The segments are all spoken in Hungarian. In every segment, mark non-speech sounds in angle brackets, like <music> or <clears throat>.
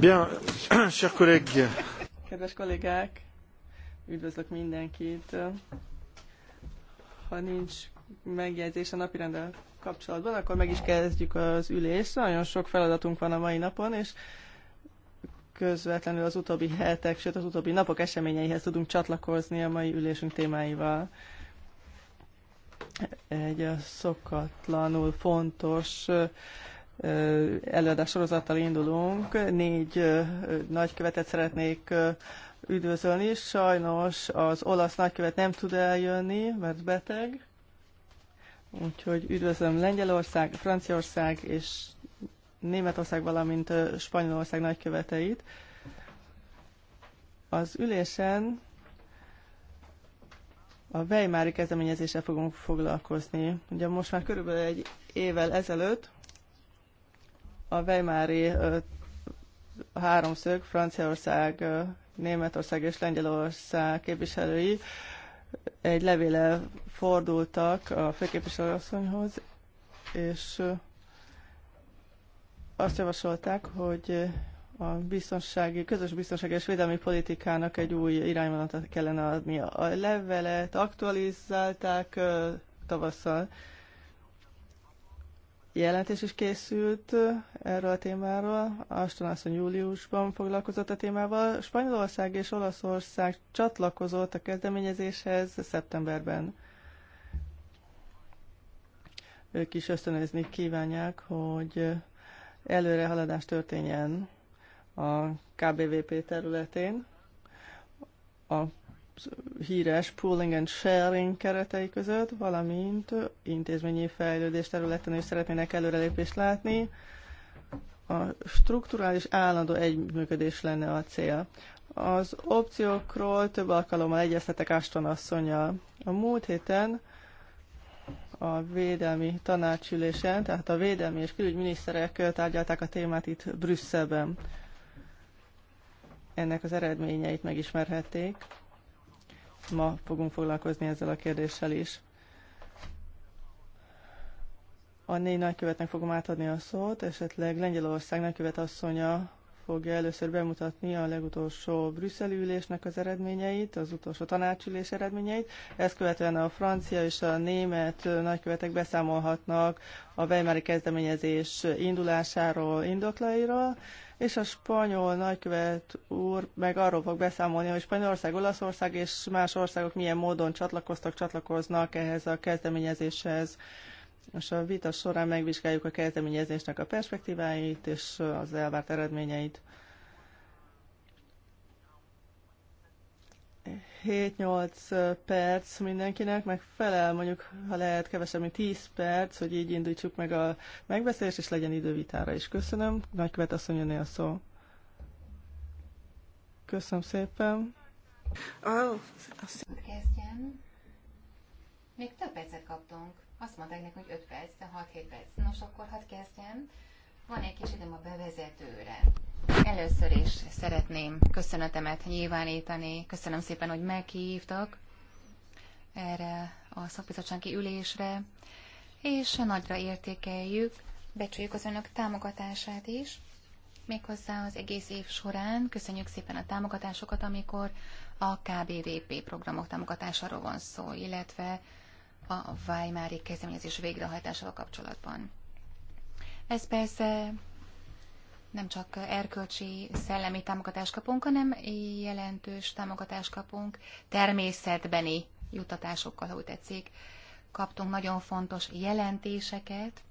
Bien, <clears throat> chers collègues. Kedves kollégák, üdvözlök mindenkit. Ha nincs megjegyzés a napirendel kapcsolatban, akkor meg is kezdjük az ülést. Nagyon sok feladatunk van a mai napon, és közvetlenül az utóbbi hetek, sőt az utóbbi napok eseményeihez tudunk csatlakozni a mai ülésünk témáival. Egy szokatlanul fontos előadás sorozattal indulunk. Négy nagykövetet szeretnék üdvözölni. Sajnos az olasz nagykövet nem tud eljönni, mert beteg. Úgyhogy üdvözlöm Lengyelország, Franciaország és Németország, valamint Spanyolország nagyköveteit. Az ülésen a Weimári kezdeményezéssel fogunk foglalkozni. Ugye most már körülbelül egy évvel ezelőtt a Weimári háromszög Franciaország, Németország és Lengyelország képviselői egy levéle fordultak a főképviselőasszonyhoz, és azt javasolták, hogy a biztonsági, közös biztonsági és védelmi politikának egy új irányvonalat kellene adni. A levelet aktualizálták tavasszal, jelentés is készült erről a témáról. Aston asszony júliusban foglalkozott a témával. Spanyolország és Olaszország csatlakozott a kezdeményezéshez szeptemberben. Ők is ösztönözni kívánják, hogy előre haladás történjen a KBVP területén. A híres pooling and sharing keretei között, valamint intézményi fejlődés területen is szeretnének előrelépést látni. A strukturális állandó együttműködés lenne a cél. Az opciókról több alkalommal egyeztetek Ashton asszonyjal. A múlt héten a védelmi tanácsülésen, tehát a védelmi és külügyminiszterek tárgyalták a témát itt Brüsszelben. Ennek az eredményeit megismerhették Ma fogunk foglalkozni ezzel a kérdéssel is. A négy nagykövetnek fogom átadni a szót, esetleg Lengyelország nagykövet asszonya fogja először bemutatni a legutolsó brüsszeli ülésnek az eredményeit, az utolsó tanácsülés eredményeit. Ezt követően a francia és a német nagykövetek beszámolhatnak a Weimári kezdeményezés indulásáról, indoklairól, és a spanyol nagykövet úr meg arról fog beszámolni, hogy Spanyolország, Olaszország és más országok milyen módon csatlakoztak, csatlakoznak ehhez a kezdeményezéshez. És a vita során megvizsgáljuk a kezdeményezésnek a perspektíváit és az elvárt eredményeit. 7-8 perc mindenkinek, meg felel mondjuk, ha lehet kevesebb, mint 10 perc, hogy így indítsuk meg a megbeszélést, és legyen idővitára is. Köszönöm. Nagykövet azt mondja, a szó. Köszönöm szépen. Oh, Kezdjem. Még több percet kaptunk. Azt mondták nekünk hogy 5 perc, de 6-7 perc. Nos, akkor hadd kezdjem. Van egy kis időm a bevezetőre. Először is szeretném köszönetemet nyilvánítani. Köszönöm szépen, hogy meghívtak erre a szakbizottsági ülésre, és nagyra értékeljük, becsüljük az önök támogatását is, méghozzá az egész év során. Köszönjük szépen a támogatásokat, amikor a KBVP programok támogatásáról van szó, illetve a Weimári kezdeményezés végrehajtásával kapcsolatban. Ez persze nem csak erkölcsi, szellemi támogatást kapunk, hanem jelentős támogatást kapunk természetbeni jutatásokkal, ahogy tetszik. Kaptunk nagyon fontos jelentéseket,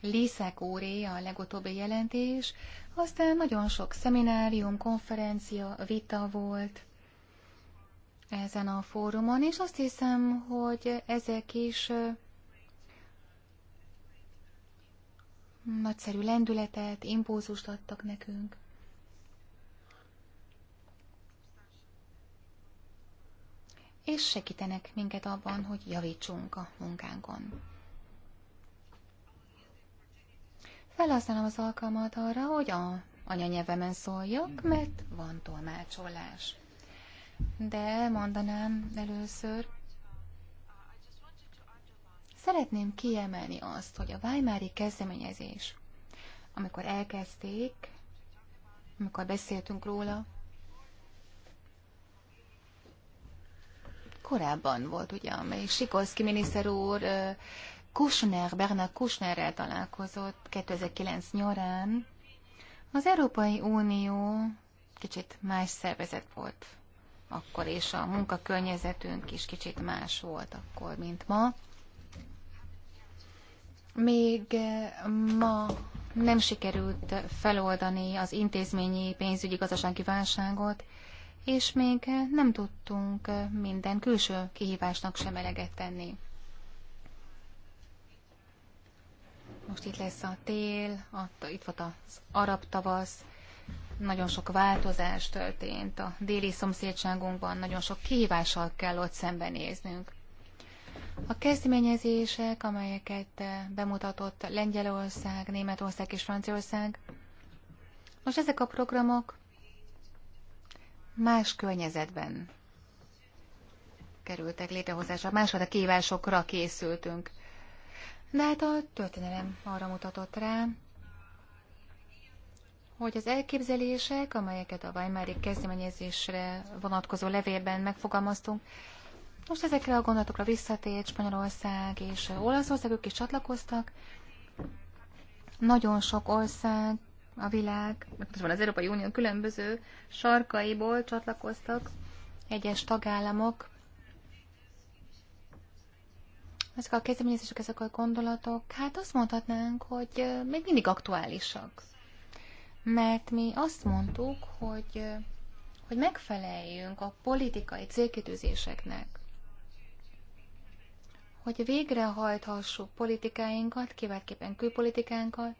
Liszek úré a legutóbbi jelentés, aztán nagyon sok szeminárium, konferencia, vita volt ezen a fórumon, és azt hiszem, hogy ezek is Nagyszerű lendületet, impulzust adtak nekünk. És segítenek minket abban, hogy javítsunk a munkánkon. Felhasználom az alkalmat arra, hogy a anyanyelvemen szóljak, mert van tolmácsolás. De mondanám először, Szeretném kiemelni azt, hogy a Weimári kezdeményezés, amikor elkezdték, amikor beszéltünk róla, korábban volt, ugye, amely Sikorszki miniszter úr Kushner, Bernard Kushnerrel találkozott 2009 nyarán. Az Európai Unió kicsit más szervezet volt akkor, és a munkakörnyezetünk is kicsit más volt akkor, mint ma. Még eh, ma nem sikerült feloldani az intézményi pénzügyi gazdasági válságot, és még eh, nem tudtunk eh, minden külső kihívásnak sem eleget tenni. Most itt lesz a tél, itt volt az arab tavasz, nagyon sok változás történt a déli szomszédságunkban, nagyon sok kihívással kell ott szembenéznünk. A kezdeményezések, amelyeket eh, bemutatott Lengyelország, Németország és Franciaország, most ezek a programok más környezetben kerültek létrehozásra, másfajta kívásokra készültünk. De hát a történelem arra mutatott rá, hogy az elképzelések, amelyeket a Weimári kezdeményezésre vonatkozó levélben megfogalmaztunk, most ezekre a gondolatokra visszatért Spanyolország és Olaszország, ők is csatlakoztak. Nagyon sok ország a világ, van az Európai Unió különböző sarkaiból csatlakoztak egyes tagállamok. Ezek a kezdeményezések, ezek a gondolatok, hát azt mondhatnánk, hogy még mindig aktuálisak. Mert mi azt mondtuk, hogy, hogy megfeleljünk a politikai célkitűzéseknek hogy végrehajthassuk politikáinkat, kiváltképpen külpolitikánkat,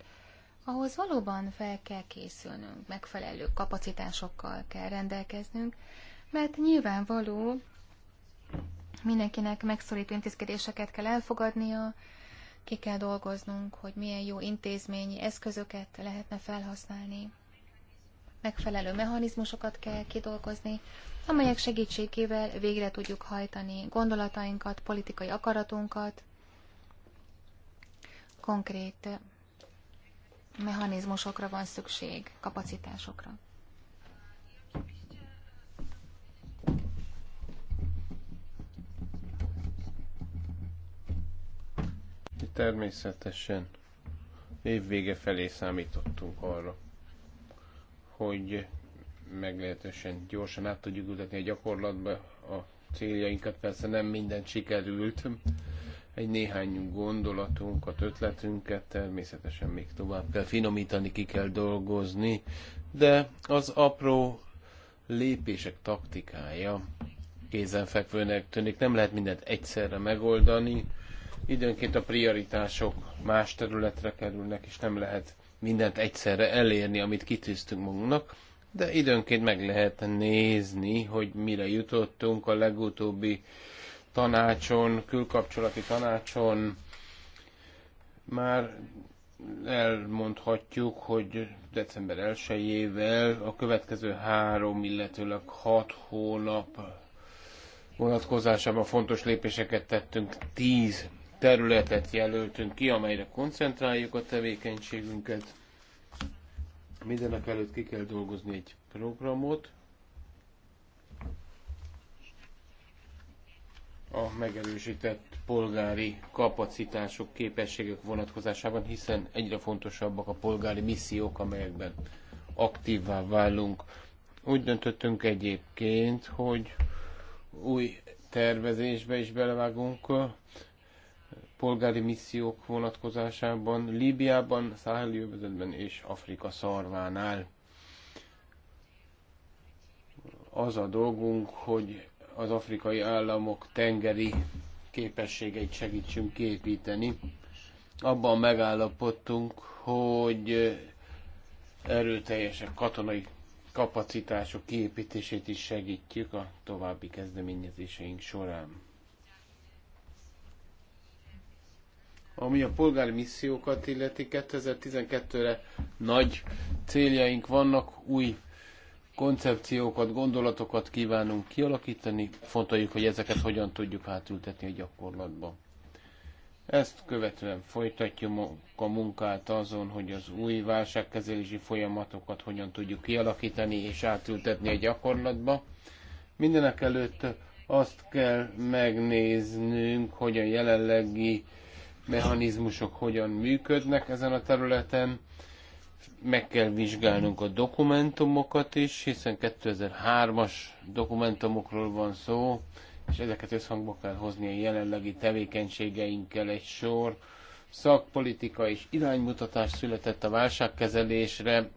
ahhoz valóban fel kell készülnünk, megfelelő kapacitásokkal kell rendelkeznünk, mert nyilvánvaló mindenkinek megszorító intézkedéseket kell elfogadnia, ki kell dolgoznunk, hogy milyen jó intézményi eszközöket lehetne felhasználni, megfelelő mechanizmusokat kell kidolgozni, amelyek segítségével végre tudjuk hajtani gondolatainkat, politikai akaratunkat, konkrét mechanizmusokra van szükség, kapacitásokra. Természetesen évvége felé számítottunk arra, hogy meglehetősen gyorsan át tudjuk ültetni a gyakorlatba a céljainkat. Persze nem minden sikerült. Egy néhány gondolatunkat, ötletünket természetesen még tovább kell finomítani, ki kell dolgozni, de az apró lépések taktikája kézenfekvőnek tűnik. Nem lehet mindent egyszerre megoldani. Időnként a prioritások más területre kerülnek, és nem lehet mindent egyszerre elérni, amit kitűztünk magunknak de időnként meg lehet nézni, hogy mire jutottunk a legutóbbi tanácson, külkapcsolati tanácson. Már elmondhatjuk, hogy december 1 a következő három, illetőleg hat hónap vonatkozásában fontos lépéseket tettünk. Tíz területet jelöltünk ki, amelyre koncentráljuk a tevékenységünket Mindenek előtt ki kell dolgozni egy programot, a megerősített polgári kapacitások, képességek vonatkozásában, hiszen egyre fontosabbak a polgári missziók, amelyekben aktívvá válunk. Úgy döntöttünk egyébként, hogy új tervezésbe is belevágunk, polgári missziók vonatkozásában, Líbiában, Száheli övezetben és Afrika szarvánál. Az a dolgunk, hogy az afrikai államok tengeri képességeit segítsünk képíteni. Abban megállapodtunk, hogy erőteljesebb katonai kapacitások kiépítését is segítjük a további kezdeményezéseink során. Ami a polgári missziókat illeti, 2012-re nagy céljaink vannak, új koncepciókat, gondolatokat kívánunk kialakítani, fontoljuk, hogy ezeket hogyan tudjuk átültetni a gyakorlatba. Ezt követően folytatjuk a munkát azon, hogy az új válságkezelési folyamatokat hogyan tudjuk kialakítani és átültetni a gyakorlatba. Mindenek előtt azt kell megnéznünk, hogy a jelenlegi mechanizmusok hogyan működnek ezen a területen. Meg kell vizsgálnunk a dokumentumokat is, hiszen 2003-as dokumentumokról van szó, és ezeket összhangba kell hozni a jelenlegi tevékenységeinkkel egy sor. Szakpolitika és iránymutatás született a válságkezelésre,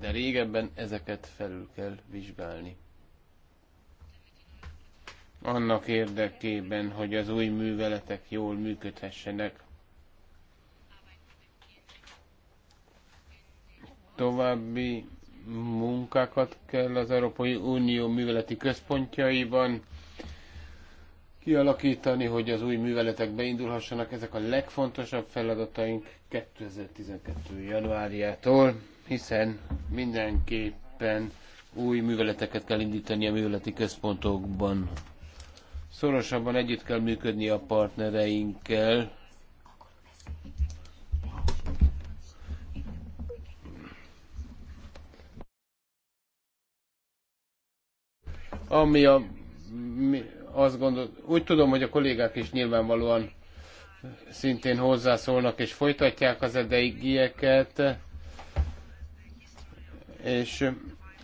de régebben ezeket felül kell vizsgálni. Annak érdekében, hogy az új műveletek jól működhessenek, további munkákat kell az Európai Unió műveleti központjaiban kialakítani, hogy az új műveletek beindulhassanak. Ezek a legfontosabb feladataink 2012. januárjától, hiszen mindenképpen új műveleteket kell indítani a műveleti központokban. Szorosabban együtt kell működni a partnereinkkel, Ami a, mi, azt gondol, úgy tudom, hogy a kollégák is nyilvánvalóan szintén hozzászólnak és folytatják az edeigieket, és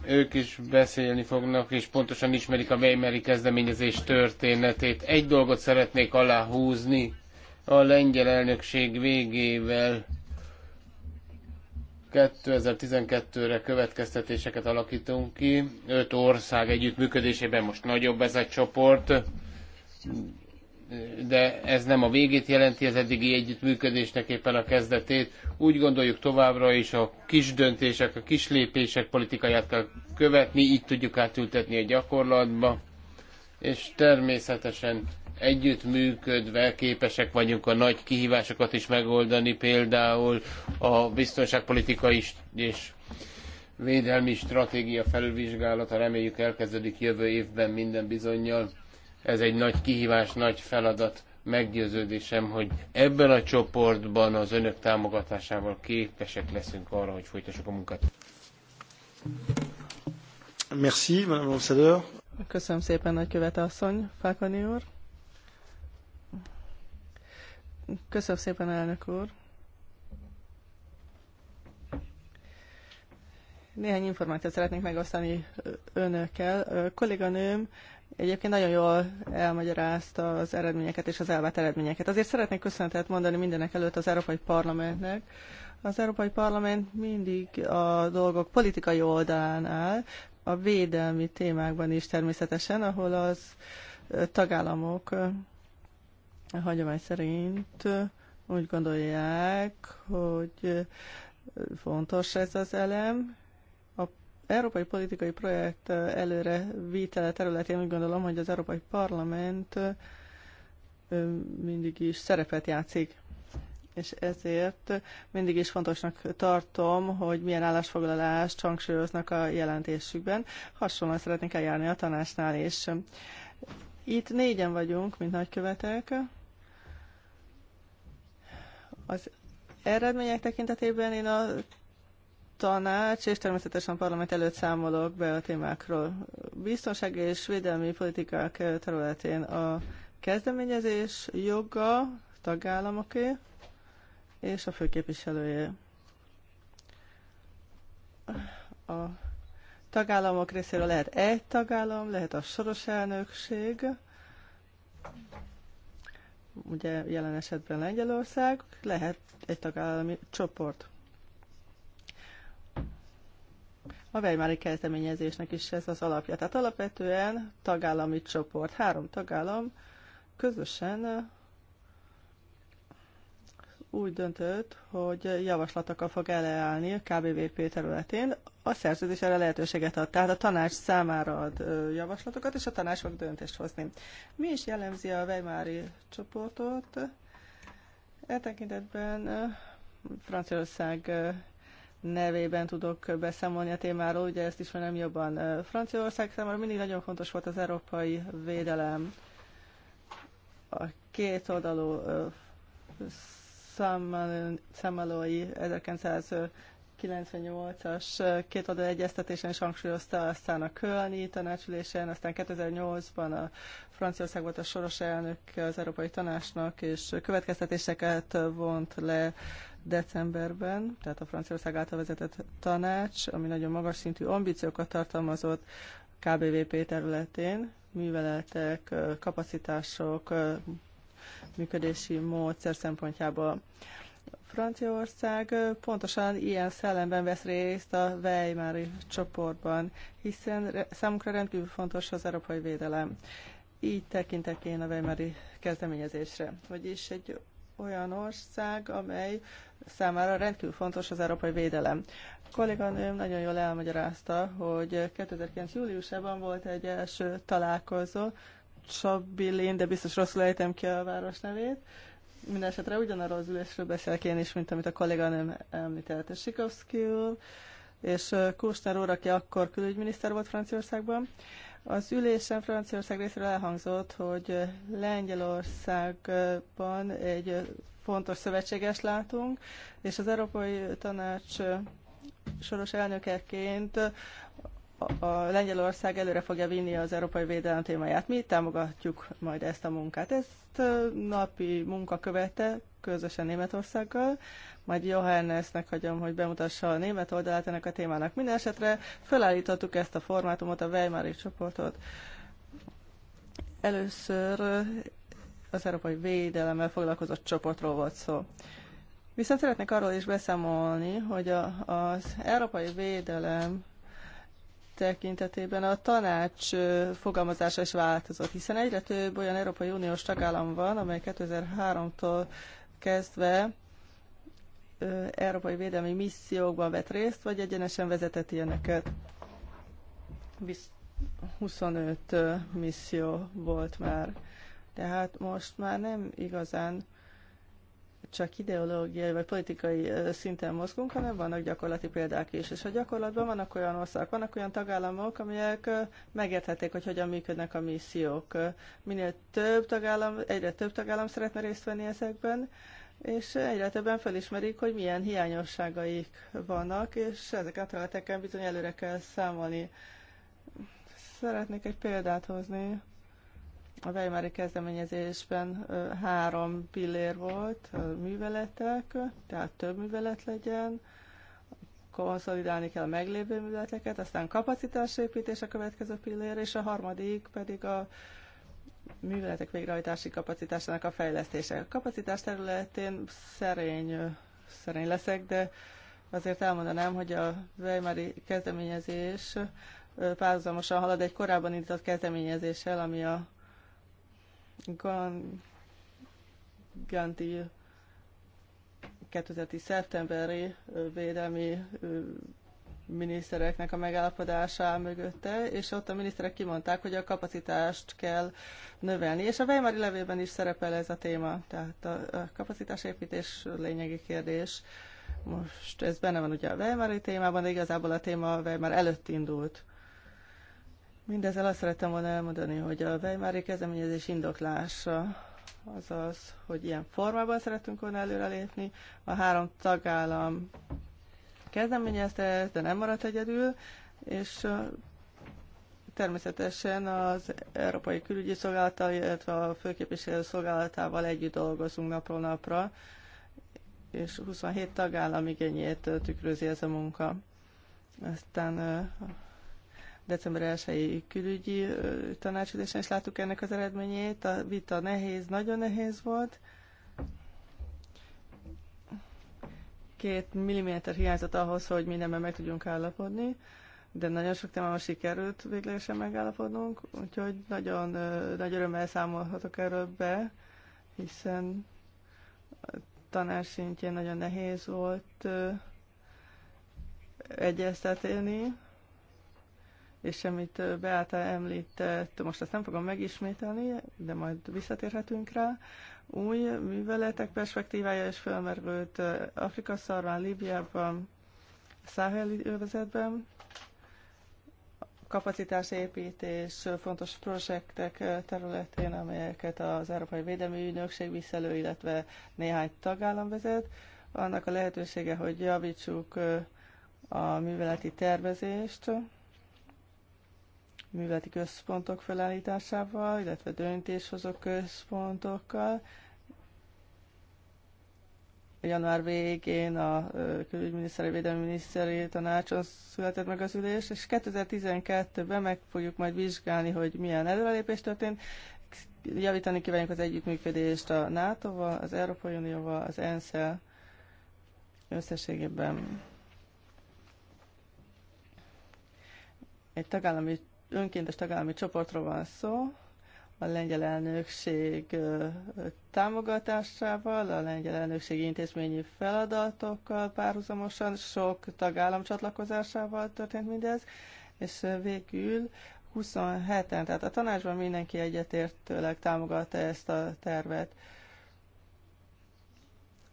ők is beszélni fognak, és pontosan ismerik a Weimeri kezdeményezés történetét. Egy dolgot szeretnék aláhúzni, a lengyel elnökség végével 2012-re következtetéseket alakítunk ki. Öt ország együttműködésében most nagyobb ez a csoport, de ez nem a végét jelenti az eddigi együttműködésnek éppen a kezdetét. Úgy gondoljuk továbbra is a kis döntések, a kis lépések politikáját kell követni, így tudjuk átültetni a gyakorlatba, és természetesen együttműködve képesek vagyunk a nagy kihívásokat is megoldani, például a biztonságpolitikai és védelmi stratégia felülvizsgálata reméljük elkezdődik jövő évben minden bizonyal. Ez egy nagy kihívás, nagy feladat. Meggyőződésem, hogy ebben a csoportban az önök támogatásával képesek leszünk arra, hogy folytassuk a munkát. Merci, Madame Köszönöm szépen, nagykövet asszony, Fákani úr. Köszönöm szépen, elnök úr. Néhány információt szeretnék megosztani önökkel. A kolléganőm egyébként nagyon jól elmagyarázta az eredményeket és az elvált eredményeket. Azért szeretnék köszönetet mondani mindenek előtt az Európai Parlamentnek. Az Európai Parlament mindig a dolgok politikai oldalán áll, a védelmi témákban is természetesen, ahol az tagállamok a hagyomány szerint úgy gondolják, hogy fontos ez az elem. A európai politikai projekt előre vitele területén úgy gondolom, hogy az Európai Parlament mindig is szerepet játszik és ezért mindig is fontosnak tartom, hogy milyen állásfoglalást hangsúlyoznak a jelentésükben. Hasonlóan szeretnék eljárni a tanácsnál, és itt négyen vagyunk, mint nagykövetek, az eredmények tekintetében én a tanács, és természetesen a parlament előtt számolok be a témákról. Biztonság és védelmi politikák területén a kezdeményezés joga tagállamoké és a főképviselője. A tagállamok részéről lehet egy tagállam, lehet a soros elnökség, ugye jelen esetben Lengyelország, lehet egy tagállami csoport. A Weimári kezdeményezésnek is ez az alapja. Tehát alapvetően tagállami csoport. Három tagállam közösen úgy döntött, hogy javaslatokkal fog eleállni a KBVP területén. A szerződés erre lehetőséget ad, tehát a tanács számára ad javaslatokat, és a tanács fog döntést hozni. Mi is jellemzi a Weimári csoportot? E tekintetben Franciaország nevében tudok beszámolni a témáról, ugye ezt nem jobban. Franciaország számára mindig nagyon fontos volt az európai védelem, a két oldalú Szamalói 1998-as két oda egyeztetésen is hangsúlyozta, aztán a Kölni tanácsülésen, aztán 2008-ban a Franciaország volt a soros elnök az Európai Tanácsnak, és következtetéseket vont le decemberben, tehát a Franciaország által vezetett tanács, ami nagyon magas szintű ambíciókat tartalmazott KBVP területén, műveletek, kapacitások, működési módszer szempontjából. Franciaország pontosan ilyen szellemben vesz részt a Weimári csoportban, hiszen számunkra rendkívül fontos az európai védelem. Így tekintek én a Weimári kezdeményezésre, vagyis egy olyan ország, amely számára rendkívül fontos az európai védelem. A kolléganőm nagyon jól elmagyarázta, hogy 2009. júliusában volt egy első találkozó, Lén, de biztos rosszul ejtem ki a város nevét. Mindenesetre ugyanarról az ülésről beszélek én is, mint amit a kolléganőm említett, Sikovszki úr, és Kóstner úr, aki akkor külügyminiszter volt Franciaországban. Az ülésen Franciaország részéről elhangzott, hogy Lengyelországban egy fontos szövetséges látunk, és az Európai Tanács soros elnökeként a Lengyelország előre fogja vinni az európai védelem témáját. Mi támogatjuk majd ezt a munkát. Ezt napi munka követte közösen Németországgal, majd Johannesnek hagyom, hogy bemutassa a német oldalát ennek a témának. Mindenesetre felállítottuk ezt a formátumot, a Weimari csoportot. Először az európai védelemmel foglalkozott csoportról volt szó. Viszont szeretnék arról is beszámolni, hogy a, az európai védelem tekintetében a tanács fogalmazása is változott, hiszen egyre több olyan Európai Uniós tagállam van, amely 2003-tól kezdve európai védelmi missziókban vett részt, vagy egyenesen vezetett ilyeneket. 25 misszió volt már. Tehát most már nem igazán csak ideológiai vagy politikai szinten mozgunk, hanem vannak gyakorlati példák is. És a gyakorlatban vannak olyan országok, vannak olyan tagállamok, amelyek megérthetik, hogy hogyan működnek a missziók. Minél több tagállam, egyre több tagállam szeretne részt venni ezekben, és egyre többen felismerik, hogy milyen hiányosságaik vannak, és ezeket a területeken bizony előre kell számolni. Szeretnék egy példát hozni. A Weimári kezdeményezésben három pillér volt, műveletek, tehát több művelet legyen, konszolidálni kell a meglévő műveleteket, aztán kapacitásépítés a következő pillér, és a harmadik pedig a műveletek végrehajtási kapacitásának a fejlesztése. A kapacitás területén szerény, szerény leszek, de azért elmondanám, hogy a Weimari kezdeményezés párhuzamosan halad egy korábban indított kezdeményezéssel, ami a Gandhi 2010. szeptemberi védelmi minisztereknek a megállapodása mögötte, és ott a miniszterek kimondták, hogy a kapacitást kell növelni, és a Weimari levélben is szerepel ez a téma, tehát a, a kapacitásépítés lényegi kérdés. Most ez benne van ugye a Weimari témában, de igazából a téma a Weimar előtt indult. Mindezzel azt szerettem volna elmondani, hogy a Weimári kezdeményezés indoklása az az, hogy ilyen formában szeretünk volna előrelépni. A három tagállam kezdeményezte ezt, de nem maradt egyedül, és természetesen az Európai Külügyi Szolgálattal, illetve a Főképviselő Szolgálatával együtt dolgozunk napról napra, és 27 tagállam igényét tükrözi ez a munka. Aztán december 1-i külügyi tanácsülésen is láttuk ennek az eredményét. A vita nehéz, nagyon nehéz volt. Két milliméter hiányzott ahhoz, hogy mindenben meg tudjunk állapodni, de nagyon sok témában sikerült véglegesen megállapodnunk, úgyhogy nagyon nagy örömmel számolhatok erről be, hiszen a tanár szintjén nagyon nehéz volt egyeztetni, és amit Beáta említett, most ezt nem fogom megismételni, de majd visszatérhetünk rá, új műveletek perspektívája is felmerült Afrika szarván, Líbiában, Száheli övezetben, kapacitásépítés fontos projektek területén, amelyeket az Európai Védelmi Ügynökség viszelő, illetve néhány tagállam vezet. Annak a lehetősége, hogy javítsuk a műveleti tervezést, műveleti központok felállításával, illetve döntéshozó központokkal. Január végén a külügyminiszteri védelmi miniszteri tanácson született meg az ülés, és 2012-ben meg fogjuk majd vizsgálni, hogy milyen előrelépés történt. Javítani kívánjuk az együttműködést a NATO-val, az Európai Unióval, az ENSZ-el összességében. egy tagállami önkéntes tagállami csoportról van szó, a lengyel elnökség támogatásával, a lengyel elnökség intézményi feladatokkal párhuzamosan, sok tagállam csatlakozásával történt mindez, és végül 27-en, tehát a tanácsban mindenki egyetértőleg támogatta ezt a tervet.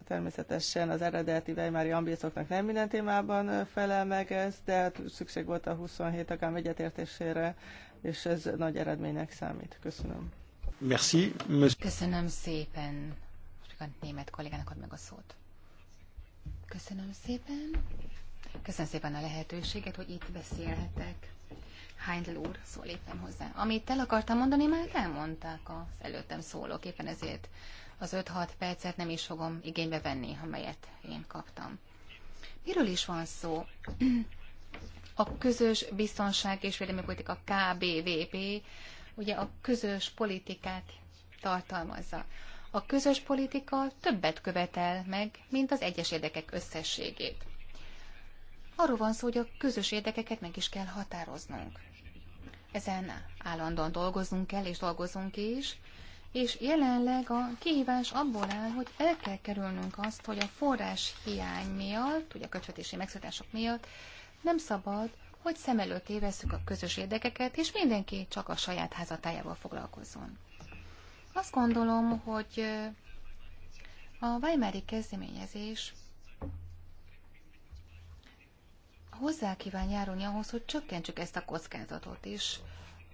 Természetesen az eredeti Weimári ambícióknak nem minden témában felel meg ez, de hát szükség volt a 27 tagám egyetértésére, és ez nagy eredménynek számít. Köszönöm. Merci. Köszönöm szépen. Most a német kollégának ad meg a szót. Köszönöm szépen. Köszönöm szépen a lehetőséget, hogy itt beszélhetek. Heindl úr, szól éppen hozzá. Amit el akartam mondani, már elmondták az előttem szólók, éppen ezért az 5-6 percet nem is fogom igénybe venni, amelyet én kaptam. Miről is van szó? A közös biztonság és védelmi politika KBVP ugye a közös politikát tartalmazza. A közös politika többet követel meg, mint az egyes érdekek összességét. Arról van szó, hogy a közös érdekeket meg is kell határoznunk. Ezen állandóan dolgoznunk kell, és dolgozunk is, és jelenleg a kihívás abból áll, hogy el kell kerülnünk azt, hogy a forrás hiány miatt, ugye a kötvetési megszületások miatt nem szabad, hogy szem előtt tévesszük a közös érdekeket, és mindenki csak a saját házatájával foglalkozzon. Azt gondolom, hogy a Weimári kezdeményezés hozzá kíván járulni ahhoz, hogy csökkentsük ezt a kockázatot is,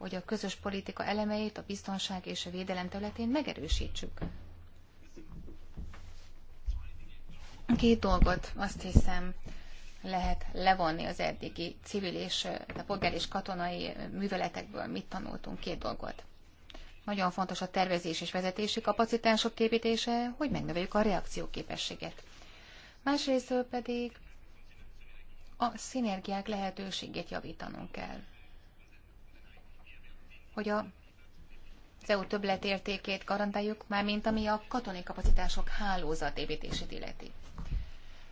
hogy a közös politika elemeit a biztonság és a védelem területén megerősítsük. Két dolgot azt hiszem lehet levonni az eddigi civil és a polgár és katonai műveletekből. Mit tanultunk? Két dolgot. Nagyon fontos a tervezés és vezetési kapacitások képítése, hogy megnöveljük a reakcióképességet. Másrészt pedig a szinergiák lehetőségét javítanunk kell hogy a az EU többletértékét garantáljuk, mint ami a katonai kapacitások hálózat építését illeti.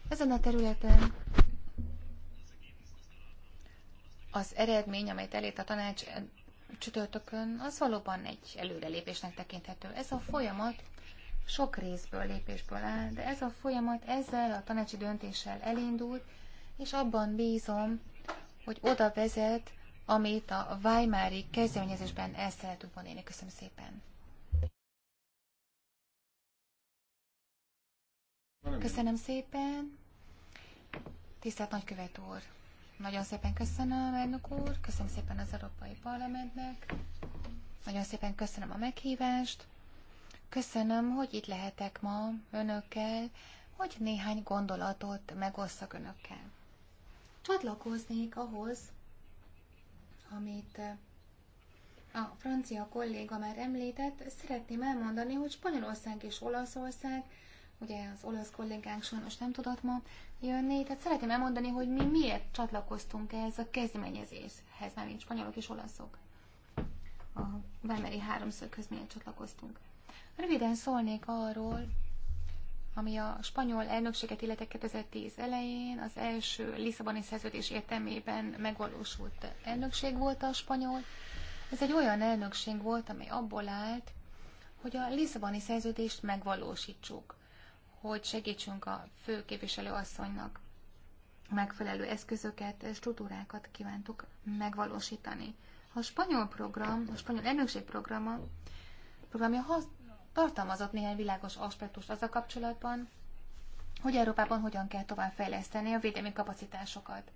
Ezen a területen az eredmény, amelyet elért a tanács csütörtökön, az valóban egy előrelépésnek tekinthető. Ez a folyamat sok részből, lépésből áll, de ez a folyamat ezzel a tanácsi döntéssel elindult, és abban bízom, hogy oda vezet, amit a Weimári kezdeményezésben el szeretünk volna élni. Köszönöm szépen! Köszönöm szépen! Tisztelt nagykövet úr! Nagyon szépen köszönöm, elnök úr, köszönöm szépen az Európai Parlamentnek, nagyon szépen köszönöm a meghívást, köszönöm, hogy itt lehetek ma önökkel, hogy néhány gondolatot megosszak önökkel. Csatlakoznék ahhoz, amit eh, a francia kolléga már említett, szeretném elmondani, hogy Spanyolország és Olaszország, ugye az olasz kollégánk sajnos nem tudott ma jönni, tehát szeretném elmondani, hogy mi miért csatlakoztunk ehhez a kezdeményezéshez, mert mint spanyolok és olaszok. A Weimeri háromszöghöz miért csatlakoztunk. Röviden szólnék arról, ami a spanyol elnökséget illeti 2010 elején, az első Lisszaboni szerződés értelmében megvalósult elnökség volt a spanyol. Ez egy olyan elnökség volt, amely abból állt, hogy a Lisszaboni szerződést megvalósítsuk, hogy segítsünk a fő asszonynak megfelelő eszközöket, struktúrákat kívántuk megvalósítani. A spanyol program, a spanyol elnökség programa, programja tartalmazott néhány világos aspektust az a kapcsolatban, hogy Európában hogyan kell továbbfejleszteni a védelmi kapacitásokat.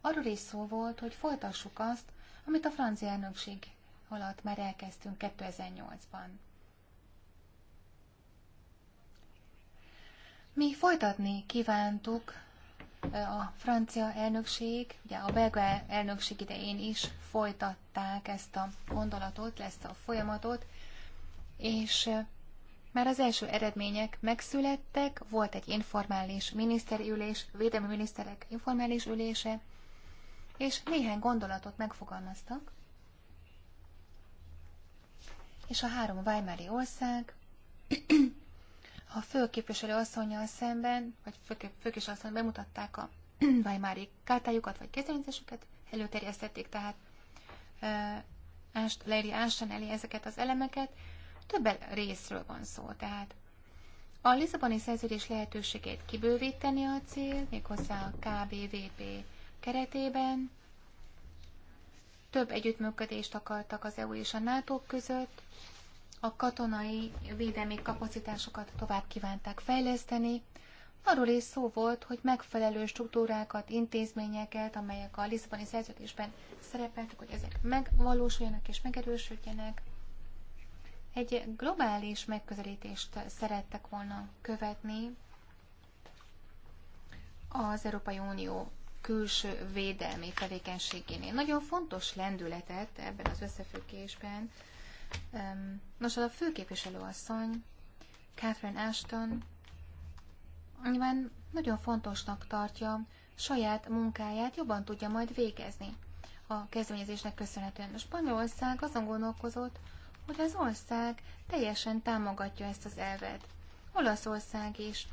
Arról is szó volt, hogy folytassuk azt, amit a francia elnökség alatt már elkezdtünk 2008-ban. Mi folytatni kívántuk e, a francia elnökség, ugye a belga elnökség idején is folytatták ezt a gondolatot, ezt a folyamatot, és már az első eredmények megszülettek, volt egy informális miniszteri ülés, védelmi miniszterek informális ülése, és néhány gondolatot megfogalmaztak, és a három Weimári ország <clears throat> a főképviselő asszonyjal szemben, vagy főképviselő asszony bemutatták a <clears throat> Weimári kártájukat, vagy kezdeményezésüket, előterjesztették tehát Leiri Ástán elé ezeket az elemeket, több részről van szó, tehát a Lisszaboni szerződés lehetőségét kibővíteni a cél, méghozzá a KBVP keretében. Több együttműködést akartak az EU és a NATO között, a katonai védelmi kapacitásokat tovább kívánták fejleszteni. Arról is szó volt, hogy megfelelő struktúrákat, intézményeket, amelyek a Lisszaboni szerződésben szerepeltek, hogy ezek megvalósuljanak és megerősödjenek. Egy globális megközelítést szerettek volna követni az Európai Unió külső védelmi tevékenységénél. Nagyon fontos lendületet ebben az összefüggésben. Nos, a asszony, Catherine Ashton, nyilván nagyon fontosnak tartja, saját munkáját jobban tudja majd végezni. A kezdeményezésnek köszönhetően a Spanyolország azon gondolkozott, hogy az ország teljesen támogatja ezt az elvet. Olaszország is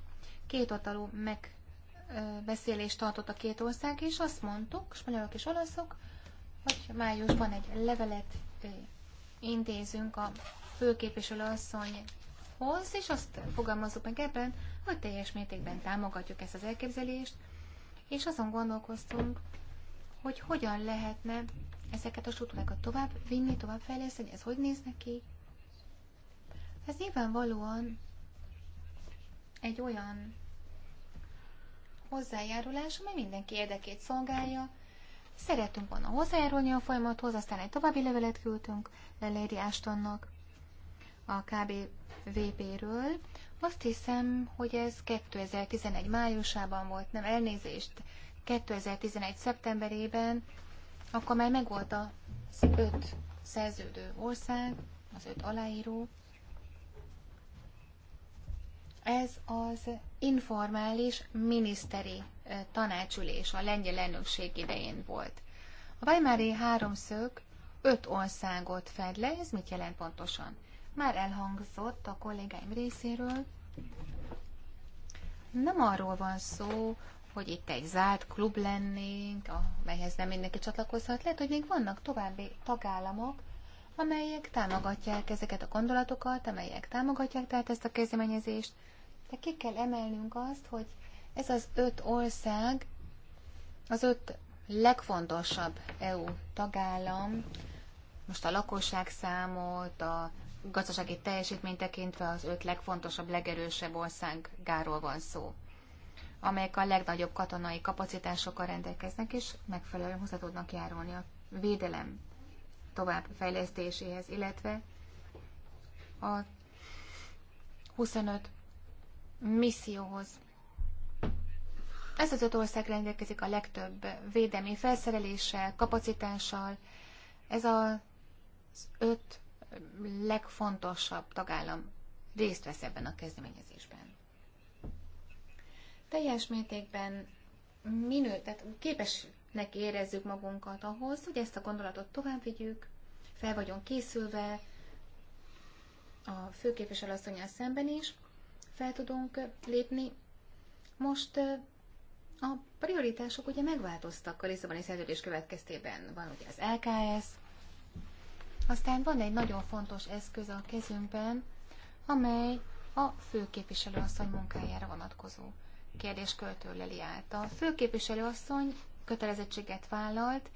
kétoldalú megbeszélést tartott a két ország, és azt mondtuk, spanyolok és olaszok, hogy májusban egy levelet intézünk a főképviselő asszonyhoz, és azt fogalmazzuk meg ebben, hogy teljes mértékben támogatjuk ezt az elképzelést, és azon gondolkoztunk, hogy hogyan lehetne ezeket a struktúrákat tovább vinni, tovább fejleszteni, ez hogy néz neki? Ez nyilvánvalóan egy olyan hozzájárulás, amely mindenki érdekét szolgálja. Szeretünk volna hozzájárulni a folyamathoz, aztán egy további levelet küldtünk Leléri Ástonnak a KBVP-ről. Azt hiszem, hogy ez 2011 májusában volt, nem elnézést, 2011 szeptemberében akkor már megvolt az öt szerződő ország, az öt aláíró. Ez az informális miniszteri eh, tanácsülés a lengyel elnökség idején volt. A Weimári háromszög öt országot fed le, ez mit jelent pontosan? Már elhangzott a kollégáim részéről. Nem arról van szó, hogy itt egy zárt klub lennénk, amelyhez nem mindenki csatlakozhat. Lehet, hogy még vannak további tagállamok, amelyek támogatják ezeket a gondolatokat, amelyek támogatják tehát ezt a kezdeményezést. De ki kell emelnünk azt, hogy ez az öt ország, az öt legfontosabb EU tagállam, most a lakosság számot, a gazdasági teljesítményt tekintve az öt legfontosabb, legerősebb országgáról van szó amelyek a legnagyobb katonai kapacitásokkal rendelkeznek, és megfelelően hozzá tudnak járulni a védelem továbbfejlesztéséhez, illetve a 25 misszióhoz. Ez az öt ország rendelkezik a legtöbb védelmi felszereléssel, kapacitással. Ez az öt legfontosabb tagállam részt vesz ebben a kezdeményezésben teljes mértékben minő, tehát képesnek érezzük magunkat ahhoz, hogy ezt a gondolatot tovább vigyük, fel vagyunk készülve, a főképviselőasszonyjal szemben is fel tudunk lépni. Most a prioritások ugye megváltoztak a Lisszaboni szerződés következtében. Van ugye az LKS, aztán van egy nagyon fontos eszköz a kezünkben, amely a főképviselőasszony munkájára vonatkozó. Kérdés öleli át. A asszony kötelezettséget vállalt,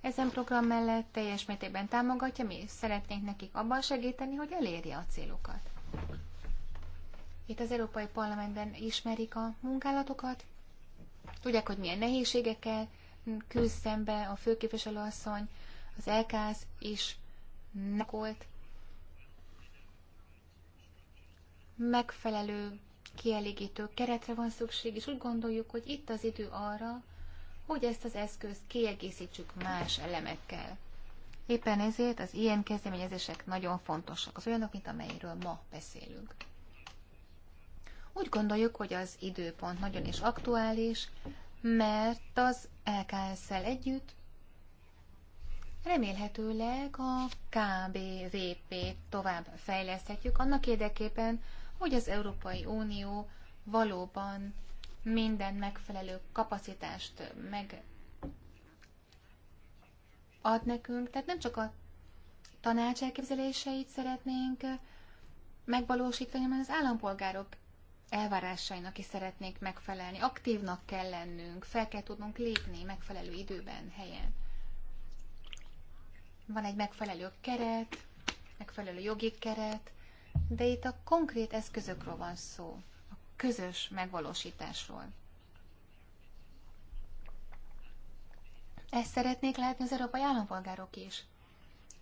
ezen program mellett teljes mértékben támogatja, mi szeretnénk nekik abban segíteni, hogy elérje a célokat. Itt az Európai Parlamentben ismerik a munkálatokat, tudják, hogy milyen nehézségekkel küzd szembe a főképviselőasszony, az elkáz is nekolt megfelelő kielégítő keretre van szükség, és úgy gondoljuk, hogy itt az idő arra, hogy ezt az eszközt kiegészítsük más elemekkel. Éppen ezért az ilyen kezdeményezések nagyon fontosak, az olyanok, mint amelyről ma beszélünk. Úgy gondoljuk, hogy az időpont nagyon is aktuális, mert az LKS-szel együtt remélhetőleg a KBVP-t tovább fejleszthetjük annak érdekében, hogy az Európai Unió valóban minden megfelelő kapacitást meg ad nekünk. Tehát nem csak a tanács elképzeléseit szeretnénk megvalósítani, hanem az állampolgárok elvárásainak is szeretnénk megfelelni. Aktívnak kell lennünk, fel kell tudnunk lépni megfelelő időben, helyen. Van egy megfelelő keret, megfelelő jogi keret, de itt a konkrét eszközökről van szó, a közös megvalósításról. Ezt szeretnék látni az európai állampolgárok is.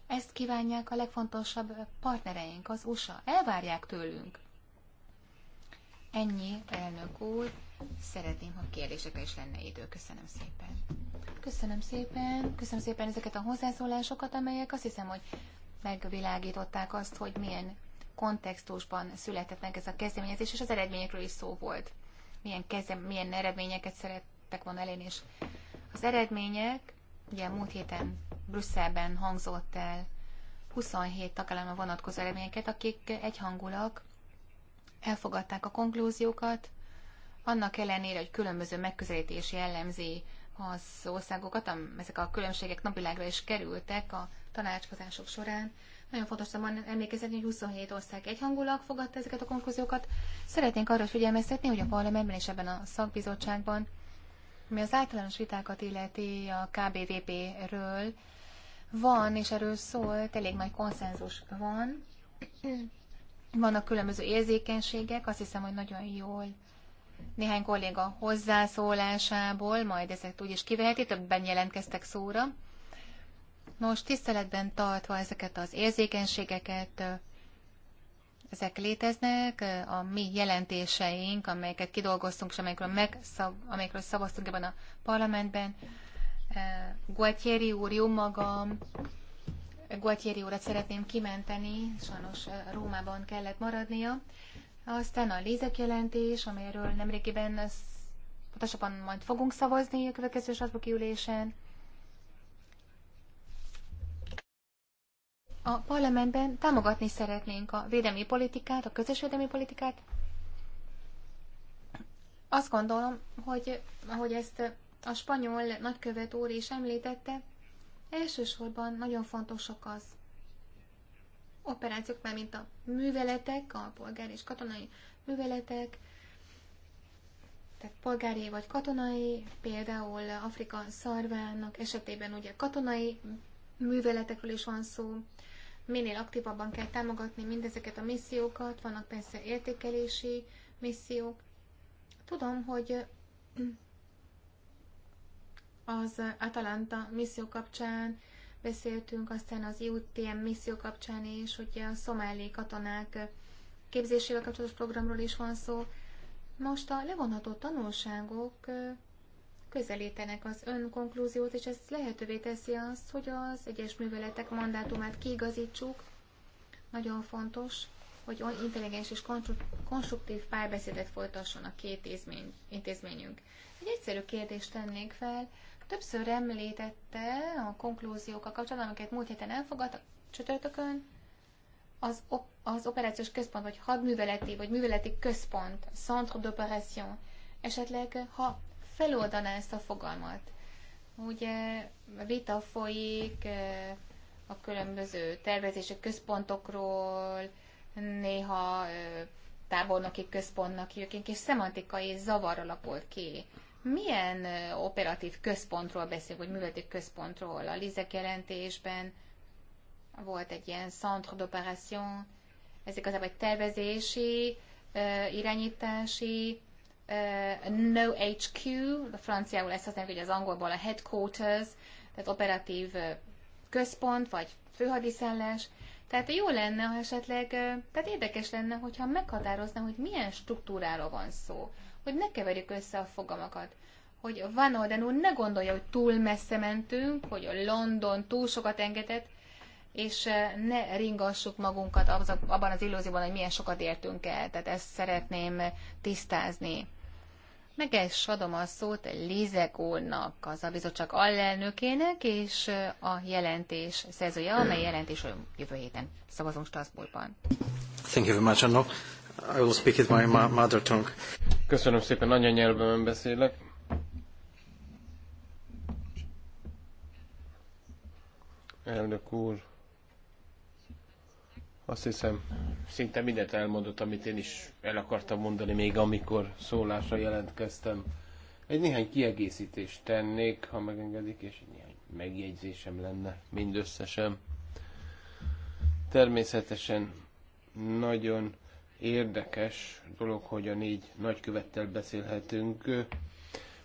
Ezt kívánják a legfontosabb partnereink, az USA. Elvárják tőlünk. Ennyi, elnök úr. Szeretném, ha kérdésekre is lenne idő. Köszönöm szépen. Köszönöm szépen. Köszönöm szépen ezeket a hozzászólásokat, amelyek azt hiszem, hogy megvilágították azt, hogy milyen kontextusban született meg ez a kezdeményezés, és az eredményekről is szó volt. Milyen, kezdem, milyen eredményeket szerettek volna elérni, és az eredmények, ugye múlt héten Brüsszelben hangzott el 27 tagállamra vonatkozó eredményeket, akik egyhangulak elfogadták a konklúziókat, annak ellenére, hogy különböző megközelítés jellemzi az országokat, ezek a különbségek napvilágra is kerültek a tanácskozások során, nagyon fontos szóval emlékezetni, hogy 27 ország egyhangulag fogadta ezeket a konklúziókat. Szeretnénk arra figyelmeztetni, hogy a parlamentben és ebben a szakbizottságban, ami az általános vitákat illeti a KBVP-ről, van, és erről szólt, elég nagy konszenzus van. Vannak különböző érzékenységek, azt hiszem, hogy nagyon jól néhány kolléga hozzászólásából, majd ezeket úgy is kiveheti, többen jelentkeztek szóra. Nos, tiszteletben tartva ezeket az érzékenységeket, ezek léteznek, a mi jelentéseink, amelyeket kidolgoztunk, és amelyekről, megszav, amelyekről szavaztunk ebben a parlamentben. Guatieri úr, jó magam, Guatieri úrat szeretném kimenteni, sajnos Rómában kellett maradnia. Aztán a lézek jelentés, amelyről nemrégiben pontosabban majd fogunk szavazni a következő Strasbourg ülésen. a parlamentben támogatni szeretnénk a védelmi politikát, a közös védelmi politikát. Azt gondolom, hogy ahogy ezt a spanyol nagykövet úr is említette, elsősorban nagyon fontosak az operációk, mert mint a műveletek, a polgári és katonai műveletek, tehát polgári vagy katonai, például Afrika szarvának esetében ugye katonai műveletekről is van szó, minél aktívabban kell támogatni mindezeket a missziókat, vannak persze értékelési missziók. Tudom, hogy az Atalanta misszió kapcsán beszéltünk, aztán az IUTM misszió kapcsán is, ugye a szomáli katonák képzésével kapcsolatos programról is van szó. Most a levonható tanulságok közelítenek az önkonklúziót, és ez lehetővé teszi azt, hogy az egyes műveletek mandátumát kiigazítsuk. Nagyon fontos, hogy intelligens és konstruktív párbeszédet folytasson a két intézmény, intézményünk. Egy egyszerű kérdést tennék fel. Többször említette a a kapcsolatban, amiket múlt héten elfogadtak csütörtökön, az, op- az operációs központ, vagy hadműveleti, vagy műveleti központ, Centre d'Operation, esetleg, ha feloldaná ezt a fogalmat. Ugye vita folyik a különböző tervezési központokról, néha tábornoki központnak jövünk, és szemantikai zavar alakul ki. Milyen operatív központról beszélünk, vagy műveleti központról? A Lizek jelentésben volt egy ilyen centre d'opération, ez igazából egy tervezési, irányítási Uh, no HQ, a franciául ezt használjuk, hogy az angolból a headquarters, tehát operatív uh, központ, vagy főhadiszállás. Tehát jó lenne, ha esetleg, uh, tehát érdekes lenne, hogyha meghatározna, hogy milyen struktúráról van szó, hogy ne keverjük össze a fogamakat hogy Van Orden úr ne gondolja, hogy túl messze mentünk, hogy a London túl sokat engedett, és ne ringassuk magunkat abban az illúzióban, hogy milyen sokat értünk el. Tehát ezt szeretném tisztázni. Meg is adom a szót Lizek úrnak, az a bizottság alelnökének, és a jelentés szerzője, amely jelentésről jövő héten szavazunk Strasbourgban. Thank you very much, Anna. I will speak it my mother tongue. Köszönöm szépen, anyanyelvemen beszélek. Elnök úr, azt hiszem, szinte mindent elmondott, amit én is el akartam mondani, még amikor szólásra jelentkeztem. Egy néhány kiegészítést tennék, ha megengedik, és egy néhány megjegyzésem lenne mindösszesen. Természetesen nagyon érdekes dolog, hogy a négy nagykövettel beszélhetünk.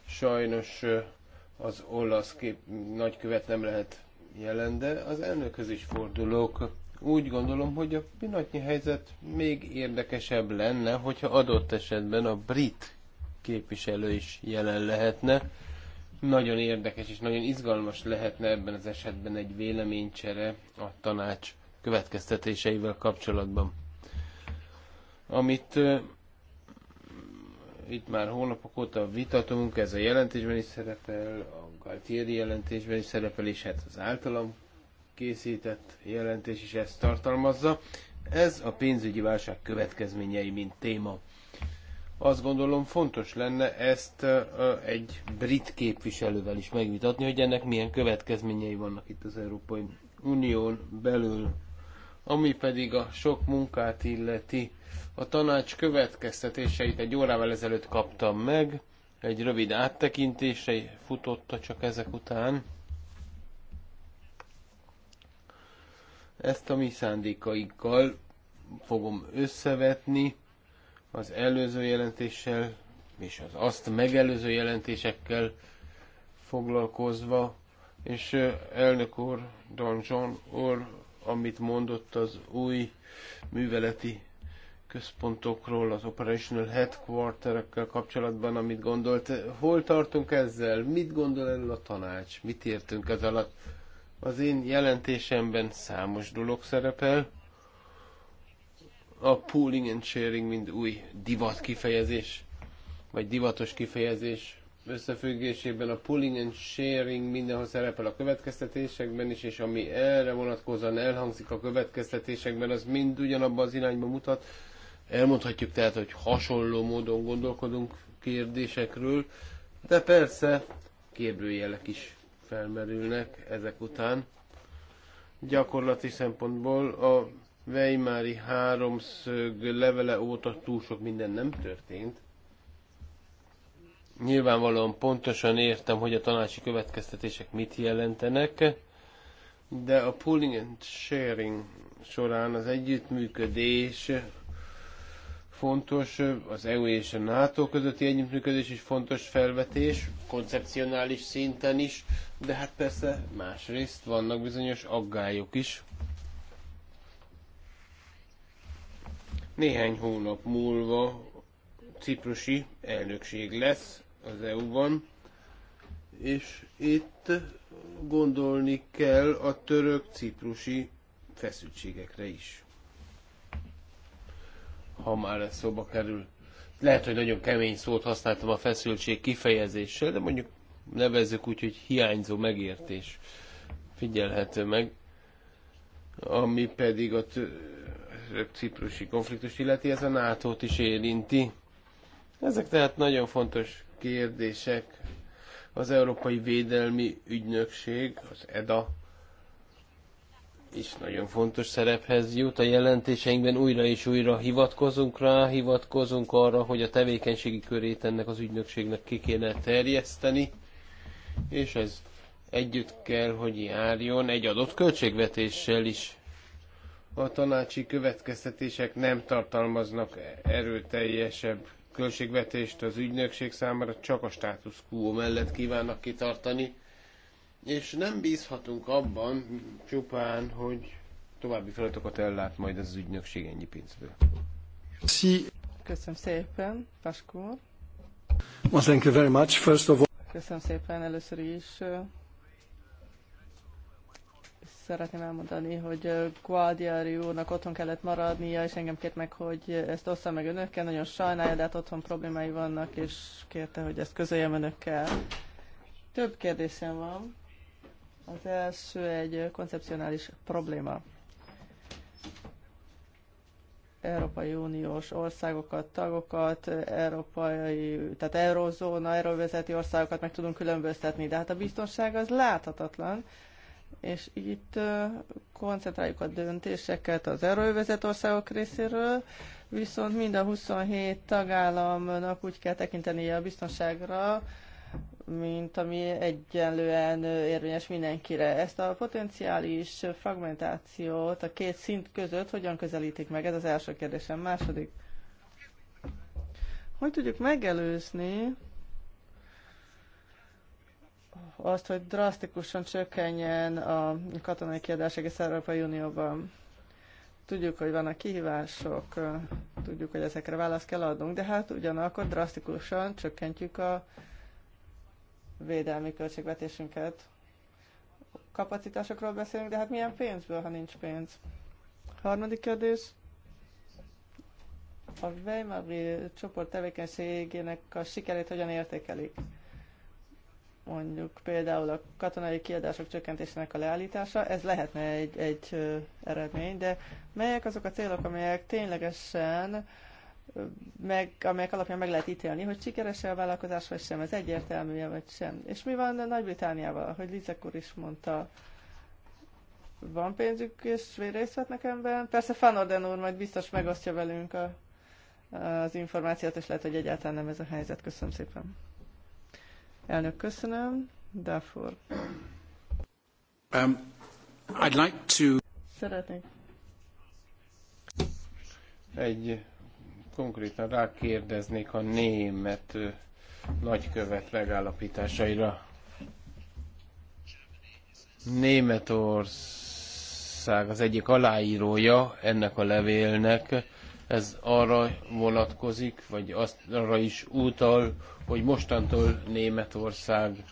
Sajnos az olasz kép nagykövet nem lehet jelen, de az elnökhöz is fordulok úgy gondolom, hogy a pillanatnyi helyzet még érdekesebb lenne, hogyha adott esetben a brit képviselő is jelen lehetne. Nagyon érdekes és nagyon izgalmas lehetne ebben az esetben egy véleménycsere a tanács következtetéseivel kapcsolatban. Amit uh, itt már hónapok óta vitatunk, ez a jelentésben is szerepel, a Galtieri jelentésben is szerepel, és hát az általam készített jelentés is ezt tartalmazza. Ez a pénzügyi válság következményei, mint téma. Azt gondolom fontos lenne ezt egy brit képviselővel is megvitatni, hogy ennek milyen következményei vannak itt az Európai Unión belül. Ami pedig a sok munkát illeti, a tanács következtetéseit egy órával ezelőtt kaptam meg, egy rövid áttekintésre futotta csak ezek után. Ezt a mi szándékaikkal fogom összevetni az előző jelentéssel és az azt megelőző jelentésekkel foglalkozva, és elnök úr, John úr, amit mondott az új műveleti központokról, az operational headquarter kapcsolatban, amit gondolt. Hol tartunk ezzel? Mit gondol erről a tanács? Mit értünk ez alatt? Az én jelentésemben számos dolog szerepel. A pooling and sharing mind új divat kifejezés, vagy divatos kifejezés összefüggésében. A pooling and sharing mindenhol szerepel a következtetésekben is, és ami erre vonatkozóan elhangzik a következtetésekben, az mind ugyanabban az irányba mutat. Elmondhatjuk tehát, hogy hasonló módon gondolkodunk kérdésekről, de persze kérdőjelek is felmerülnek ezek után. Gyakorlati szempontból a Weimári háromszög levele óta túl sok minden nem történt. Nyilvánvalóan pontosan értem, hogy a tanácsi következtetések mit jelentenek, de a pooling and sharing során az együttműködés fontos, az EU és a NATO közötti együttműködés is fontos felvetés, koncepcionális szinten is, de hát persze másrészt vannak bizonyos aggályok is. Néhány hónap múlva ciprusi elnökség lesz az EU-ban, és itt gondolni kell a török-ciprusi feszültségekre is ha már ez szóba kerül. Lehet, hogy nagyon kemény szót használtam a feszültség kifejezéssel, de mondjuk nevezzük úgy, hogy hiányzó megértés figyelhető meg, ami pedig a ciprusi konfliktus illeti, ez a nato is érinti. Ezek tehát nagyon fontos kérdések. Az Európai Védelmi Ügynökség, az EDA is nagyon fontos szerephez jut. A jelentéseinkben újra és újra hivatkozunk rá, hivatkozunk arra, hogy a tevékenységi körét ennek az ügynökségnek ki kéne terjeszteni, és ez együtt kell, hogy járjon egy adott költségvetéssel is. A tanácsi következtetések nem tartalmaznak erőteljesebb költségvetést az ügynökség számára, csak a status quo mellett kívánnak kitartani és nem bízhatunk abban csupán, hogy további feladatokat ellát majd az ügynökség ennyi pénzből. Si. Köszönöm szépen, Pasko. Well, thank you very much. First of all... Köszönöm szépen először is. Szeretném elmondani, hogy Guadiari úrnak otthon kellett maradnia, és engem kért meg, hogy ezt osszam meg önökkel. Nagyon sajnálja, de hát otthon problémái vannak, és kérte, hogy ezt közöljem önökkel. Több kérdésem van. Az első egy koncepcionális probléma. Európai Uniós országokat, tagokat, európai, tehát eurozóna, euróvezeti országokat meg tudunk különböztetni, de hát a biztonság az láthatatlan, és itt koncentráljuk a döntéseket az euróvezet országok részéről, viszont mind a 27 tagállamnak úgy kell tekintenie a biztonságra, mint ami egyenlően érvényes mindenkire. Ezt a potenciális fragmentációt a két szint között hogyan közelítik meg? Ez az első kérdésem. Második. Hogy tudjuk megelőzni azt, hogy drasztikusan csökkenjen a katonai kiadás egész Európai Unióban? Tudjuk, hogy vannak kihívások, tudjuk, hogy ezekre választ kell adnunk, de hát ugyanakkor drasztikusan csökkentjük a védelmi költségvetésünket. Kapacitásokról beszélünk, de hát milyen pénzből, ha nincs pénz? Harmadik kérdés. A Weimar csoport tevékenységének a sikerét hogyan értékelik? mondjuk például a katonai kiadások csökkentésének a leállítása, ez lehetne egy, egy eredmény, de melyek azok a célok, amelyek ténylegesen meg, amelyek alapján meg lehet ítélni, hogy sikeres-e a vállalkozás, vagy sem, ez egyértelműje, vagy sem. És mi van Nagy-Britániával, ahogy Lizek úr is mondta, van pénzük, és részt vetnek ebben? Persze Fanorden úr majd biztos megosztja velünk a, az információt, és lehet, hogy egyáltalán nem ez a helyzet. Köszönöm szépen. Elnök, köszönöm. Dafur. Um, I'd like to... Szeretnék. Egy konkrétan rákérdeznék a német nagykövet megállapításaira. Németország az egyik aláírója ennek a levélnek, ez arra vonatkozik, vagy azt, arra is utal, hogy mostantól Németország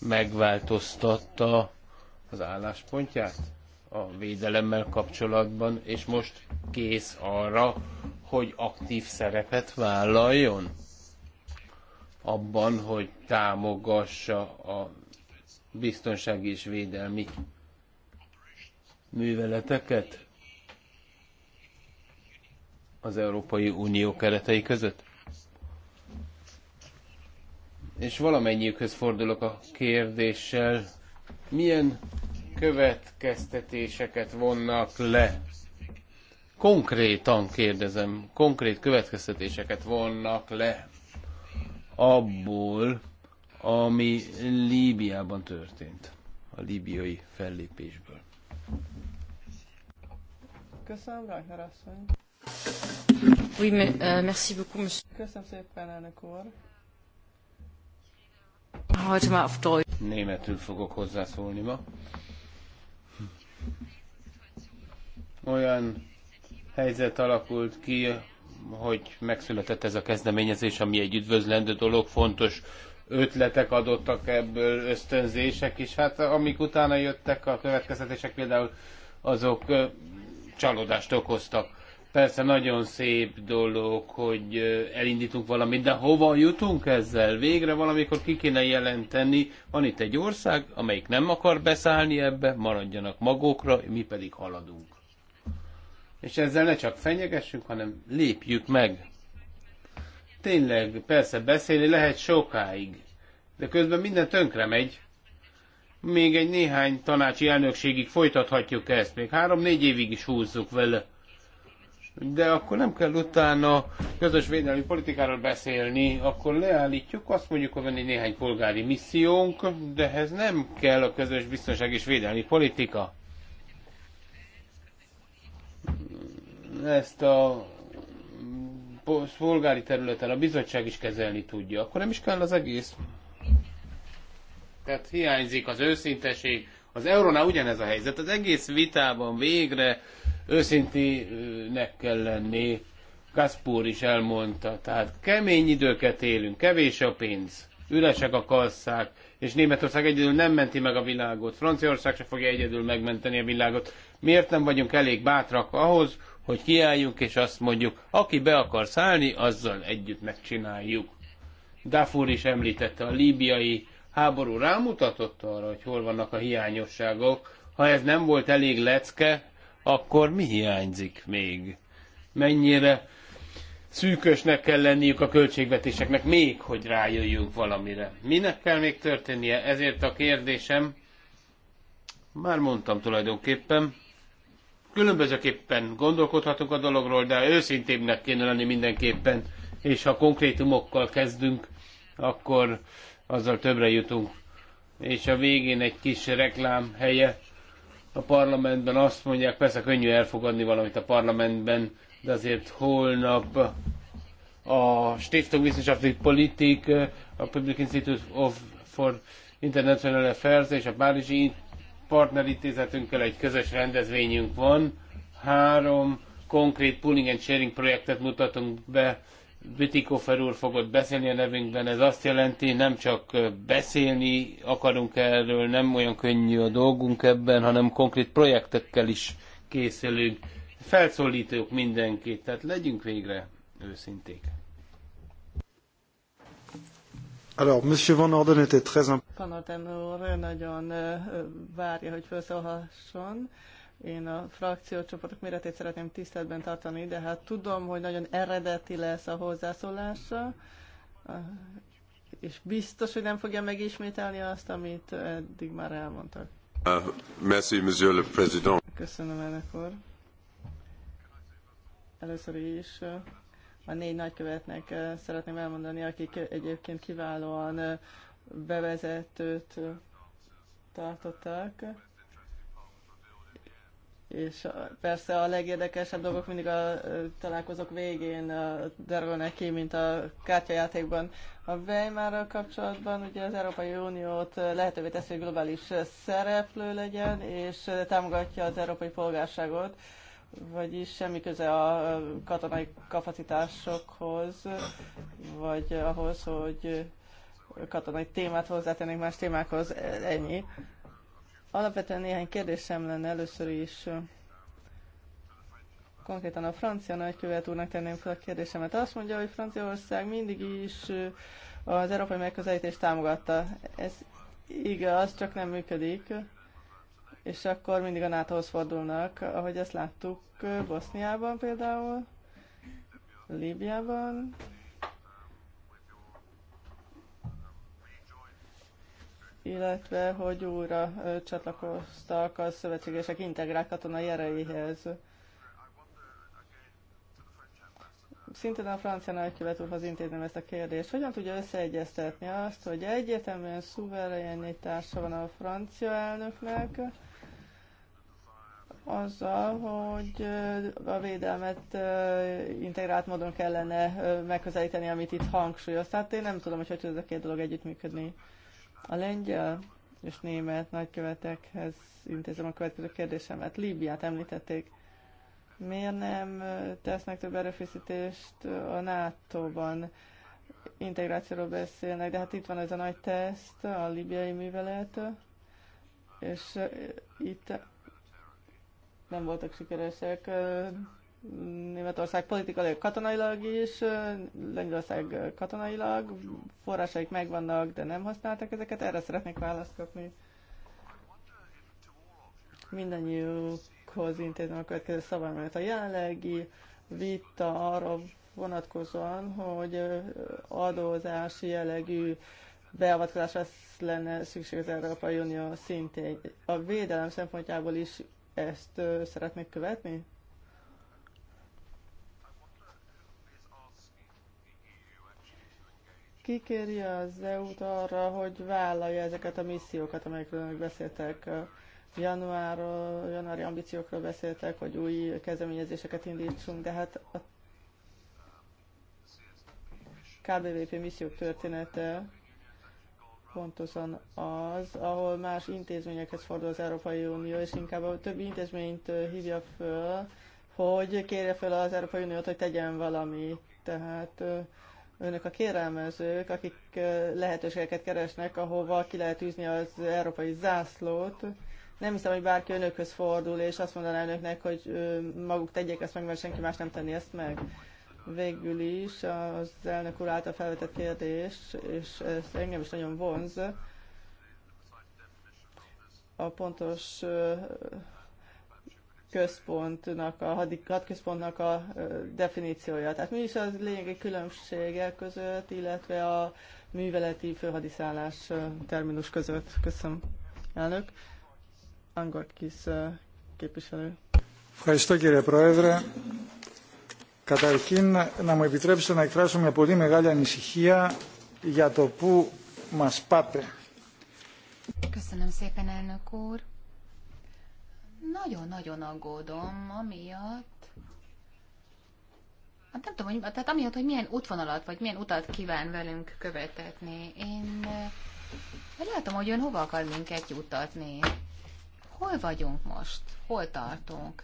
megváltoztatta az álláspontját? a védelemmel kapcsolatban, és most kész arra, hogy aktív szerepet vállaljon abban, hogy támogassa a biztonsági és védelmi műveleteket az Európai Unió keretei között? És valamennyiükhöz fordulok a kérdéssel, milyen következtetéseket vonnak le. Konkrétan kérdezem, konkrét következtetéseket vonnak le abból, ami Líbiában történt, a líbiai fellépésből. Köszönöm, Rajner asszony. Oui, mais, uh, merci beaucoup, monsieur. Köszönöm szépen, elnök úr. Németül fogok hozzászólni ma. olyan helyzet alakult ki, hogy megszületett ez a kezdeményezés, ami egy üdvözlendő dolog, fontos ötletek adottak ebből, ösztönzések is. Hát amik utána jöttek a következetések, például, azok csalódást okoztak. Persze nagyon szép dolog, hogy elindítunk valamit, de hova jutunk ezzel? Végre valamikor ki kéne jelenteni, van itt egy ország, amelyik nem akar beszállni ebbe, maradjanak magukra, mi pedig haladunk. És ezzel ne csak fenyegessünk, hanem lépjük meg. Tényleg, persze beszélni lehet sokáig, de közben minden tönkre megy. Még egy néhány tanácsi elnökségig folytathatjuk ezt, még három-négy évig is húzzuk vele. De akkor nem kell utána közös védelmi politikáról beszélni, akkor leállítjuk, azt mondjuk, hogy van egy néhány polgári missziónk, de ehhez nem kell a közös biztonság és védelmi politika. ezt a szolgári területen a bizottság is kezelni tudja, akkor nem is kell az egész. Tehát hiányzik az őszinteség. Az eurónál ugyanez a helyzet. Az egész vitában végre őszintének kell lenni. Kaspur is elmondta. Tehát kemény időket élünk, kevés a pénz, üresek a kasszák, és Németország egyedül nem menti meg a világot. Franciaország se fogja egyedül megmenteni a világot. Miért nem vagyunk elég bátrak ahhoz, hogy kiálljunk és azt mondjuk, aki be akar szállni, azzal együtt megcsináljuk. Dafur is említette, a líbiai háború rámutatott arra, hogy hol vannak a hiányosságok. Ha ez nem volt elég lecke, akkor mi hiányzik még? Mennyire szűkösnek kell lenniük a költségvetéseknek, még hogy rájöjjünk valamire. Minek kell még történnie? Ezért a kérdésem, már mondtam tulajdonképpen, Különbözőképpen gondolkodhatunk a dologról, de őszintébbnek kéne lenni mindenképpen, és ha konkrétumokkal kezdünk, akkor azzal többre jutunk. És a végén egy kis reklám helye a parlamentben azt mondják, persze könnyű elfogadni valamit a parlamentben, de azért holnap a Stiftung Wissenschaftlich Politik, a Public Institute of for International Affairs és a Párizsi partnerintézetünkkel egy közös rendezvényünk van. Három konkrét pooling and sharing projektet mutatunk be. Bütikofer úr fogott beszélni a nevünkben, ez azt jelenti, nem csak beszélni akarunk erről, nem olyan könnyű a dolgunk ebben, hanem konkrét projektekkel is készülünk. felszólítjuk mindenkit, tehát legyünk végre őszinték. Alors, Monsieur Van Orden était très Van Orden úr nagyon várja, hogy felszólhasson. Én a frakciócsoportok méretét szeretném tiszteletben tartani, de hát tudom, hogy nagyon eredeti lesz a hozzászólása, és biztos, hogy nem fogja megismételni azt, amit eddig már elmondtak. Uh, merci, Monsieur le Président. Köszönöm, elnök úr. Először is a négy nagykövetnek szeretném elmondani, akik egyébként kiválóan bevezetőt tartottak. És persze a legérdekesebb dolgok mindig a találkozók végén derülnek ki, mint a kártyajátékban. A Weimarral kapcsolatban ugye az Európai Uniót lehetővé teszi, hogy globális szereplő legyen, és támogatja az európai polgárságot vagyis semmi köze a katonai kapacitásokhoz, vagy ahhoz, hogy katonai témát hozzátennék más témákhoz, e, ennyi. Alapvetően néhány kérdésem lenne először is. Konkrétan a francia nagykövet úrnak tenném fel a kérdésemet. Azt mondja, hogy Franciaország mindig is az európai megközelítést támogatta. Ez igaz, csak nem működik és akkor mindig a NATO-hoz fordulnak, ahogy ezt láttuk Boszniában például, Líbiában, illetve hogy újra csatlakoztak a szövetségesek integrált katonai erejéhez. Szintén a francia nagykövet úrhoz intézném ezt a kérdést. Hogyan tudja összeegyeztetni azt, hogy egyértelműen szuverenitása van a francia elnöknek, azzal, hogy a védelmet integrált módon kellene megközelíteni, amit itt hangsúlyoz. Tehát én nem tudom, hogy hogy ez a két dolog együttműködni. A lengyel és német nagykövetekhez intézem a következő kérdésemet. Líbiát említették. Miért nem tesznek több erőfeszítést a NATO-ban? Integrációról beszélnek, de hát itt van ez a nagy teszt, a libiai művelet, és itt nem voltak sikeresek. Németország politikailag, katonailag is, Lengyelország katonailag, forrásaik megvannak, de nem használták ezeket, erre szeretnék választ kapni. Mindennyiukhoz intézem a következő mert A jelenlegi vita arra vonatkozóan, hogy adózási jellegű beavatkozás lesz lenne szükség az Európai Unió szintén. A védelem szempontjából is ezt szeretnék követni? kikéri az EU-t arra, hogy vállalja ezeket a missziókat, amelyekről beszéltek január, januári ambíciókról beszéltek, hogy új kezdeményezéseket indítsunk, de hát a KBVP missziók története pontosan az, ahol más intézményekhez fordul az Európai Unió, és inkább a többi intézményt hívja föl, hogy kérje föl az Európai Uniót, hogy tegyen valamit. Tehát önök a kérelmezők, akik lehetőségeket keresnek, ahova ki lehet űzni az európai zászlót. Nem hiszem, hogy bárki önökhöz fordul, és azt mondaná önöknek, hogy maguk tegyék ezt meg, mert senki más nem tenni ezt meg. Végül is az elnök úr által felvetett kérdés, és ez engem is nagyon vonz, a pontos központnak, a hadközpontnak a definíciója. Tehát mi is az lényegi különbségek között, illetve a műveleti főhadiszállás terminus között. Köszönöm, elnök. Angol kis képviselő. Köszönöm, Καταρχήν, να μου επιτρέψετε να εκφράσω μια πολύ μεγάλη ανησυχία για το πού μας πάτε. Köszönöm szépen, elnök úr. Nagyon-nagyon aggódom, amiatt, hát nem tudom, hogy, tehát amiatt, hogy milyen útvonalat, vagy milyen utat kíván velünk követetni. Én eh, látom, hogy ön hova akar minket jutatni. Hol vagyunk most? Hol tartunk?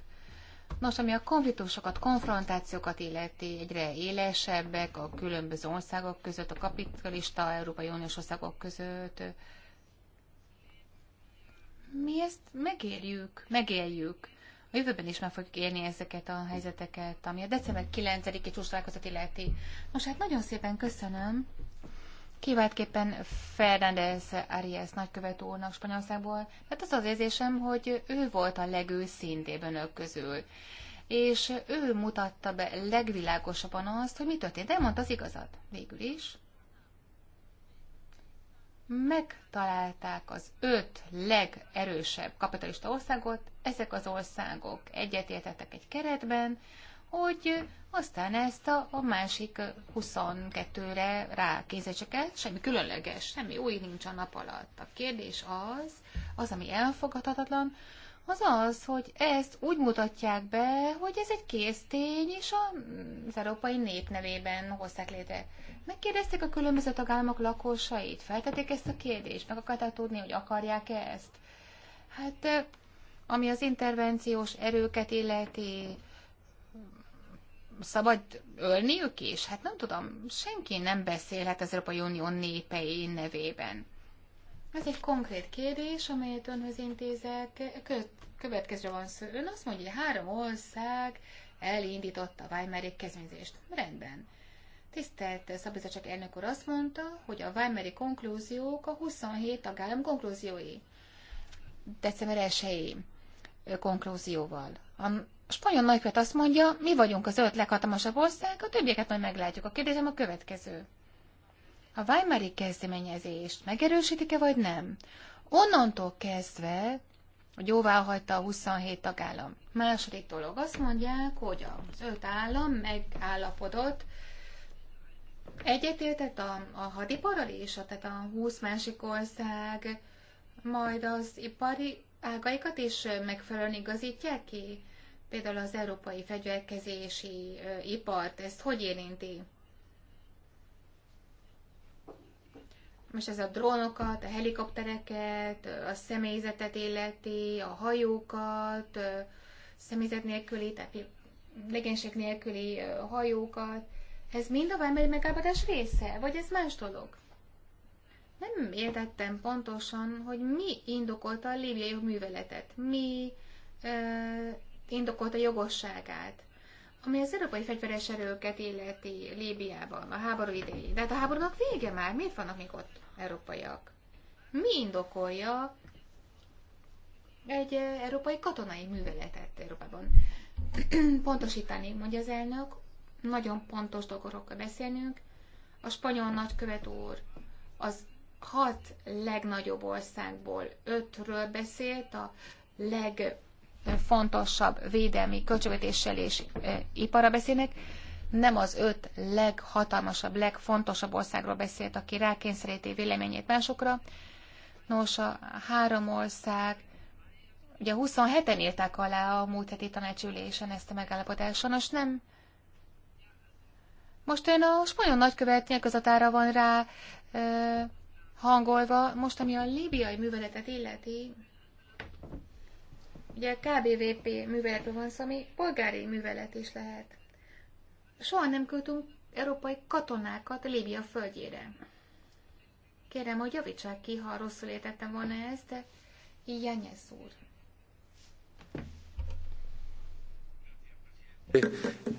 Nos, ami a konfliktusokat, konfrontációkat illeti, egyre élesebbek a különböző országok között, a kapitalista Európai Uniós országok között, mi ezt megérjük, megéljük. A jövőben is meg fogjuk élni ezeket a helyzeteket, ami a december 9-i csúcstalálkozat illeti. Nos, hát nagyon szépen köszönöm. Kiváltképpen Fernández Arias nagykövet úrnak Spanyolországból, mert az az érzésem, hogy ő volt a legőszintébb önök közül. És ő mutatta be legvilágosabban azt, hogy mi történt. Elmondta az igazat végül is. Megtalálták az öt legerősebb kapitalista országot, ezek az országok egyetértettek egy keretben, hogy aztán ezt a, a másik 22-re rákészítsek el, semmi különleges, semmi új nincs a nap alatt. A kérdés az, az, ami elfogadhatatlan, az az, hogy ezt úgy mutatják be, hogy ez egy késztény, és az európai nép nevében hozták létre. Megkérdezték a különböző tagállamok lakosait, feltették ezt a kérdést, meg akarták tudni, hogy akarják-e ezt. Hát, ami az intervenciós erőket illeti, szabad ölniük is? Hát nem tudom, senki nem beszélhet az Európai Unió népei nevében. Ez egy konkrét kérdés, amelyet önhöz intézek. Következő van szó. Ön azt mondja, hogy három ország elindította a Weimari kezdeményezést. Rendben. Tisztelt Szabizacsak elnök úr azt mondta, hogy a Weimari konklúziók a 27 tagállam konklúziói. December 1 konklúzióval. A spanyol nagykövet azt mondja, mi vagyunk az öt leghatalmasabb ország, a többieket majd meglátjuk. A kérdésem a következő. A Weimari kezdeményezést megerősítik-e, vagy nem? Onnantól kezdve, hogy jóvá hagyta a 27 tagállam. Második dolog, azt mondják, hogy az öt állam megállapodott, egyetértett a, a hadiparral is, tehát a 20 másik ország, majd az ipari ágaikat is megfelelően igazítják ki például az európai fegyverkezési ipart, ezt hogy érinti? Most ez a drónokat, a helikoptereket, a személyzetet illeti, a hajókat, személyzet nélküli, tehát legénység nélküli hajókat. Ez mind a vámeri megállapodás része, vagy ez más dolog? Nem értettem pontosan, hogy mi indokolta a líbiai műveletet. Mi indokolta jogosságát, ami az európai fegyveres erőket illeti Líbiában, a háború idején. De hát a háborúnak vége már, miért vannak még ott európaiak? Mi indokolja egy eh, európai katonai műveletet Európában? <clears throat> Pontosítani, mondja az elnök, nagyon pontos dolgokról beszélnünk. A spanyol nagykövet úr az hat legnagyobb országból ötről beszélt, a leg legfontosabb védelmi költségvetéssel és e, ipara beszélnek, nem az öt leghatalmasabb, legfontosabb országról beszélt, aki rákényszeríti véleményét másokra. Nos, a három ország, ugye 27-en írták alá a múlt heti tanácsülésen ezt a megállapodást, sajnos nem. Most ön a spanyol nagykövet nyilatkozatára van rá e, hangolva, most ami a libiai műveletet illeti, Ugye KBVP műveletről van szó, ami polgári művelet is lehet. Soha nem küldtünk európai katonákat Líbia földjére. Kérem, hogy javítsák ki, ha rosszul értettem volna ezt, de Jányesz úr.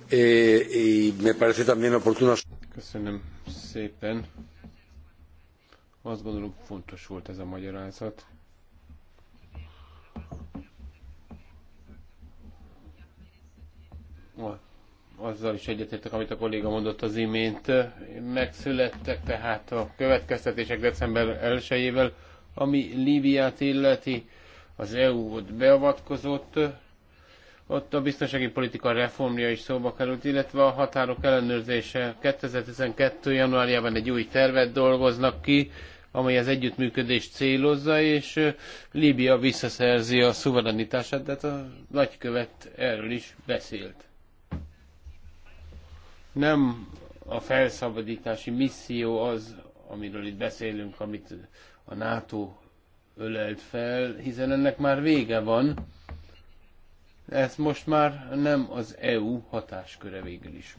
Eh, eh, Köszönöm szépen. Azt gondolom fontos volt ez a magyarázat. azzal is egyetértek, amit a kolléga mondott az imént. Megszülettek tehát a következtetések december 1-ével, ami Líbiát illeti, az EU ott beavatkozott, ott a biztonsági politika reformja is szóba került, illetve a határok ellenőrzése 2012. januárjában egy új tervet dolgoznak ki, amely az együttműködést célozza, és Líbia visszaszerzi a szuverenitását, de hát a nagykövet erről is beszélt. Nem a felszabadítási misszió az, amiről itt beszélünk, amit a NATO ölelt fel, hiszen ennek már vége van. Ez most már nem az EU hatásköre végül is.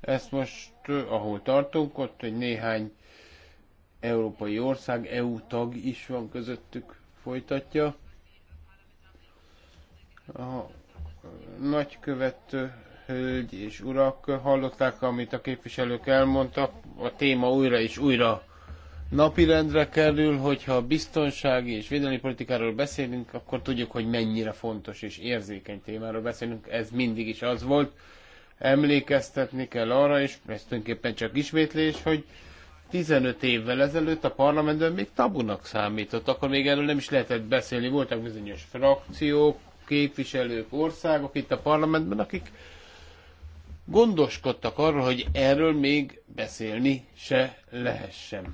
Ezt most, eh, ahol tartunk, ott egy néhány európai ország, EU tag is van közöttük, folytatja nagykövet hölgy és urak, hallották, amit a képviselők elmondtak, a téma újra és újra napirendre kerül, hogyha biztonsági és védelmi politikáról beszélünk, akkor tudjuk, hogy mennyire fontos és érzékeny témáról beszélünk. Ez mindig is az volt. Emlékeztetni kell arra, és ez tulajdonképpen csak ismétlés, hogy 15 évvel ezelőtt a parlamentben még tabunak számított, akkor még erről nem is lehetett beszélni. Voltak bizonyos frakciók, képviselők, országok itt a parlamentben, akik gondoskodtak arról, hogy erről még beszélni se lehessen.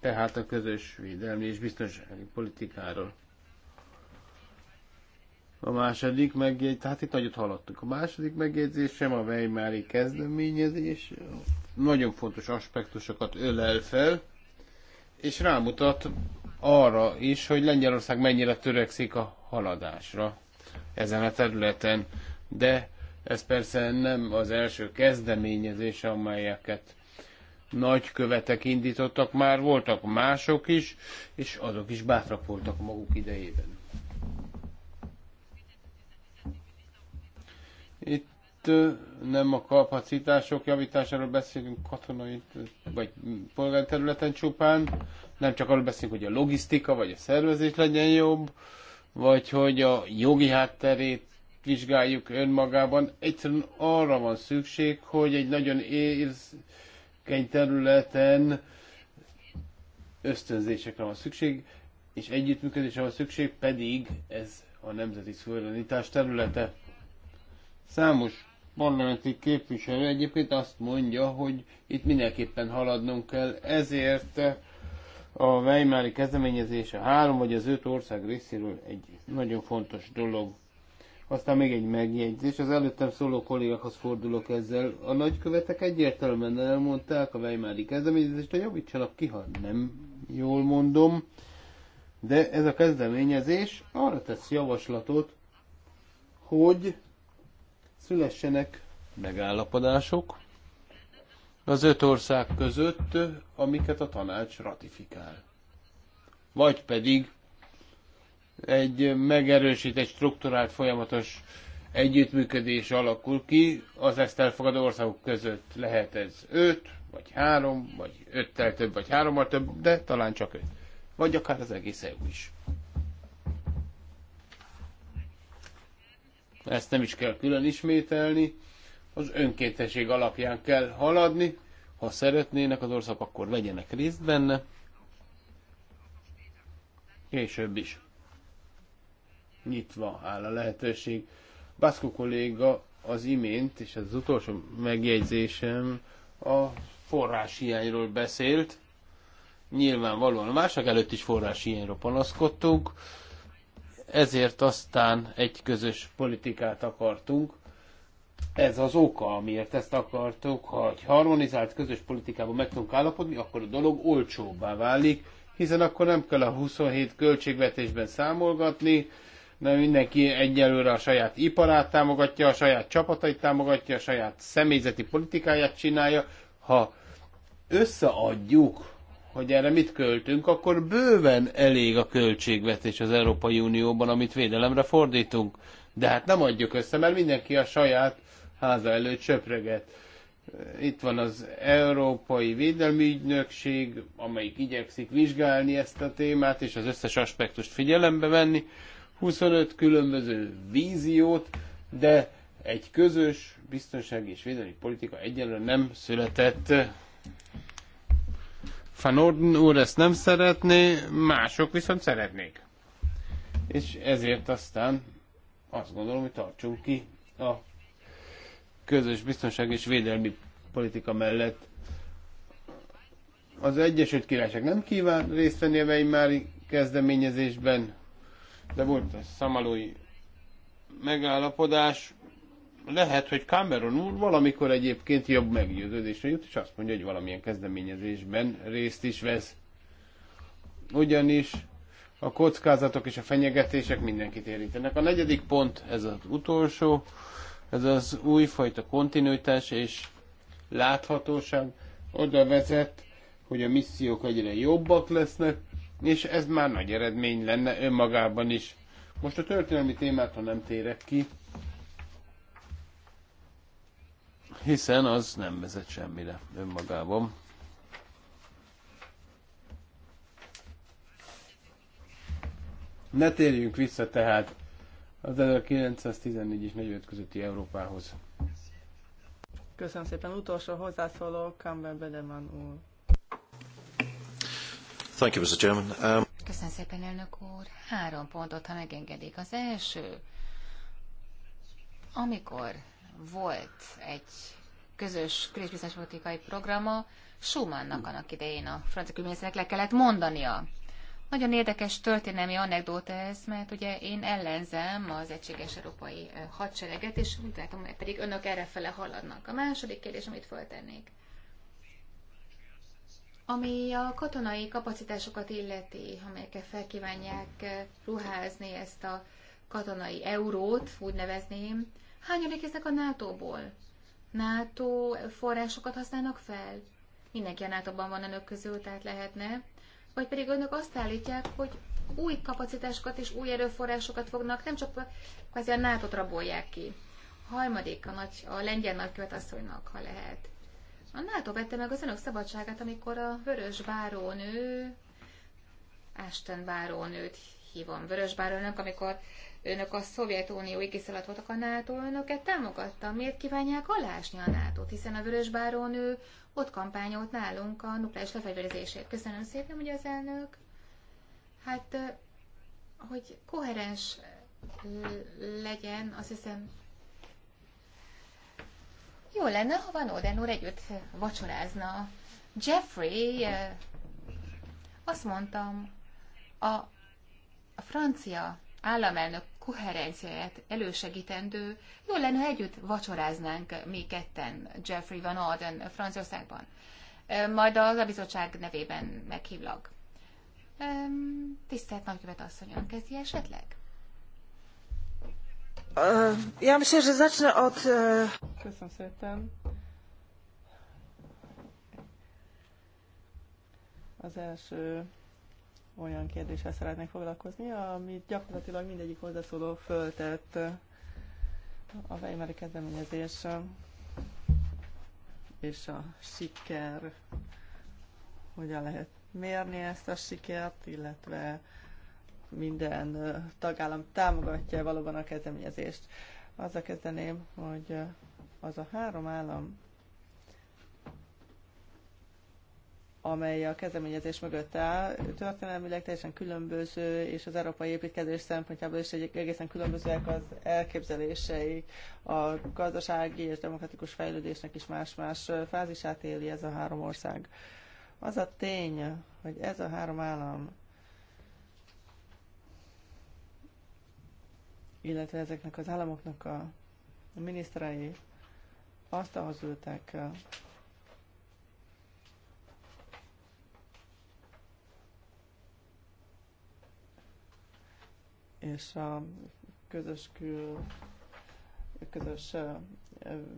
Tehát a közös védelmi és biztonsági politikáról. A második megjegyzés, tehát itt nagyot haladtunk. A második megjegyzésem a Weimári kezdeményezés nagyon fontos aspektusokat ölel fel, és rámutat arra is, hogy Lengyelország mennyire törekszik a haladásra ezen a területen, de ez persze nem az első kezdeményezés, amelyeket nagykövetek indítottak, már voltak mások is, és azok is bátrak voltak maguk idejében. Itt nem a kapacitások javításáról beszélünk katonai vagy polgári területen csupán, nem csak arról beszélünk, hogy a logisztika vagy a szervezés legyen jobb, vagy hogy a jogi hátterét vizsgáljuk önmagában. Egyszerűen arra van szükség, hogy egy nagyon érzékeny területen ösztönzésekre van szükség, és együttműködésre van szükség, pedig ez a nemzeti szuverenitás területe. Számos parlamenti képviselő egyébként azt mondja, hogy itt mindenképpen haladnunk kell, ezért a Weimári kezdeményezése a három vagy az öt ország részéről egy nagyon fontos dolog. Aztán még egy megjegyzés, az előttem szóló kollégákhoz fordulok ezzel. A nagykövetek egyértelműen elmondták a Weimári kezdeményezést, hogy javítsanak ki, ha nem jól mondom. De ez a kezdeményezés arra tesz javaslatot, hogy szülessenek megállapodások, az öt ország között, amiket a tanács ratifikál. Vagy pedig egy megerősített, strukturált, folyamatos együttműködés alakul ki az ezt elfogadó országok között. Lehet ez öt, vagy három, vagy öttel több, vagy hárommal több, de talán csak öt. Vagy akár az egész EU is. Ezt nem is kell külön ismételni az önkéntesség alapján kell haladni. Ha szeretnének az ország, akkor vegyenek részt benne. Később is. Nyitva áll a lehetőség. Baszko kolléga az imént, és ez az utolsó megjegyzésem, a hiányról beszélt. Nyilvánvalóan mások előtt is hiányról panaszkodtunk, ezért aztán egy közös politikát akartunk ez az oka, amiért ezt akartuk, ha egy harmonizált közös politikában meg tudunk állapodni, akkor a dolog olcsóbbá válik, hiszen akkor nem kell a 27 költségvetésben számolgatni, de mindenki egyelőre a saját iparát támogatja, a saját csapatait támogatja, a saját személyzeti politikáját csinálja. Ha összeadjuk, hogy erre mit költünk, akkor bőven elég a költségvetés az Európai Unióban, amit védelemre fordítunk. De hát nem adjuk össze, mert mindenki a saját háza előtt söpröget. Itt van az Európai Védelmi Ügynökség, amelyik igyekszik vizsgálni ezt a témát, és az összes aspektust figyelembe venni. 25 különböző víziót, de egy közös biztonsági és védelmi politika egyenlően nem született. Van Orden úr ezt nem szeretné, mások viszont szeretnék. És ezért aztán azt gondolom, hogy tartsunk ki a közös biztonság és védelmi politika mellett. Az Egyesült Királyság nem kíván részt venni a Weimári kezdeményezésben, de volt a szamalói megállapodás. Lehet, hogy Cameron úr valamikor egyébként jobb meggyőződésre jut, és azt mondja, hogy valamilyen kezdeményezésben részt is vesz. Ugyanis a kockázatok és a fenyegetések mindenkit érintenek. A negyedik pont, ez az utolsó, ez az újfajta kontinuitás és láthatóság oda vezet, hogy a missziók egyre jobbak lesznek, és ez már nagy eredmény lenne önmagában is. Most a történelmi témát, ha nem térek ki, hiszen az nem vezet semmire önmagában. Ne térjünk vissza tehát az 1914 és 45 közötti Európához. Köszönöm szépen. Utolsó hozzászóló, Kamber Bedeman úr. Thank you, Mr. Chairman. Um... Köszönöm szépen, elnök úr. Három pontot, ha megengedik. Az első, amikor volt egy közös külésbiztonságpolitikai programa, Schumannnak annak idején a francia külügyminiszternek le kellett mondania, nagyon érdekes történelmi anekdóta ez, mert ugye én ellenzem az egységes európai hadsereget, és úgy látom, hogy pedig önök errefele haladnak. A második kérdés, amit föltennék. Ami a katonai kapacitásokat illeti, amelyekkel felkívánják ruházni ezt a katonai eurót, úgy nevezném, hány érkeznek a NATO-ból? NATO forrásokat használnak fel? Mindenki a NATO-ban van önök közül, tehát lehetne vagy pedig önök azt állítják, hogy új kapacitásokat és új erőforrásokat fognak, nem csak kvázi a nato rabolják ki. A harmadik a, nagy, a lengyel nagykövet asszonynak, ha lehet. A NATO vette meg az önök szabadságát, amikor a vörös bárónő, Ásten bárónőt hívom, vörös bárónőnk, amikor önök a Szovjetunió égisz alatt voltak a NATO, önöket támogatta. Miért kívánják alásni a nato -t? Hiszen a vörös bárónő ott kampányolt nálunk a nukleáris lefegyverzését. Köszönöm szépen, hogy az elnök. Hát, hogy koherens legyen, azt hiszem, jó lenne, ha Van Oden úr együtt vacsorázna. Jeffrey, azt mondtam, a, a francia államelnök koherenciáját elősegítendő. Jó lenne, ha együtt vacsoráznánk mi ketten Jeffrey Van Alden Franciaországban. Majd az a bizottság nevében meghívlak. Tisztelt nagykövet asszonyom, kezdi esetleg? Ja myślę, że zacznę od... Uh... szépen. Az első olyan kérdéssel szeretnék foglalkozni, amit gyakorlatilag mindegyik hozzászóló föltett a Weimari kezdeményezés és a siker, hogyan lehet mérni ezt a sikert, illetve minden tagállam támogatja valóban a kezdeményezést. Azzal kezdeném, hogy az a három állam, amely a kezdeményezés mögött áll, történelmileg teljesen különböző, és az európai építkezés szempontjából is egy egészen különbözőek az elképzelései. A gazdasági és demokratikus fejlődésnek is más-más fázisát éli ez a három ország. Az a tény, hogy ez a három állam, illetve ezeknek az államoknak a miniszterei asztalhoz ültek és a közös kül, közös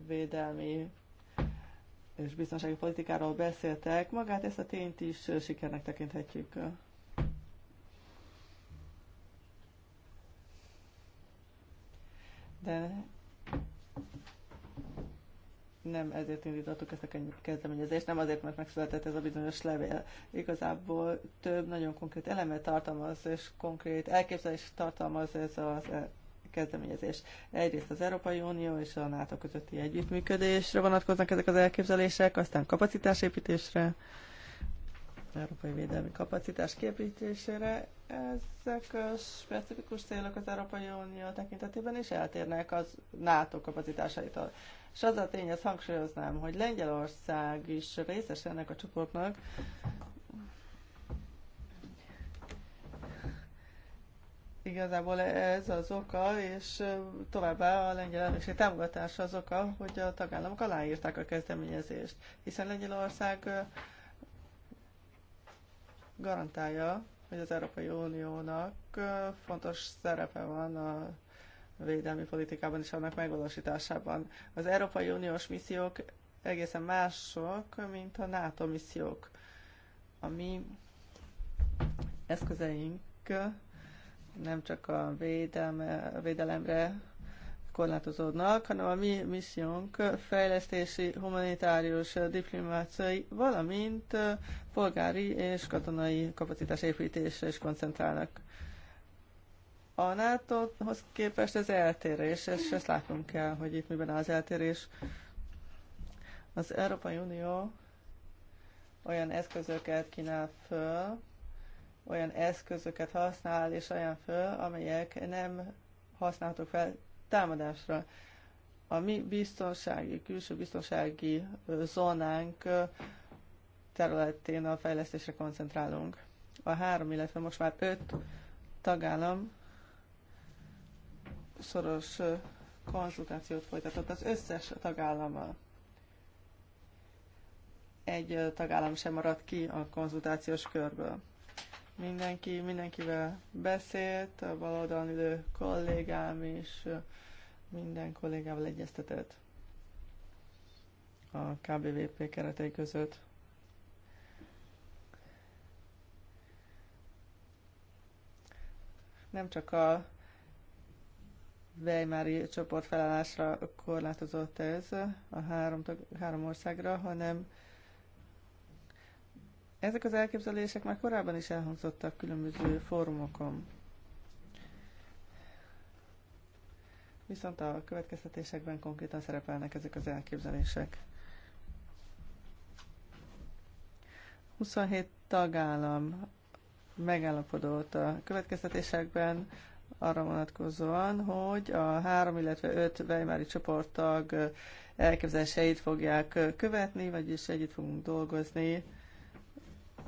védelmi és biztonsági politikáról beszéltek, magát ezt a tényt is sikernek tekinthetjük. De nem ezért indítottuk ezt a kezdeményezést, nem azért, mert megszületett ez a bizonyos levél. Igazából több nagyon konkrét elemet tartalmaz, és konkrét elképzelést tartalmaz ez a e, kezdeményezés. Egyrészt az Európai Unió és a NATO közötti együttműködésre vonatkoznak ezek az elképzelések, aztán kapacitásépítésre, európai védelmi kapacitás képítésére. Ezek a specifikus célok az Európai Unió tekintetében is eltérnek az NATO kapacitásaitól. És az a tény, ezt hangsúlyoznám, hogy Lengyelország is részes ennek a csoportnak, igazából ez az oka, és továbbá a lengyel elnökség támogatása az oka, hogy a tagállamok aláírták a kezdeményezést, hiszen Lengyelország garantálja, hogy az Európai Uniónak fontos szerepe van a védelmi politikában és annak megvalósításában. Az Európai Uniós missziók egészen mások, mint a NATO missziók. A mi eszközeink nem csak a védelme, védelemre korlátozódnak, hanem a mi missziónk fejlesztési, humanitárius, diplomáciai, valamint polgári és katonai kapacitás építésre is koncentrálnak. A NATO-hoz képest ez eltérés, és ezt látnunk kell, hogy itt miben az eltérés. Az Európai Unió olyan eszközöket kínál föl, olyan eszközöket használ és olyan föl, amelyek nem használhatók fel támadásra. A mi biztonsági, külső biztonsági zónánk területén a fejlesztésre koncentrálunk. A három, illetve most már öt tagállam szoros konzultációt folytatott az összes tagállammal. Egy tagállam sem maradt ki a konzultációs körből. Mindenki, mindenkivel beszélt, a baloldalon ülő kollégám is minden kollégával egyeztetett a KBVP keretei között. Nem csak a Weimári csoport felállásra korlátozott ez a három, tag, három országra, hanem ezek az elképzelések már korábban is elhangzottak különböző fórumokon. Viszont a következtetésekben konkrétan szerepelnek ezek az elképzelések. 27 tagállam megállapodott a következtetésekben arra vonatkozóan, hogy a három, illetve öt Weimári csoporttag elképzeléseit fogják követni, vagyis együtt fogunk dolgozni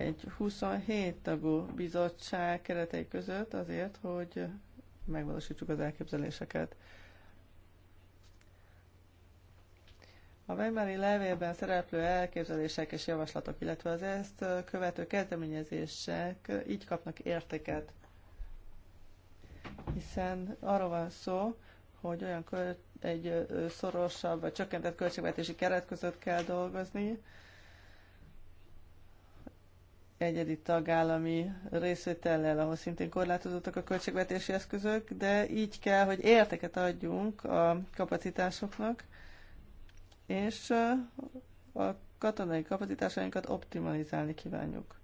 egy 27 tagú bizottság keretei között azért, hogy megvalósítsuk az elképzeléseket. A Weimari levélben szereplő elképzelések és javaslatok, illetve az ezt követő kezdeményezések így kapnak értéket. Hiszen arról van szó, hogy olyan költ, egy szorosabb vagy csökkentett költségvetési keret között kell dolgozni, egyedi tagállami részvétellel, ahol szintén korlátozottak a költségvetési eszközök, de így kell, hogy érteket adjunk a kapacitásoknak, és uh, a katonai kapacitásainkat optimalizálni kívánjuk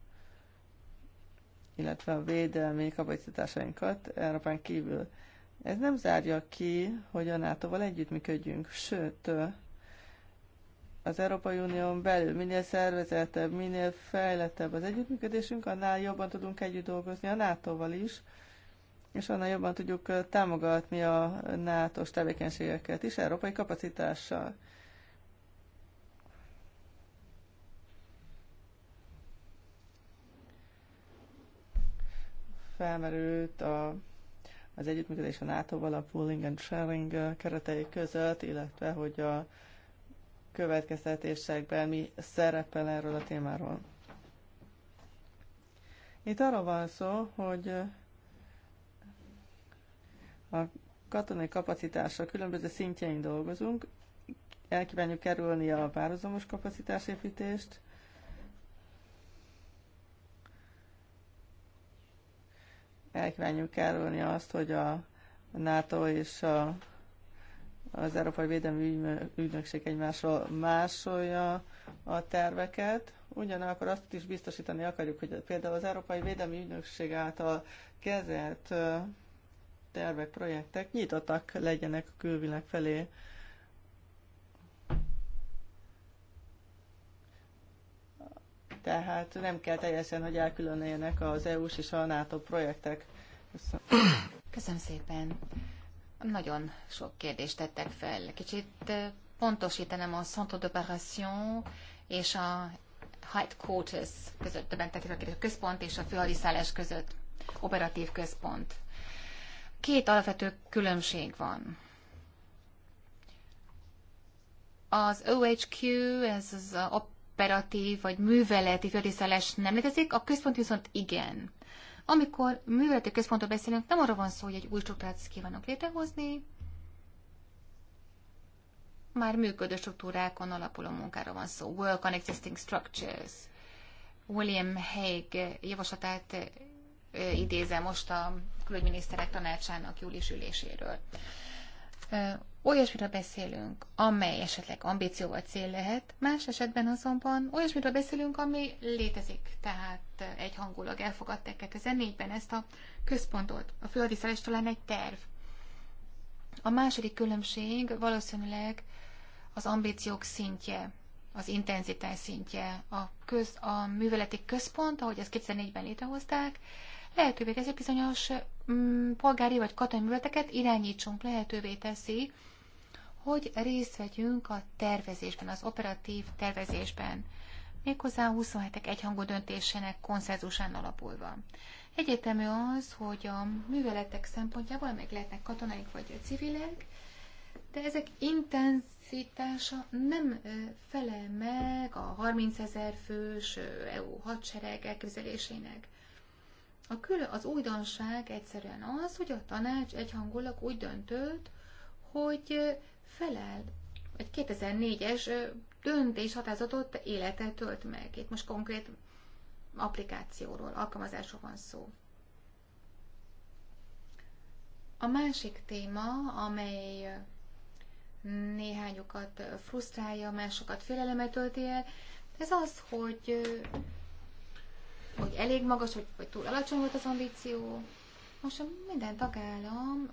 illetve a védelmi kapacitásainkat Európán kívül. Ez nem zárja ki, hogy a NATO-val együttműködjünk, sőt, uh, az Európai Unión belül minél szervezettebb, minél fejlettebb az együttműködésünk, annál jobban tudunk együtt dolgozni a NATO-val is, és annál jobban tudjuk támogatni a nato tevékenységeket is, európai kapacitással. Felmerült a, az együttműködés a NATO-val a pooling and sharing keretei között, illetve hogy a következtetésekben mi szerepel erről a témáról. Itt arról van szó, hogy a katonai kapacitásra különböző szintjein dolgozunk, elkívánjuk kerülni a párhuzamos kapacitásépítést, elkívánjuk kerülni azt, hogy a NATO és a az Európai Védelmi Ügynökség egymásról másolja a terveket. Ugyanakkor azt is biztosítani akarjuk, hogy például az Európai Védelmi Ügynökség által kezelt tervek, projektek nyitottak legyenek a külvilág felé. Tehát nem kell teljesen, hogy elkülönüljenek az EU-s és a NATO projektek. Köszönöm. Köszönöm szépen. Nagyon sok kérdést tettek fel. Kicsit pontosítanám a Centre d'Operation és a headquarters között, többen tekintek a központ és a főhadiszállás között, operatív központ. Két alapvető különbség van. Az OHQ, ez az operatív vagy műveleti főhadiszállás nem létezik, a központ viszont igen. Amikor műveleti központról beszélünk, nem arra van szó, hogy egy új struktúrát kívánok létrehozni, már működő struktúrákon alapuló munkára van szó. Work on existing structures. William Hague javaslatát eh, idézem most a külügyminiszterek tanácsának július üléséről. Eh, olyasmiről beszélünk, amely esetleg ambíció vagy cél lehet, más esetben azonban olyasmiről beszélünk, ami létezik. Tehát egyhangulag elfogadták 2004-ben ezt a központot. A szeles talán egy terv. A második különbség valószínűleg az ambíciók szintje, az intenzitás szintje. A, köz, a műveleti központ, ahogy ezt 2004-ben létrehozták, lehetővé teszi bizonyos mm, polgári vagy katonai műveleteket irányítsunk, lehetővé teszi hogy részt vegyünk a tervezésben, az operatív tervezésben, méghozzá a 27-ek egyhangú döntésének konszenzusán alapulva. Egyetemű az, hogy a műveletek szempontjából meg lehetnek katonaik vagy civilek, de ezek intenzitása nem felel meg a 30 ezer fős EU hadsereg elképzelésének. A kül, az újdonság egyszerűen az, hogy a tanács egyhangulag úgy döntött, hogy felel, Egy 2004-es döntés határozatot életet tölt meg. Itt most konkrét applikációról, alkalmazásról van szó. A másik téma, amely néhányukat frusztrálja, másokat félelemet tölti el, ez az, hogy, hogy elég magas, vagy, vagy túl alacsony volt az ambíció, most minden tagállam,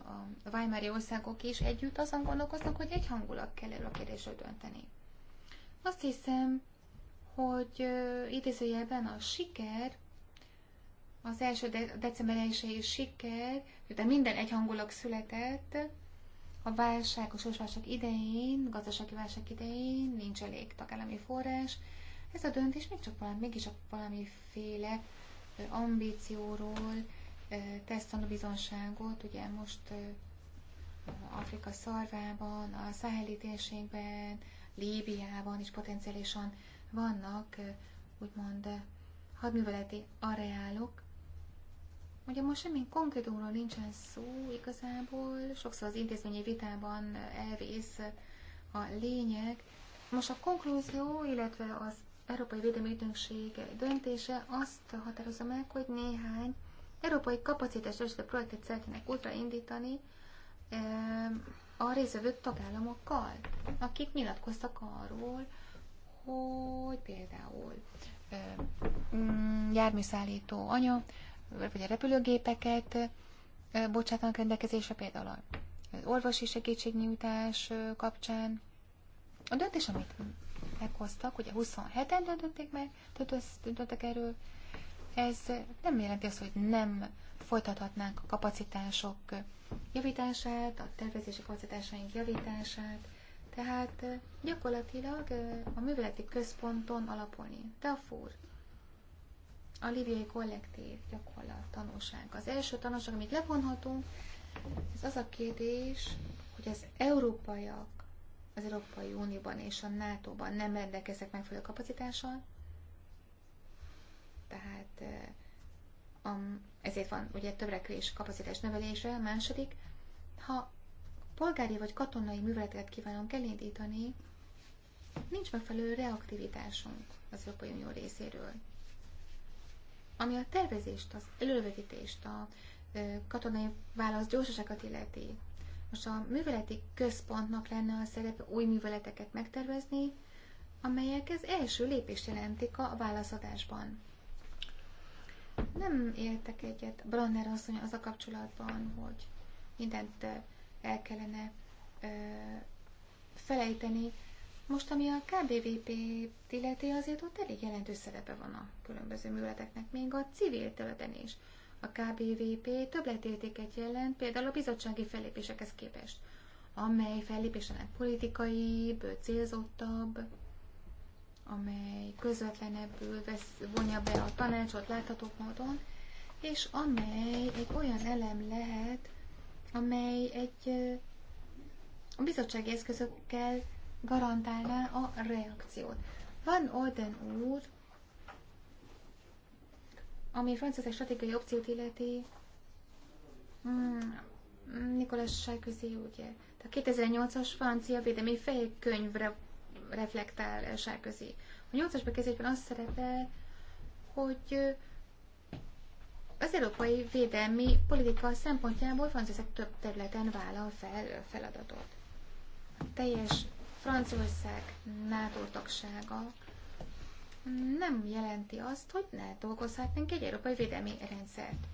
a Weimári országok is együtt azon gondolkoznak, hogy egy hangulat kell erről a kérdésről dönteni. Azt hiszem, hogy idézőjelben a siker, az első de- december 1 siker, de minden hangulat született, a válság, a sorsválság idején, gazdasági válság idején nincs elég tagállami forrás. Ez a döntés még csak valami, mégis valamiféle ambícióról, tesz bizonságot, ugye most Afrika szarvában, a száheli térségben, Líbiában is potenciálisan vannak úgymond hadműveleti areálok. Ugye most semmi konkrétumról nincsen szó igazából, sokszor az intézményi vitában elvész a lényeg. Most a konklúzió, illetve az Európai Védelmi Ügynökség döntése azt határozza meg, hogy néhány európai kapacitásosító projektet szeretnének útraindítani a részvevő tagállamokkal, akik nyilatkoztak arról, hogy például mm, járműszállító anya, vagy a repülőgépeket bocsátanak rendelkezésre, például az orvosi segítségnyújtás kapcsán. A döntés, amit meghoztak, ugye 27-en döntötték meg, döntöttek erről, ez nem jelenti azt, hogy nem folytathatnánk a kapacitások javítását, a tervezési kapacitásaink javítását, tehát gyakorlatilag a műveleti központon alapulni. fúr, a libiai kollektív gyakorlat, tanulság. Az első tanulság, amit levonhatunk, ez az a kérdés, hogy az európaiak az Európai Unióban és a NATO-ban nem rendelkeznek megfelelő kapacitással, tehát um, ezért van ugye többrekvés kapacitás növelése Második, ha polgári vagy katonai műveletet kívánunk elindítani, nincs megfelelő reaktivitásunk az Európai Unió részéről. Ami a tervezést, az elővetítést, a katonai válasz gyorsaságot illeti, most a műveleti központnak lenne a szerepe új műveleteket megtervezni, amelyek az első lépést jelentik a válaszadásban. Nem értek egyet Branner asszony az a kapcsolatban, hogy mindent el kellene ö, felejteni. Most, ami a KBVP illeti, azért ott elég jelentős szerepe van a különböző műveleteknek, még a civil területen is. A KBVP többletértéket jelent például a bizottsági fellépésekhez képest, amely fellépésenek politikai, célzottabb, amely közvetlenebbül vesz, vonja be a tanácsot látható módon, és amely egy olyan elem lehet, amely egy a bizottsági eszközökkel garantálná a reakciót. Van Olden úr, ami francia stratégiai opciót illeti, hmm, Nicolas Sarkozy, ugye, a 2008-as francia védelmi fejkönyvre reflektál Sárközi. A nyolcas bekezdésben az szerepel, hogy az európai védelmi politika szempontjából Franciaország több területen vállal fel feladatot. A teljes Franciaország NATO tagsága nem jelenti azt, hogy ne dolgozhatnánk egy európai védelmi rendszert.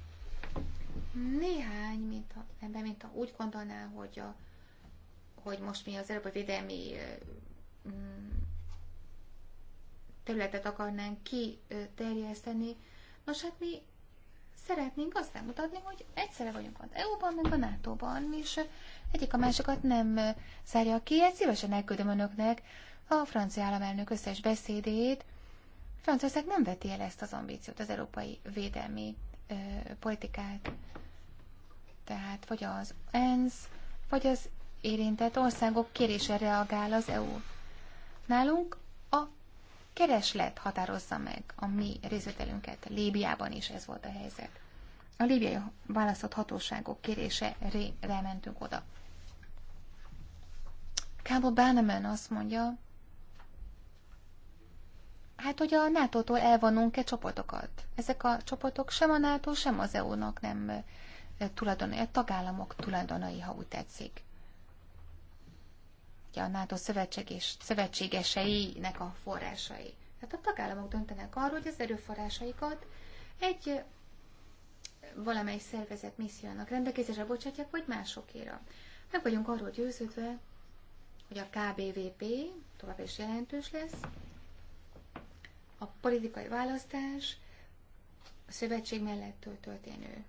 Néhány, mint ha, ember, mint ha úgy gondolná, hogy, a, hogy most mi az európai védelmi Mm, területet akarnánk kiterjeszteni. Nos, hát mi szeretnénk azt bemutatni, hogy egyszerre vagyunk az EU-ban, meg a NATO-ban, és egyik a másikat nem zárja ki. Egy szívesen elküldöm önöknek a francia államelnök összes beszédét. Franciaország nem veti el ezt az ambíciót, az európai védelmi ö, politikát. Tehát vagy az ENSZ, vagy az érintett országok kérésre reagál az EU Nálunk a kereslet határozza meg a mi részvételünket. Líbiában is ez volt a helyzet. A líbiai választott hatóságok kérése rementünk oda. Campbell Bannerman azt mondja, hát hogy a NATO-tól elvonunk-e csoportokat. Ezek a csoportok sem a NATO, sem az EU-nak nem eh, tulajdonai, a tagállamok tulajdonai, ha úgy tetszik a NATO szövetséges, szövetségeseinek a forrásai. Tehát a tagállamok döntenek arról, hogy az erőforrásaikat egy valamely szervezet missziónak rendelkezésre bocsátják, vagy másokéra. Meg vagyunk arról győződve, hogy a KBVP tovább is jelentős lesz, a politikai választás, a szövetség mellett történő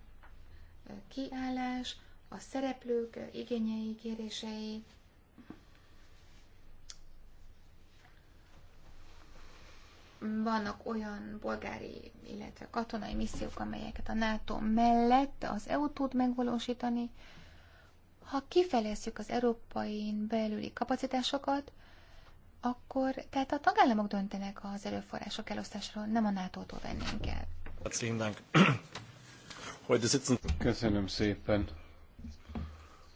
kiállás, a szereplők igényei, kérései, vannak olyan polgári, illetve katonai missziók, amelyeket a NATO mellett az EU tud megvalósítani. Ha kifejlesztjük az európai belüli kapacitásokat, akkor tehát a tagállamok döntenek az erőforrások elosztásról, nem a NATO-tól vennénk el. <coughs> Köszönöm szépen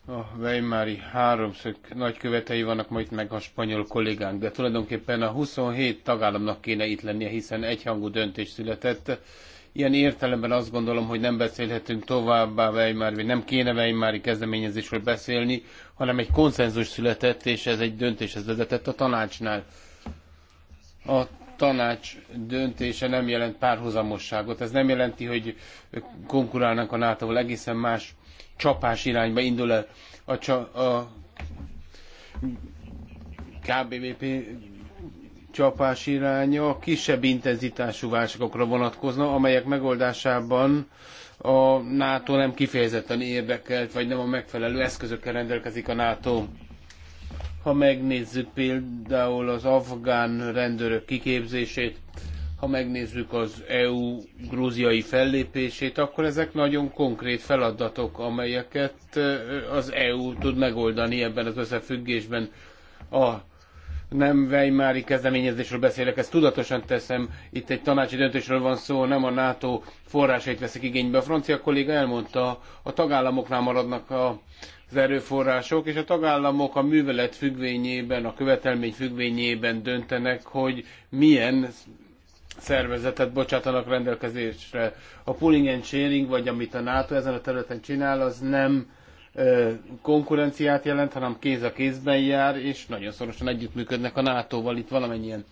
a Weimári háromszög nagykövetei vannak majd meg a spanyol kollégánk, de tulajdonképpen a 27 tagállamnak kéne itt lennie, hiszen egyhangú döntés született. Ilyen értelemben azt gondolom, hogy nem beszélhetünk továbbá Weimári, vagy nem kéne Weimári kezdeményezésről beszélni, hanem egy konszenzus született, és ez egy döntéshez vezetett a tanácsnál. A tanács döntése nem jelent párhuzamosságot. Ez nem jelenti, hogy konkurálnak a NATO-val, egészen más csapás irányba indul el. A, csa, a KBVP csapás iránya kisebb intenzitású válságokra vonatkozna, amelyek megoldásában a NATO nem kifejezetten érdekelt, vagy nem a megfelelő eszközökkel rendelkezik a NATO. Ha megnézzük például az afgán rendőrök kiképzését, ha megnézzük az EU grúziai fellépését, akkor ezek nagyon konkrét feladatok, amelyeket eh, az EU tud megoldani ebben az összefüggésben. A nem Weimári kezdeményezésről beszélek, ezt tudatosan teszem, itt egy tanácsi döntésről van szó, nem a NATO forrásait veszik igénybe. A francia kolléga elmondta, a tagállamoknál maradnak a, az erőforrások, és a tagállamok a művelet függvényében, a követelmény függvényében döntenek, hogy milyen szervezetet bocsátanak rendelkezésre. A pooling and sharing, vagy amit a NATO ezen a területen csinál, az nem ö, konkurenciát jelent, hanem kéz a kézben jár, és nagyon szorosan együttműködnek a NATO-val itt valamennyien.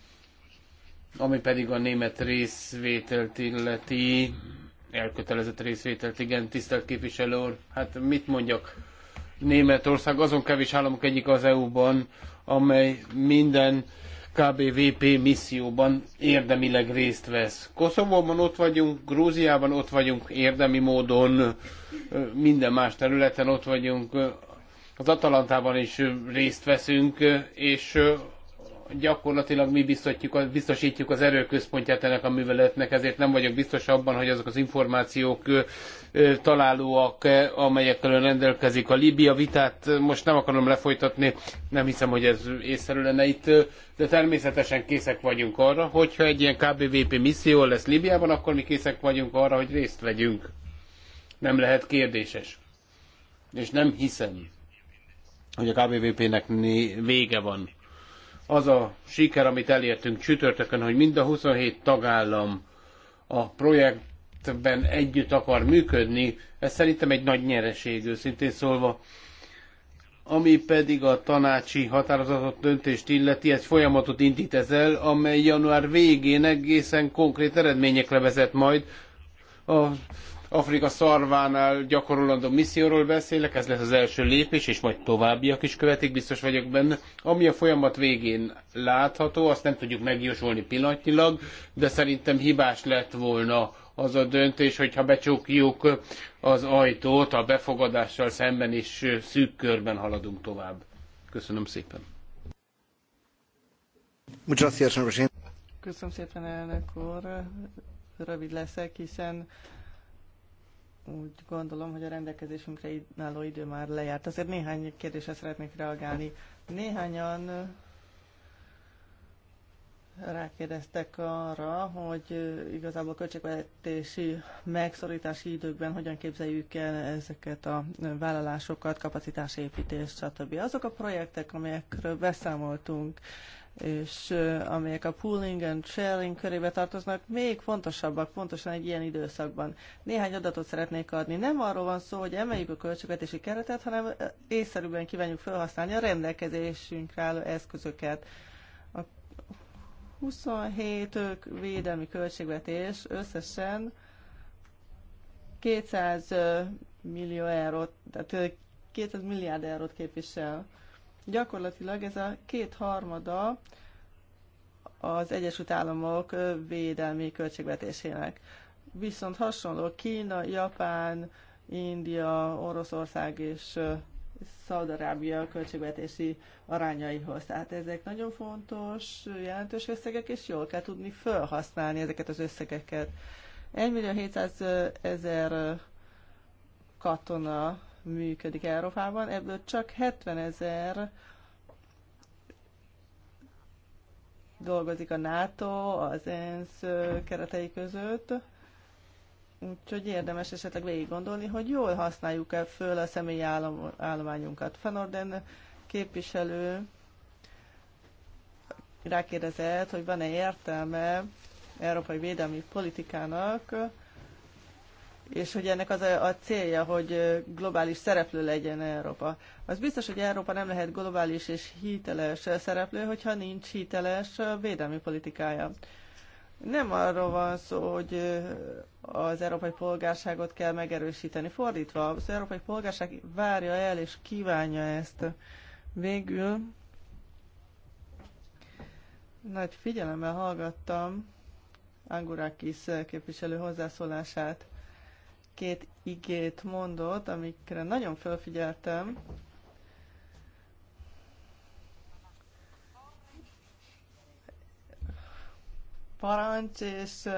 Ami pedig a német részvételt illeti, elkötelezett részvételt, igen, tisztelt képviselő úr, hát mit mondjak, Németország azon kevés államok egyik az EU-ban, amely minden KBVP misszióban érdemileg részt vesz. Koszovóban ott vagyunk, Grúziában ott vagyunk érdemi módon, minden más területen ott vagyunk, az Atalantában is részt veszünk, és gyakorlatilag mi biztosítjuk, biztosítjuk az erőközpontját ennek a műveletnek, ezért nem vagyok biztos abban, hogy azok az információk találóak, amelyekkel rendelkezik a Líbia vitát. Most nem akarom lefolytatni, nem hiszem, hogy ez észszerű lenne itt, de természetesen készek vagyunk arra, hogyha egy ilyen KBVP misszió lesz Líbiában, akkor mi készek vagyunk arra, hogy részt vegyünk. Nem lehet kérdéses. És nem hiszem, hogy a KBVP-nek vége van az a siker, amit elértünk csütörtökön, hogy mind a 27 tagállam a projektben együtt akar működni, ez szerintem egy nagy nyereség, őszintén szólva. Ami pedig a tanácsi határozatot döntést illeti, egy folyamatot indít ezzel, amely január végén egészen konkrét eredményekre vezet majd. A Afrika szarvánál gyakorolandó misszióról beszélek, ez lesz az első lépés, és majd továbbiak is követik, biztos vagyok benne. Ami a folyamat végén látható, azt nem tudjuk megjósolni pillanatnyilag, de szerintem hibás lett volna az a döntés, hogyha becsukjuk az ajtót, a befogadással szemben is szűk körben haladunk tovább. Köszönöm szépen. Köszönöm szépen, elnök úr. Rövid leszek, hiszen úgy gondolom, hogy a rendelkezésünkre álló idő már lejárt. Azért néhány kérdésre szeretnék reagálni. Néhányan rákérdeztek arra, hogy igazából költségvetési megszorítási időkben hogyan képzeljük el ezeket a vállalásokat, kapacitásépítést, stb. Azok a projektek, amelyekről beszámoltunk, és amelyek a pooling and sharing körébe tartoznak, még fontosabbak pontosan egy ilyen időszakban. Néhány adatot szeretnék adni. Nem arról van szó, hogy emeljük a költségvetési keretet, hanem észszerűen kívánjuk felhasználni a rendelkezésünkre álló eszközöket. A 27 védelmi költségvetés összesen 200 millió eurót, tehát 200 milliárd eurót képvisel Gyakorlatilag ez a két harmada az Egyesült Államok védelmi költségvetésének. Viszont hasonló Kína, Japán, India, Oroszország és Szaudarábia költségvetési arányaihoz. Tehát ezek nagyon fontos, jelentős összegek, és jól kell tudni felhasználni ezeket az összegeket. 1 millió 700 ezer katona működik Európában, ebből csak 70 ezer dolgozik a NATO, az ENSZ keretei között, úgyhogy érdemes esetleg végig gondolni, hogy jól használjuk-e föl a személyi állom, állományunkat. Fenorden képviselő rákérdezett, hogy van-e értelme európai védelmi politikának, és hogy ennek az a, célja, hogy globális szereplő legyen Európa. Az biztos, hogy Európa nem lehet globális és hiteles szereplő, hogyha nincs hiteles védelmi politikája. Nem arról van szó, hogy az európai polgárságot kell megerősíteni. Fordítva, az európai polgárság várja el és kívánja ezt. Végül nagy figyelemmel hallgattam Angurakis képviselő hozzászólását két igét mondott, amikre nagyon felfigyeltem. Parancs és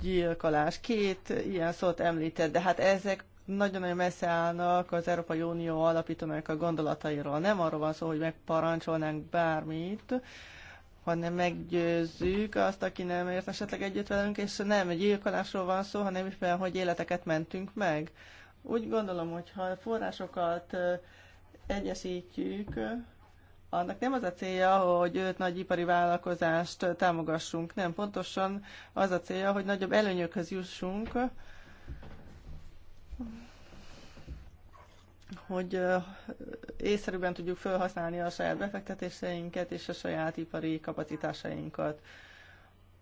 gyilkolás. Két ilyen szót említett, de hát ezek nagyon-nagyon messze állnak az Európai Unió alapítónak a gondolatairól. Nem arról van szó, hogy megparancsolnánk bármit, hanem meggyőzzük azt, aki nem ért esetleg együtt velünk, és nem gyilkolásról van szó, hanem éppen, hogy életeket mentünk meg. Úgy gondolom, hogy ha forrásokat egyesítjük, annak nem az a célja, hogy őt nagy ipari vállalkozást támogassunk, nem, pontosan az a célja, hogy nagyobb előnyökhöz jussunk, hogy észszerűbben tudjuk felhasználni a saját befektetéseinket és a saját ipari kapacitásainkat.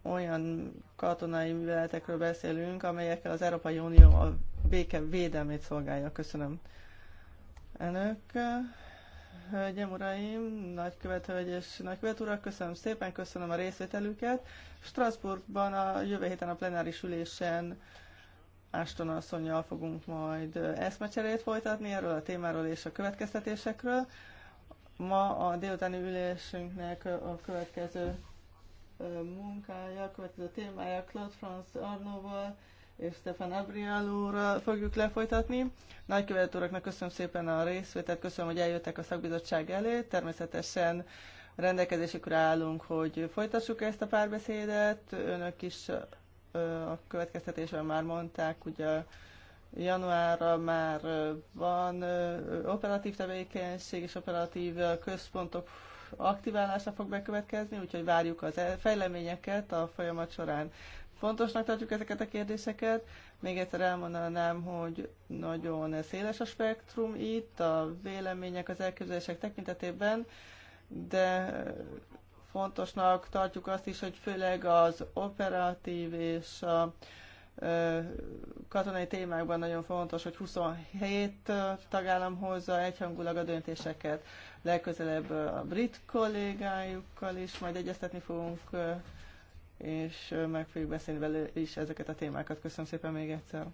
Olyan katonai műveletekről beszélünk, amelyekkel az Európai Unió a béke védelmét szolgálja. Köszönöm. Önök, hölgyem, uraim, nagykövet hölgy és nagykövet urak, köszönöm szépen, köszönöm a részvételüket. Strasbourgban a jövő héten a plenáris ülésen Ashton asszonyjal fogunk majd eszmecserét folytatni erről a témáról és a következtetésekről. Ma a délutáni ülésünknek a következő munkája, a következő témája Claude France Arnóval és Stefan Abrial úrral fogjuk lefolytatni. Nagykövet uraknak köszönöm szépen a részvételt, köszönöm, hogy eljöttek a szakbizottság elé. Természetesen rendelkezésükre állunk, hogy folytassuk ezt a párbeszédet. Önök is a következtetésben már mondták, ugye januárra már van operatív tevékenység és operatív központok aktiválása fog bekövetkezni, úgyhogy várjuk az e- fejleményeket a folyamat során. Fontosnak tartjuk ezeket a kérdéseket. Még egyszer elmondanám, hogy nagyon széles a spektrum itt, a vélemények, az elképzelések tekintetében, de fontosnak tartjuk azt is, hogy főleg az operatív és a katonai témákban nagyon fontos, hogy 27 tagállam hozza egyhangulag a döntéseket. Legközelebb a brit kollégájukkal is majd egyeztetni fogunk, és meg fogjuk beszélni vele is ezeket a témákat. Köszönöm szépen még egyszer.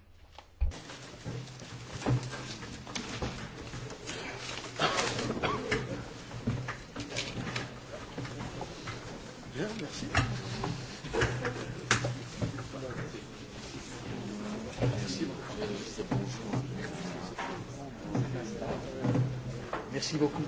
merci. Merci beaucoup. Merci beaucoup.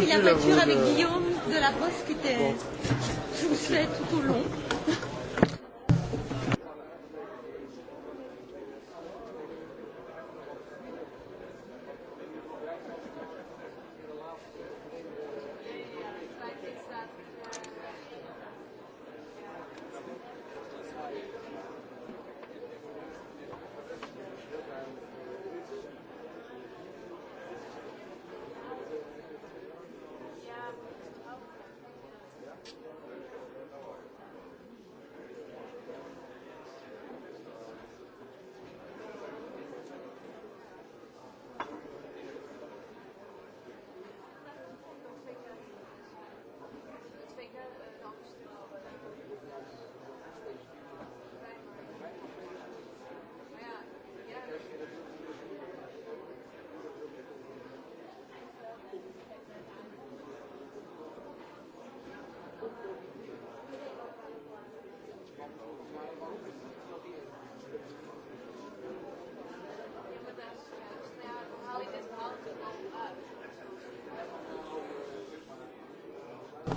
pris la voiture avec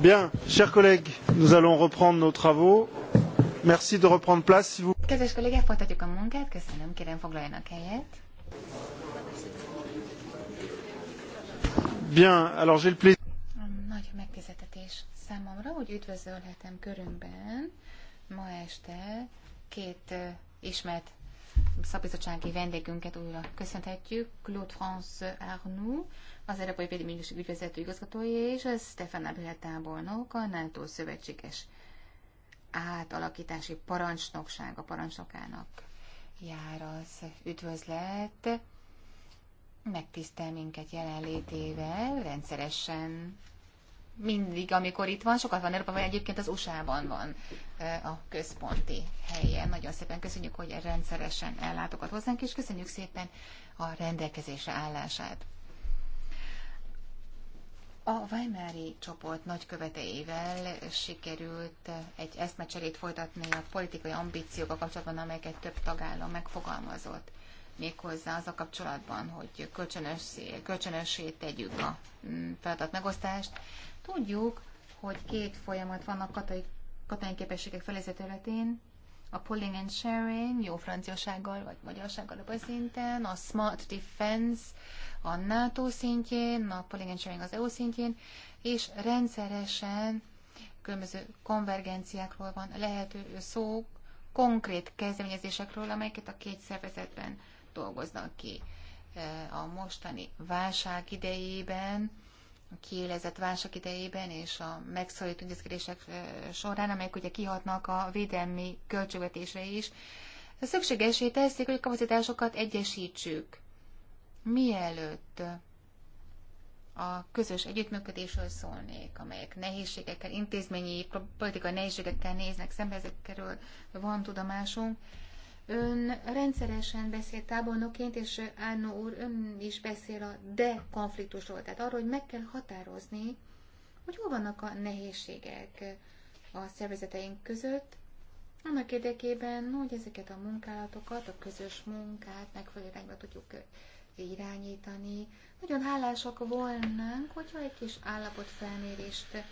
Bien, chers collègues, nous allons reprendre nos travaux. Merci de reprendre place si vous. Kedves kollégák, folytatjuk a munkát. Köszönöm, kérem foglaljanak helyet. Bien, alors j'ai le plaisir. Nagy megtiszteltetés számomra, hogy üdvözölhetem körünkben ma este két ismert szabizottsági vendégünket újra köszönhetjük, Claude France Arnoux, az Európai Védelmi Ügynökség ügyvezető igazgatója, és Stefan Abrihel tábornok, a NATO szövetséges átalakítási parancsnokság a parancsnokának jár az üdvözlet. Megtisztel minket jelenlétével rendszeresen mindig, amikor itt van, sokat van Európában, egyébként az USA-ban van a központi helye. Nagyon szépen köszönjük, hogy rendszeresen ellátogat hozzánk, és köszönjük szépen a rendelkezésre állását. A Weimári csoport nagyköveteivel sikerült egy eszmecserét folytatni a politikai ambíciókkal kapcsolatban, amelyeket több tagállam megfogalmazott méghozzá az a kapcsolatban, hogy kölcsönös, kölcsönössé tegyük a mm, megosztást. Tudjuk, hogy két folyamat van a katai, képességek felező a pulling and sharing, jó franciasággal vagy magyarsággal a szinten, a smart defense a NATO szintjén, a pulling and sharing az EU szintjén, és rendszeresen különböző konvergenciákról van lehető szó, konkrét kezdeményezésekről, amelyeket a két szervezetben dolgoznak ki e, a mostani válság idejében kiélezett válság idejében és a megszorító intézkedések során, amelyek ugye kihatnak a védelmi költségvetésre is, szükségesé teszik, hogy a kapacitásokat egyesítsük. Mielőtt a közös együttműködésről szólnék, amelyek nehézségekkel, intézményi, politikai nehézségekkel néznek szembe, ezekről van tudomásunk, Ön rendszeresen beszél tábornokként, és Ánó úr ön is beszél a de konfliktusról, tehát arról, hogy meg kell határozni, hogy hol vannak a nehézségek a szervezeteink között, annak érdekében, hogy ezeket a munkálatokat, a közös munkát megfelelő irányba tudjuk irányítani. Nagyon hálásak volnánk, hogyha egy kis állapotfelmérést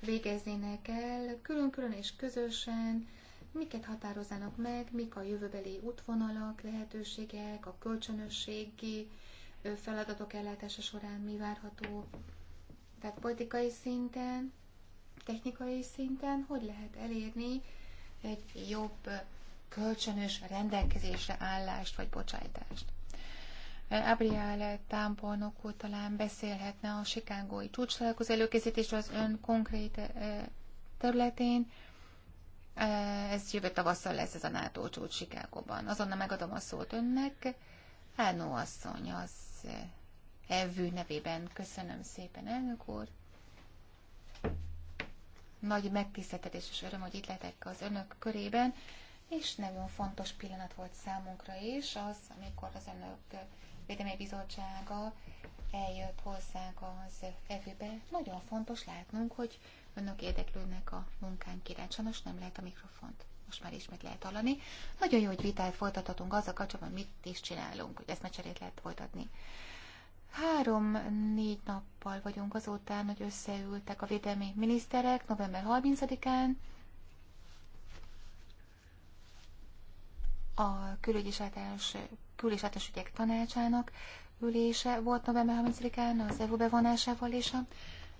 végeznének el, külön-külön és közösen, miket határozzanak meg, mik a jövőbeli útvonalak, lehetőségek, a kölcsönösségi feladatok ellátása során mi várható. Tehát politikai szinten, technikai szinten hogy lehet elérni egy jobb kölcsönös rendelkezésre állást vagy bocsájtást. Abriál támbornok úr talán beszélhetne a sikángói csúcs előkészítésről az ön konkrét területén. Eh, ez jövő tavasszal lesz ez a NATO csúcs Sikágóban. Azonnal megadom a szót önnek. Elnó asszony az Evő eh, e nevében köszönöm szépen, elnök úr. Nagy megtiszteltetés és öröm, hogy itt lehetek az önök körében, és nagyon fontos pillanat volt számunkra is az, amikor az önök Védelmi Bizottsága eljött hozzánk az evőbe. Nagyon fontos látnunk, hogy önök érdeklődnek a munkánk iránt. Sajnos nem lehet a mikrofont. Most már ismét lehet hallani. Nagyon jó, hogy vitát folytathatunk azzal kapcsolatban, mit is csinálunk, hogy ezt mecserét lehet folytatni. Három-négy nappal vagyunk azután, hogy összeültek a védelmi miniszterek november 30-án. A külügy és kül- és ügyek tanácsának ülése volt november 30-án az EU bevonásával és a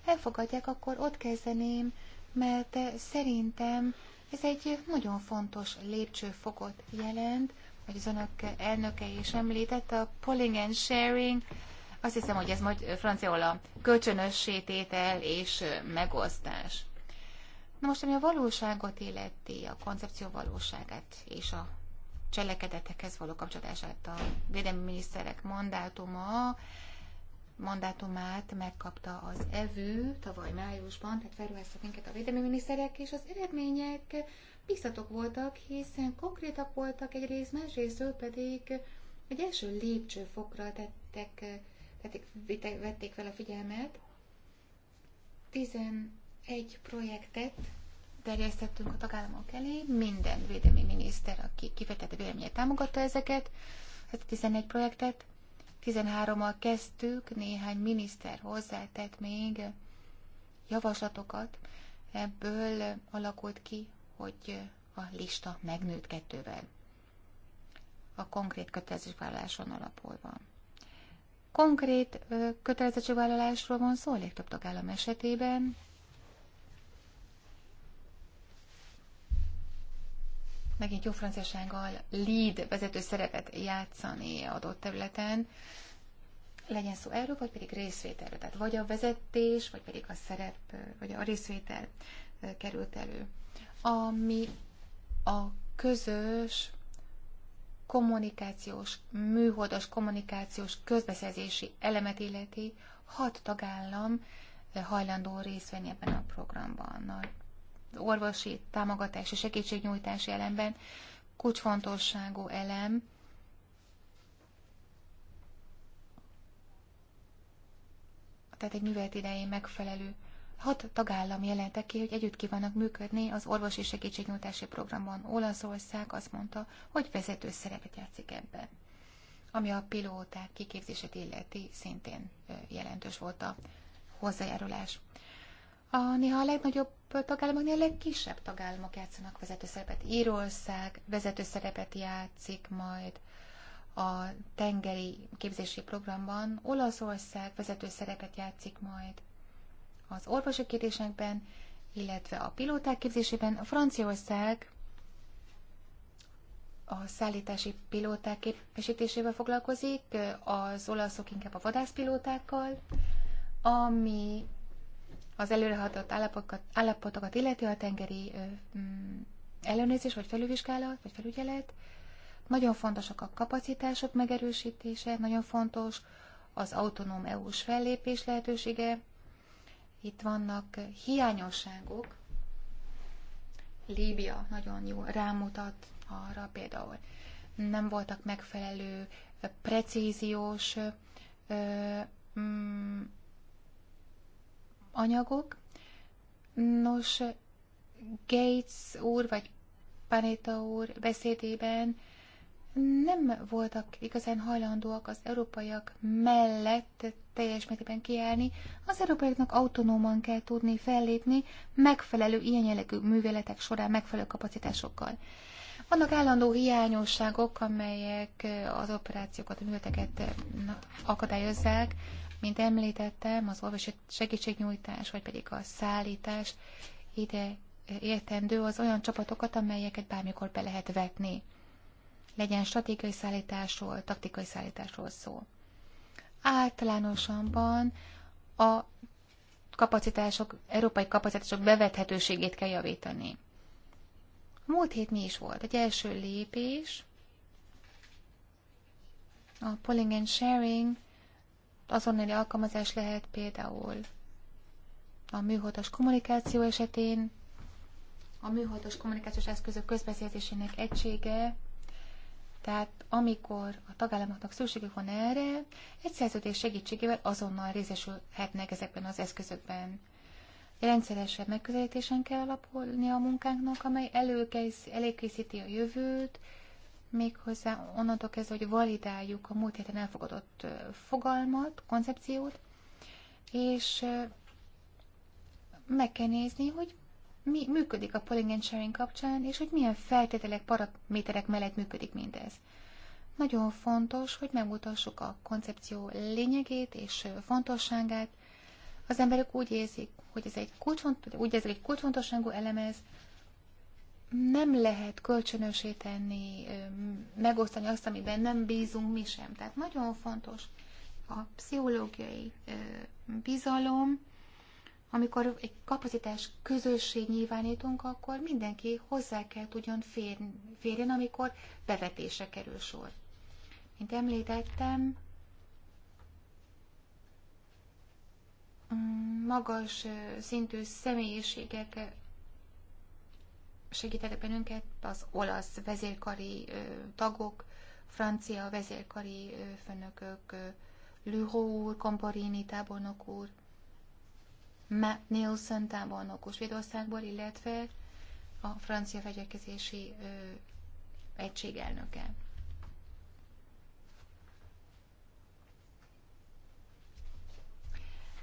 elfogadják, akkor ott kezdeném, mert szerintem ez egy nagyon fontos lépcsőfokot jelent, hogy az önök elnöke is említette, a polling and sharing, azt hiszem, hogy ez majd franciaul a kölcsönös sététel és megosztás. Na most, ami a valóságot illeti, a koncepció valóságát és a cselekedetekhez való kapcsolatását a védelmi miniszterek mandátuma mandátumát megkapta az evő tavaly májusban, tehát felruháztak minket a védelmi miniszterek, és az eredmények biztatok voltak, hiszen konkrétak voltak egyrészt, másrésztől pedig egy első lépcsőfokra tettek, tették, vették fel a figyelmet. 11 projektet terjesztettünk a tagállamok elé, minden védelmi miniszter, aki kifejtette véleményét, támogatta ezeket, ezt 11 projektet, 13-mal kezdtük, néhány miniszter hozzátett még javaslatokat, ebből alakult ki, hogy a lista megnőtt kettővel a konkrét kötelezettségvállaláson alapulva. Konkrét kötelezettségvállalásról van szó a legtöbb tagállam esetében, megint jó franciasággal lead vezető szerepet játszani adott területen, legyen szó erről, vagy pedig részvételről. Tehát vagy a vezetés, vagy pedig a szerep, vagy a részvétel került elő. Ami a közös kommunikációs, műholdas kommunikációs közbeszerzési elemet illeti, hat tagállam hajlandó részt venni ebben a programban. Na, orvosi támogatás és segítségnyújtás elemben kulcsfontosságú elem, tehát egy művelet idején megfelelő hat tagállam jelentek ki, hogy együtt kívánnak működni az orvosi segítségnyújtási programban. Olaszország azt mondta, hogy vezető szerepet játszik ebben. Ami a pilóták kiképzését illeti, szintén jelentős volt a hozzájárulás. A néha a legnagyobb tagállamoknél a legkisebb tagállamok játszanak vezető szerepet. Írország vezető szerepet játszik majd a tengeri képzési programban, Olaszország vezető szerepet játszik majd az orvosi kérdésekben, illetve a pilóták képzésében, a Franciaország a szállítási pilóták képesítésével foglalkozik, az olaszok inkább a vadászpilótákkal, ami az előrehatott állapotokat, állapotokat illető a tengeri mm, ellenőrzés, vagy felülvizsgálat, vagy felügyelet. Nagyon fontosak a kapacitások megerősítése, nagyon fontos az autonóm EU-s fellépés lehetősége. Itt vannak hiányosságok. Líbia nagyon jó rámutat arra például. Nem voltak megfelelő precíziós mm, anyagok. Nos, Gates úr vagy Panetta úr beszédében nem voltak igazán hajlandóak az európaiak mellett teljes mértékben kiállni. Az európaiaknak autonóman kell tudni fellépni, megfelelő ilyen jellegű műveletek során megfelelő kapacitásokkal. Vannak állandó hiányosságok, amelyek az operációkat, a műveleteket akadályozzák. Mint említettem, az orvosi segítségnyújtás, vagy pedig a szállítás ide értendő az olyan csapatokat, amelyeket bármikor be lehet vetni. Legyen stratégiai szállításról, taktikai szállításról szó. Általánosanban a kapacitások, európai kapacitások bevethetőségét kell javítani. Múlt hét mi is volt? Egy első lépés, a pulling and sharing azonnali alkalmazás lehet például a műholdas kommunikáció esetén, a műholdas kommunikációs eszközök közbeszélésének egysége, tehát amikor a tagállamoknak szükségük van erre, egy szerződés segítségével azonnal részesülhetnek ezekben az eszközökben. Rendszeresebb megközelítésen kell alapulni a munkánknak, amely előkész, előkészíti a jövőt, méghozzá onnantól kezdve, hogy validáljuk a múlt héten elfogadott fogalmat, koncepciót, és meg kell nézni, hogy mi működik a polling and sharing kapcsán, és hogy milyen feltételek, paraméterek mellett működik mindez. Nagyon fontos, hogy megmutassuk a koncepció lényegét és fontosságát. Az emberek úgy érzik, hogy ez egy kulcsfont, úgy érzik, egy kulcsfontosságú elemez, nem lehet kölcsönösé tenni, megosztani azt, amiben nem bízunk mi sem. Tehát nagyon fontos a pszichológiai bizalom, amikor egy kapacitás közösség nyilvánítunk, akkor mindenki hozzá kell tudjon férjen, amikor bevetése kerül sor. Mint említettem, mm, magas szintű személyiségek segítettek bennünket az olasz vezérkari tagok, francia vezérkari főnökök, Lüho úr, Komporini tábornok úr, Matt Nielsen tábornok úr Svédországból, illetve a francia fegyverkezési egység elnöke.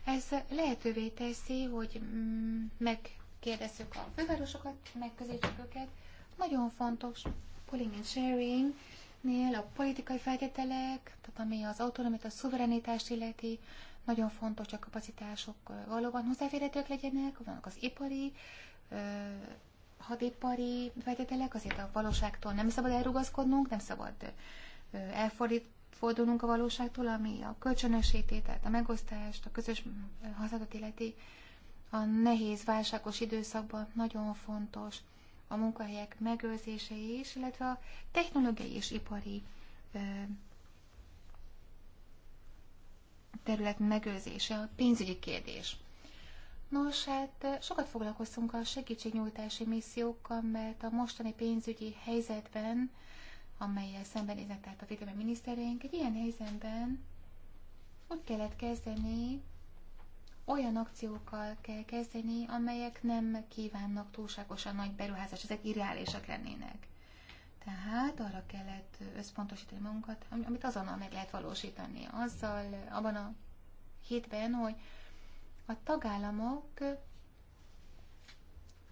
Ez lehetővé teszi, hogy mm, meg kérdezzük a fővárosokat, megközelítjük őket. Nagyon fontos pulling and sharing, Nél a politikai feltételek, tehát ami az autonomit, a szuverenitást illeti, nagyon fontos, hogy a kapacitások valóban hozzáférhetők legyenek, vannak az ipari, hadipari feltételek, azért a valóságtól nem szabad elrugaszkodnunk, nem szabad elfordulnunk a valóságtól, ami a kölcsönösítét, tehát a megosztást, a közös használatot illeti a nehéz válságos időszakban nagyon fontos a munkahelyek megőrzése is, illetve a technológiai és ipari terület megőrzése, a pénzügyi kérdés. Nos, hát sokat foglalkoztunk a segítségnyújtási missziókkal, mert a mostani pénzügyi helyzetben, amelyel szembenéznek tehát a védelmi minisztereink, egy ilyen helyzetben úgy kellett kezdeni, olyan akciókkal kell kezdeni, amelyek nem kívánnak túlságosan nagy beruházás, ezek irreálisak lennének. Tehát arra kellett összpontosítani magunkat, amit azonnal meg lehet valósítani. Azzal, abban a hétben, hogy a tagállamok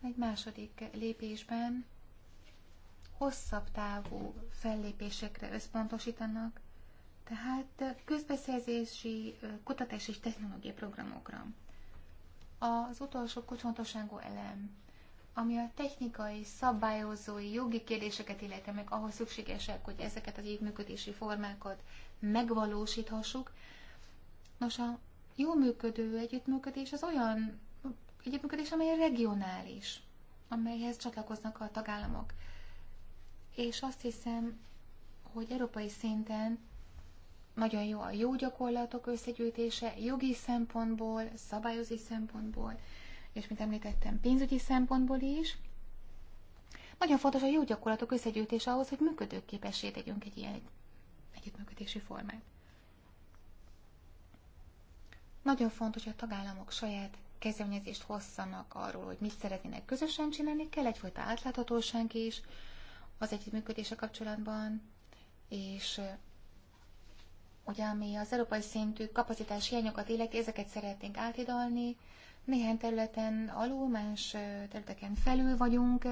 egy második lépésben hosszabb távú fellépésekre összpontosítanak, tehát közbeszerzési, kutatási és technológiai programokra. Az utolsó kulcsfontosságú elem, ami a technikai, szabályozói, jogi kérdéseket illetve meg, ahhoz szükségesek, hogy ezeket az működési formákat megvalósíthassuk. Nos, a jó működő együttműködés az olyan együttműködés, amely regionális, amelyhez csatlakoznak a tagállamok. És azt hiszem, hogy európai szinten nagyon jó a jó gyakorlatok összegyűjtése jogi szempontból, szabályozási szempontból, és mint említettem, pénzügyi szempontból is. Nagyon fontos a jó gyakorlatok összegyűjtése ahhoz, hogy működőképessé tegyünk egy ilyen együttműködési formát. Nagyon fontos, hogy a tagállamok saját kezdeményezést hozzanak arról, hogy mit szeretnének közösen csinálni, kell egyfajta átláthatóság is az együttműködése kapcsolatban, és Ugye, ami az európai szintű kapacitás hiányokat illeti, ezeket szeretnénk áthidalni. Néhány területen alul, más területeken felül vagyunk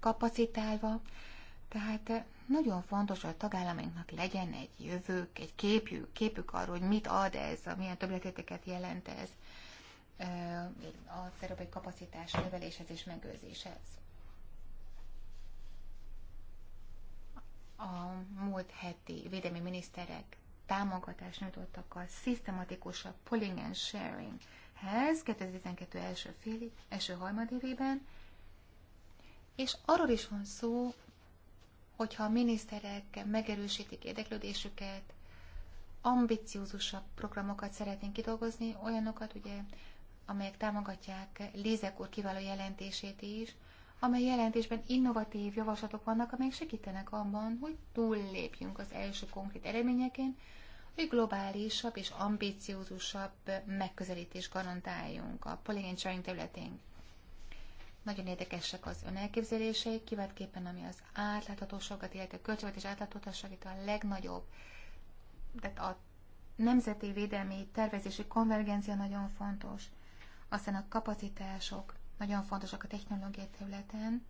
kapacitálva. Tehát nagyon fontos, hogy a tagállamainknak legyen egy jövők, egy képjük, képük arról, hogy mit ad ez, milyen többleteket jelent ez a szerepai kapacitás növeléshez és megőrzéshez. a múlt heti védelmi miniszterek támogatást nyújtottak a szisztematikusabb pulling and sharinghez 2012 első, fél, első harmadévében, és arról is van szó, hogyha a miniszterek megerősítik érdeklődésüket, ambiciózusabb programokat szeretnénk kidolgozni, olyanokat ugye, amelyek támogatják Lézek úr kiváló jelentését is, amely jelentésben innovatív javaslatok vannak, amelyek segítenek abban, hogy túllépjünk az első konkrét eredményeken, hogy globálisabb és ambíciózusabb megközelítést garantáljunk a polygén sharing területén. Nagyon érdekesek az ön elképzelései, kiváltképpen ami az átláthatóságot, illetve a költségvetés átláthatóságot itt a legnagyobb, tehát a nemzeti védelmi tervezési konvergencia nagyon fontos, aztán a kapacitások, nagyon fontosak a technológiai területen,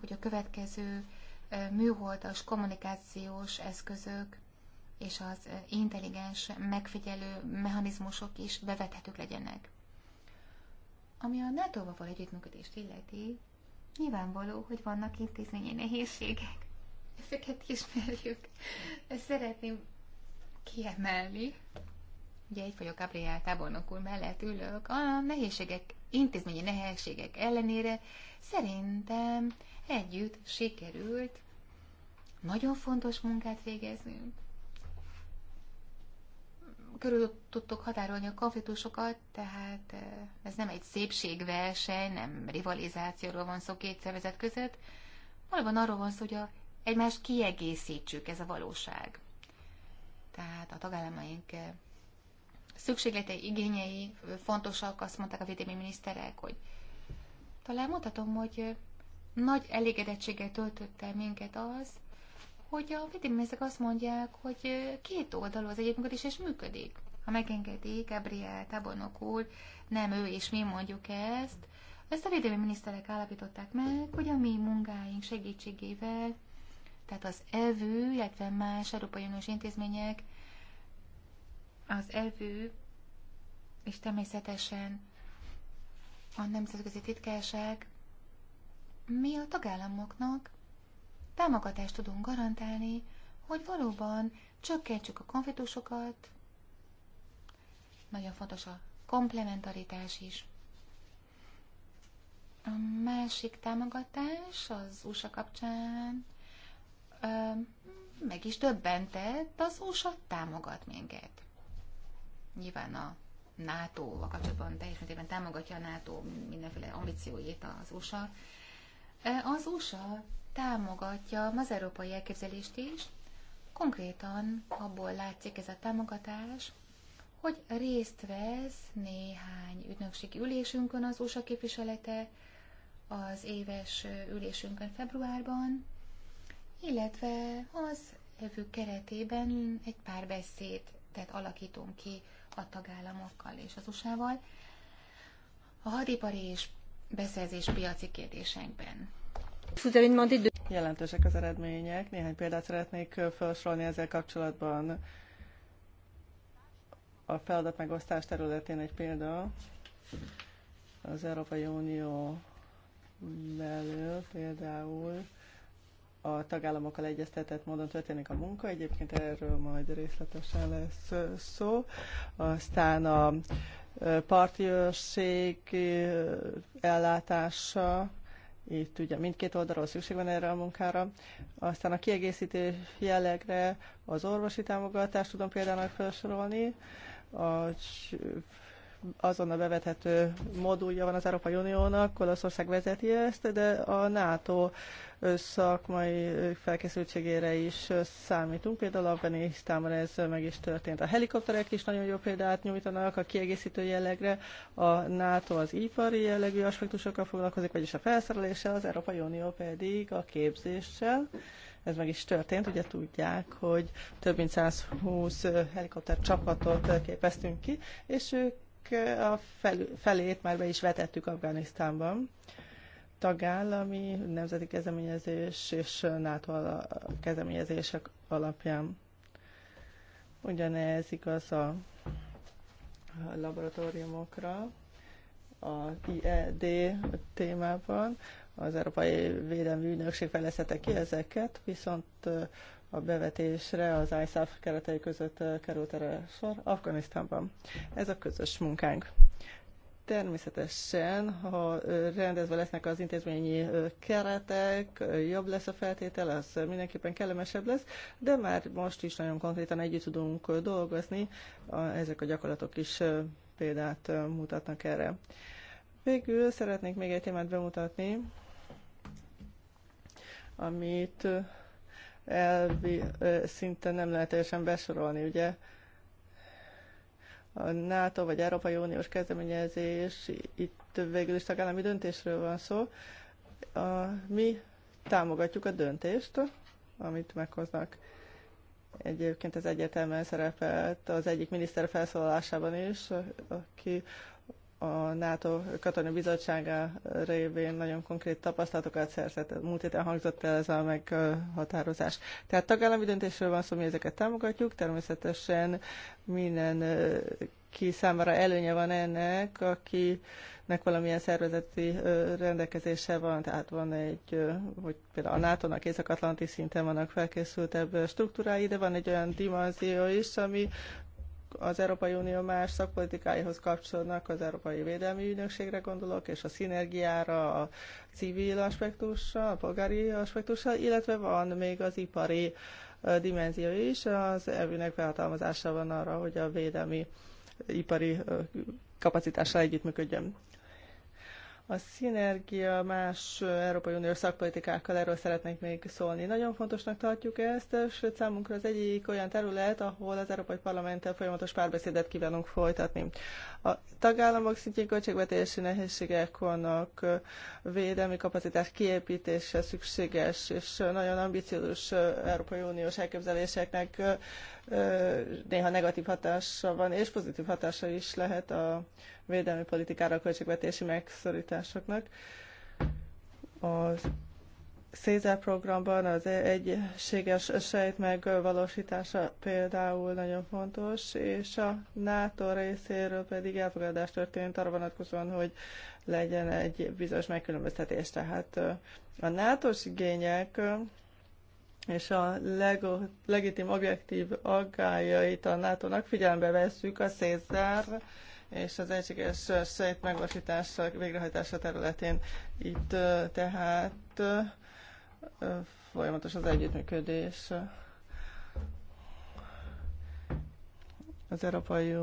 hogy a következő műholdas kommunikációs eszközök és az intelligens megfigyelő mechanizmusok is bevethetők legyenek. Ami a NATO-val való együttműködést illeti, nyilvánvaló, hogy vannak intézményi nehézségek. Ezeket ismerjük. Ezt szeretném kiemelni. Ugye egy vagyok Gabriel tábornok úr mellett ülök. A nehézségek intézményi nehézségek ellenére szerintem együtt sikerült nagyon fontos munkát végeznünk. Körül tudtuk határolni a konfliktusokat, tehát eh, ez nem egy szépségverseny, nem rivalizációról van szó két szervezet között. Valóban arról van szó, hogy a, egymást kiegészítsük, ez a valóság. Tehát a tagállamaink eh, szükségletei, igényei fontosak, azt mondták a védelmi miniszterek, hogy talán mondhatom, hogy nagy elégedettséggel töltötte el minket az, hogy a miniszterek azt mondják, hogy két oldalú az egyébként is, és működik. Ha megengedi, Gabriel Tabonok úr, nem ő és mi mondjuk ezt, ezt a védelmi miniszterek állapították meg, hogy a mi munkáink segítségével, tehát az EVÜ, illetve más Európai Uniós intézmények az evő, és természetesen a Nemzetközi Titkárság, mi a tagállamoknak támogatást tudunk garantálni, hogy valóban csökkentsük a konfliktusokat. Nagyon fontos a komplementaritás is. A másik támogatás az USA kapcsán ö, meg is döbbentett, az USA támogat minket nyilván a NATO-val kapcsolatban teljes mértékben támogatja a NATO mindenféle ambícióit az USA. E, az USA támogatja az európai elképzelést is, konkrétan abból látszik ez a támogatás, hogy részt vesz néhány ügynökségi ülésünkön az USA képviselete, az éves ülésünkön februárban, illetve az evő keretében egy pár beszéd, tehát alakítunk ki a tagállamokkal és az USA-val a hadipari és beszerzés piaci kérdésekben. Jelentősek az eredmények. Néhány példát szeretnék felsorolni ezzel kapcsolatban. A feladatmegosztás területén egy példa. Az Európai Unió belül például a tagállamokkal egyeztetett módon történik a munka, egyébként erről majd részletesen lesz szó. Aztán a parti őrség ellátása, itt ugye mindkét oldalról szükség van erre a munkára. Aztán a kiegészítő jellegre az orvosi támogatást tudom például felsorolni, a azonnal bevethető modulja van az Európai Uniónak, Olaszország vezeti ezt, de a NATO szakmai felkészültségére is számítunk. Például Afganisztánban ez meg is történt. A helikopterek is nagyon jó példát nyújtanak a kiegészítő jellegre. A NATO az ipari jellegű aspektusokkal foglalkozik, vagyis a felszereléssel, az Európai Unió pedig a képzéssel ez meg is történt. Ugye tudják, hogy több mint 120 helikopter csapatot képeztünk ki, és ők Eh, a fel, felét már be is vetettük Afganisztánban. Tagállami nemzeti kezeményezés és NATO kezeményezések alapján. Ugyanez igaz a laboratóriumokra, a IED témában. Az Európai Védelmi Ügynökség fejlesztette ki ezeket, viszont eh, a bevetésre az ISAF keretei között került erre sor Afganisztánban. Ez a közös munkánk. Természetesen, ha rendezve lesznek az intézményi keretek, jobb lesz a feltétel, az mindenképpen kellemesebb lesz, de már most is nagyon konkrétan együtt tudunk dolgozni, ezek a gyakorlatok is példát mutatnak erre. Végül szeretnék még egy témát bemutatni, amit elvi szinten nem lehet teljesen besorolni, ugye? A NATO vagy Európai Uniós kezdeményezés, itt végül is tagállami döntésről van szó. A, mi támogatjuk a döntést, amit meghoznak. Egyébként ez egyetemen szerepelt az egyik miniszter felszólalásában is, aki a NATO katonai bizottsága révén nagyon konkrét tapasztalatokat szerzett. Múlt héten hangzott el ez a meghatározás. Tehát tagállami döntésről van szó, mi ezeket támogatjuk. Természetesen minden ki számára előnye van ennek, akinek valamilyen szervezeti rendelkezése van, tehát van egy, hogy például a NATO-nak észak-atlanti szinten vannak felkészültebb struktúrái, de van egy olyan dimenzió is, ami az Európai Unió más szakpolitikáihoz kapcsolnak, az Európai Védelmi Ügynökségre gondolok, és a szinergiára, a civil aspektussal, a polgári aspektussal, illetve van még az ipari dimenzió is, az eu behatalmazása van arra, hogy a védelmi ipari kapacitással együttműködjön. A szinergia más Európai Uniós szakpolitikákkal, erről szeretnénk még szólni. Nagyon fontosnak tartjuk ezt, sőt számunkra az egyik olyan terület, ahol az Európai Parlamenttel folyamatos párbeszédet kívánunk folytatni. A tagállamok szintjén költségvetési nehézségek vannak, védelmi kapacitás kiépítése szükséges, és nagyon ambiciózus Európai Uniós elképzeléseknek néha negatív hatása van, és pozitív hatása is lehet a védelmi politikára, a költségvetési megszorításoknak. a Cézár programban az egységes sejt megvalósítása például nagyon fontos, és a NATO részéről pedig elfogadás történt arra vonatkozóan, hogy legyen egy bizonyos megkülönböztetés. Tehát a NATO-s igények és a lego, legitim objektív aggájait a NATO-nak figyelembe veszük a Cézár és az egységes sejt megvasítása végrehajtása területén itt tehát folyamatos az együttműködés. Az Európai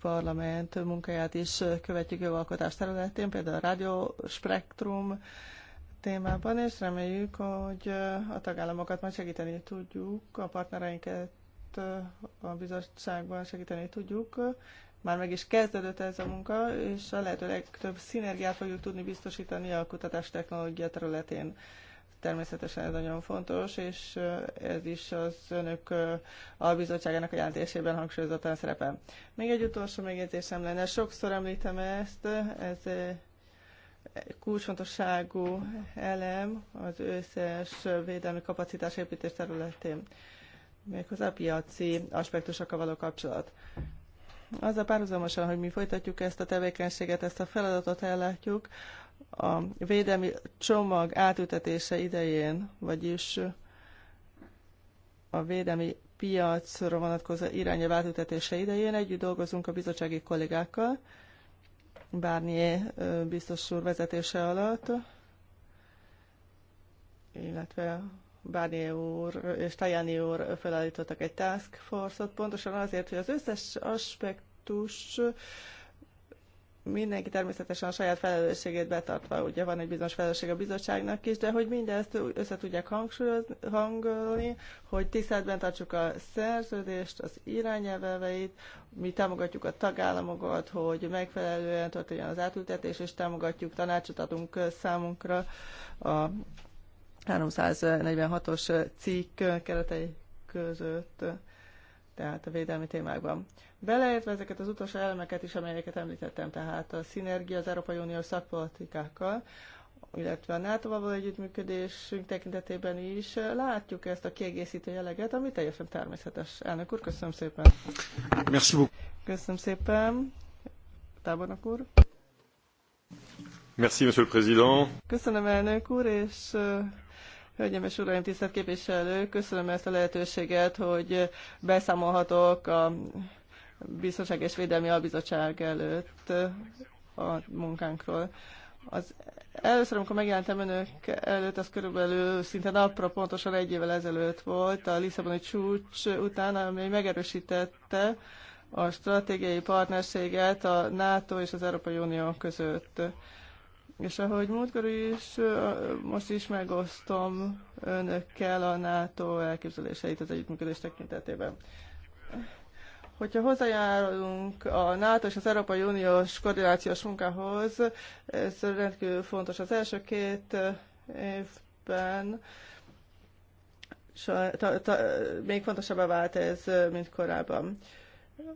Parlament munkáját is követjük jogalkotás területén, például a spektrum témában, és reméljük, hogy a tagállamokat majd segíteni tudjuk, a partnereinket a bizottságban segíteni tudjuk, már meg is kezdődött ez a munka, és a lehető legtöbb szinergiát fogjuk tudni biztosítani a kutatás technológia területén. Természetesen ez nagyon fontos, és ez is az önök a bizottságának a jelentésében hangsúlyozottan szerepel. Még egy utolsó megjegyzésem lenne. Sokszor említem ezt, ez kulcsfontosságú elem az összes védelmi kapacitás építés területén, méghozzá a piaci aspektusokkal való kapcsolat azzal párhuzamosan, hogy mi folytatjuk ezt a tevékenységet, ezt a feladatot ellátjuk, a védelmi csomag átültetése idején, vagyis a védelmi piacra vonatkozó irányelv átültetése idején együtt dolgozunk a bizottsági kollégákkal, Bárnyé biztos úr vezetése alatt, illetve Bárnyé úr és Tajani úr felállítottak egy task force-ot, pontosan azért, hogy az összes aspektus mindenki természetesen a saját felelősségét betartva, ugye van egy bizonyos felelősség a bizottságnak is, de hogy mindezt össze tudják hangolni, hogy tiszteletben tartsuk a szerződést, az irányelveit, mi támogatjuk a tagállamokat, hogy megfelelően történjen az átültetés, és támogatjuk, tanácsot adunk számunkra a 346-os cikk keretei között, tehát a védelmi témákban. Beleértve ezeket az utolsó elemeket is, amelyeket említettem, tehát a szinergia az Európai Unió szakpolitikákkal, illetve a NATO-val való együttműködésünk tekintetében is látjuk ezt a kiegészítő jeleget, ami teljesen természetes. Elnök úr, köszönöm szépen. Merci Köszönöm szépen. Tábornok úr. Merci, monsieur le président. Köszönöm, elnök úr, és Hölgyeim és Uraim, tisztelt képviselő, köszönöm ezt a lehetőséget, hogy beszámolhatok a Biztonság és Védelmi Albizottság előtt a munkánkról. Az először, amikor megjelentem önök előtt, az körülbelül szinte napra pontosan egy évvel ezelőtt volt, a Lisszaboni csúcs után, ami megerősítette a stratégiai partnerséget a NATO és az Európai Unió között. És ahogy múltkor is, most is megosztom önökkel a NATO elképzeléseit az együttműködés tekintetében. Hogyha hozzájárulunk a NATO és az Európai Uniós koordinációs munkához, ez rendkívül fontos. Az első két évben és még fontosabbá vált ez, mint korábban.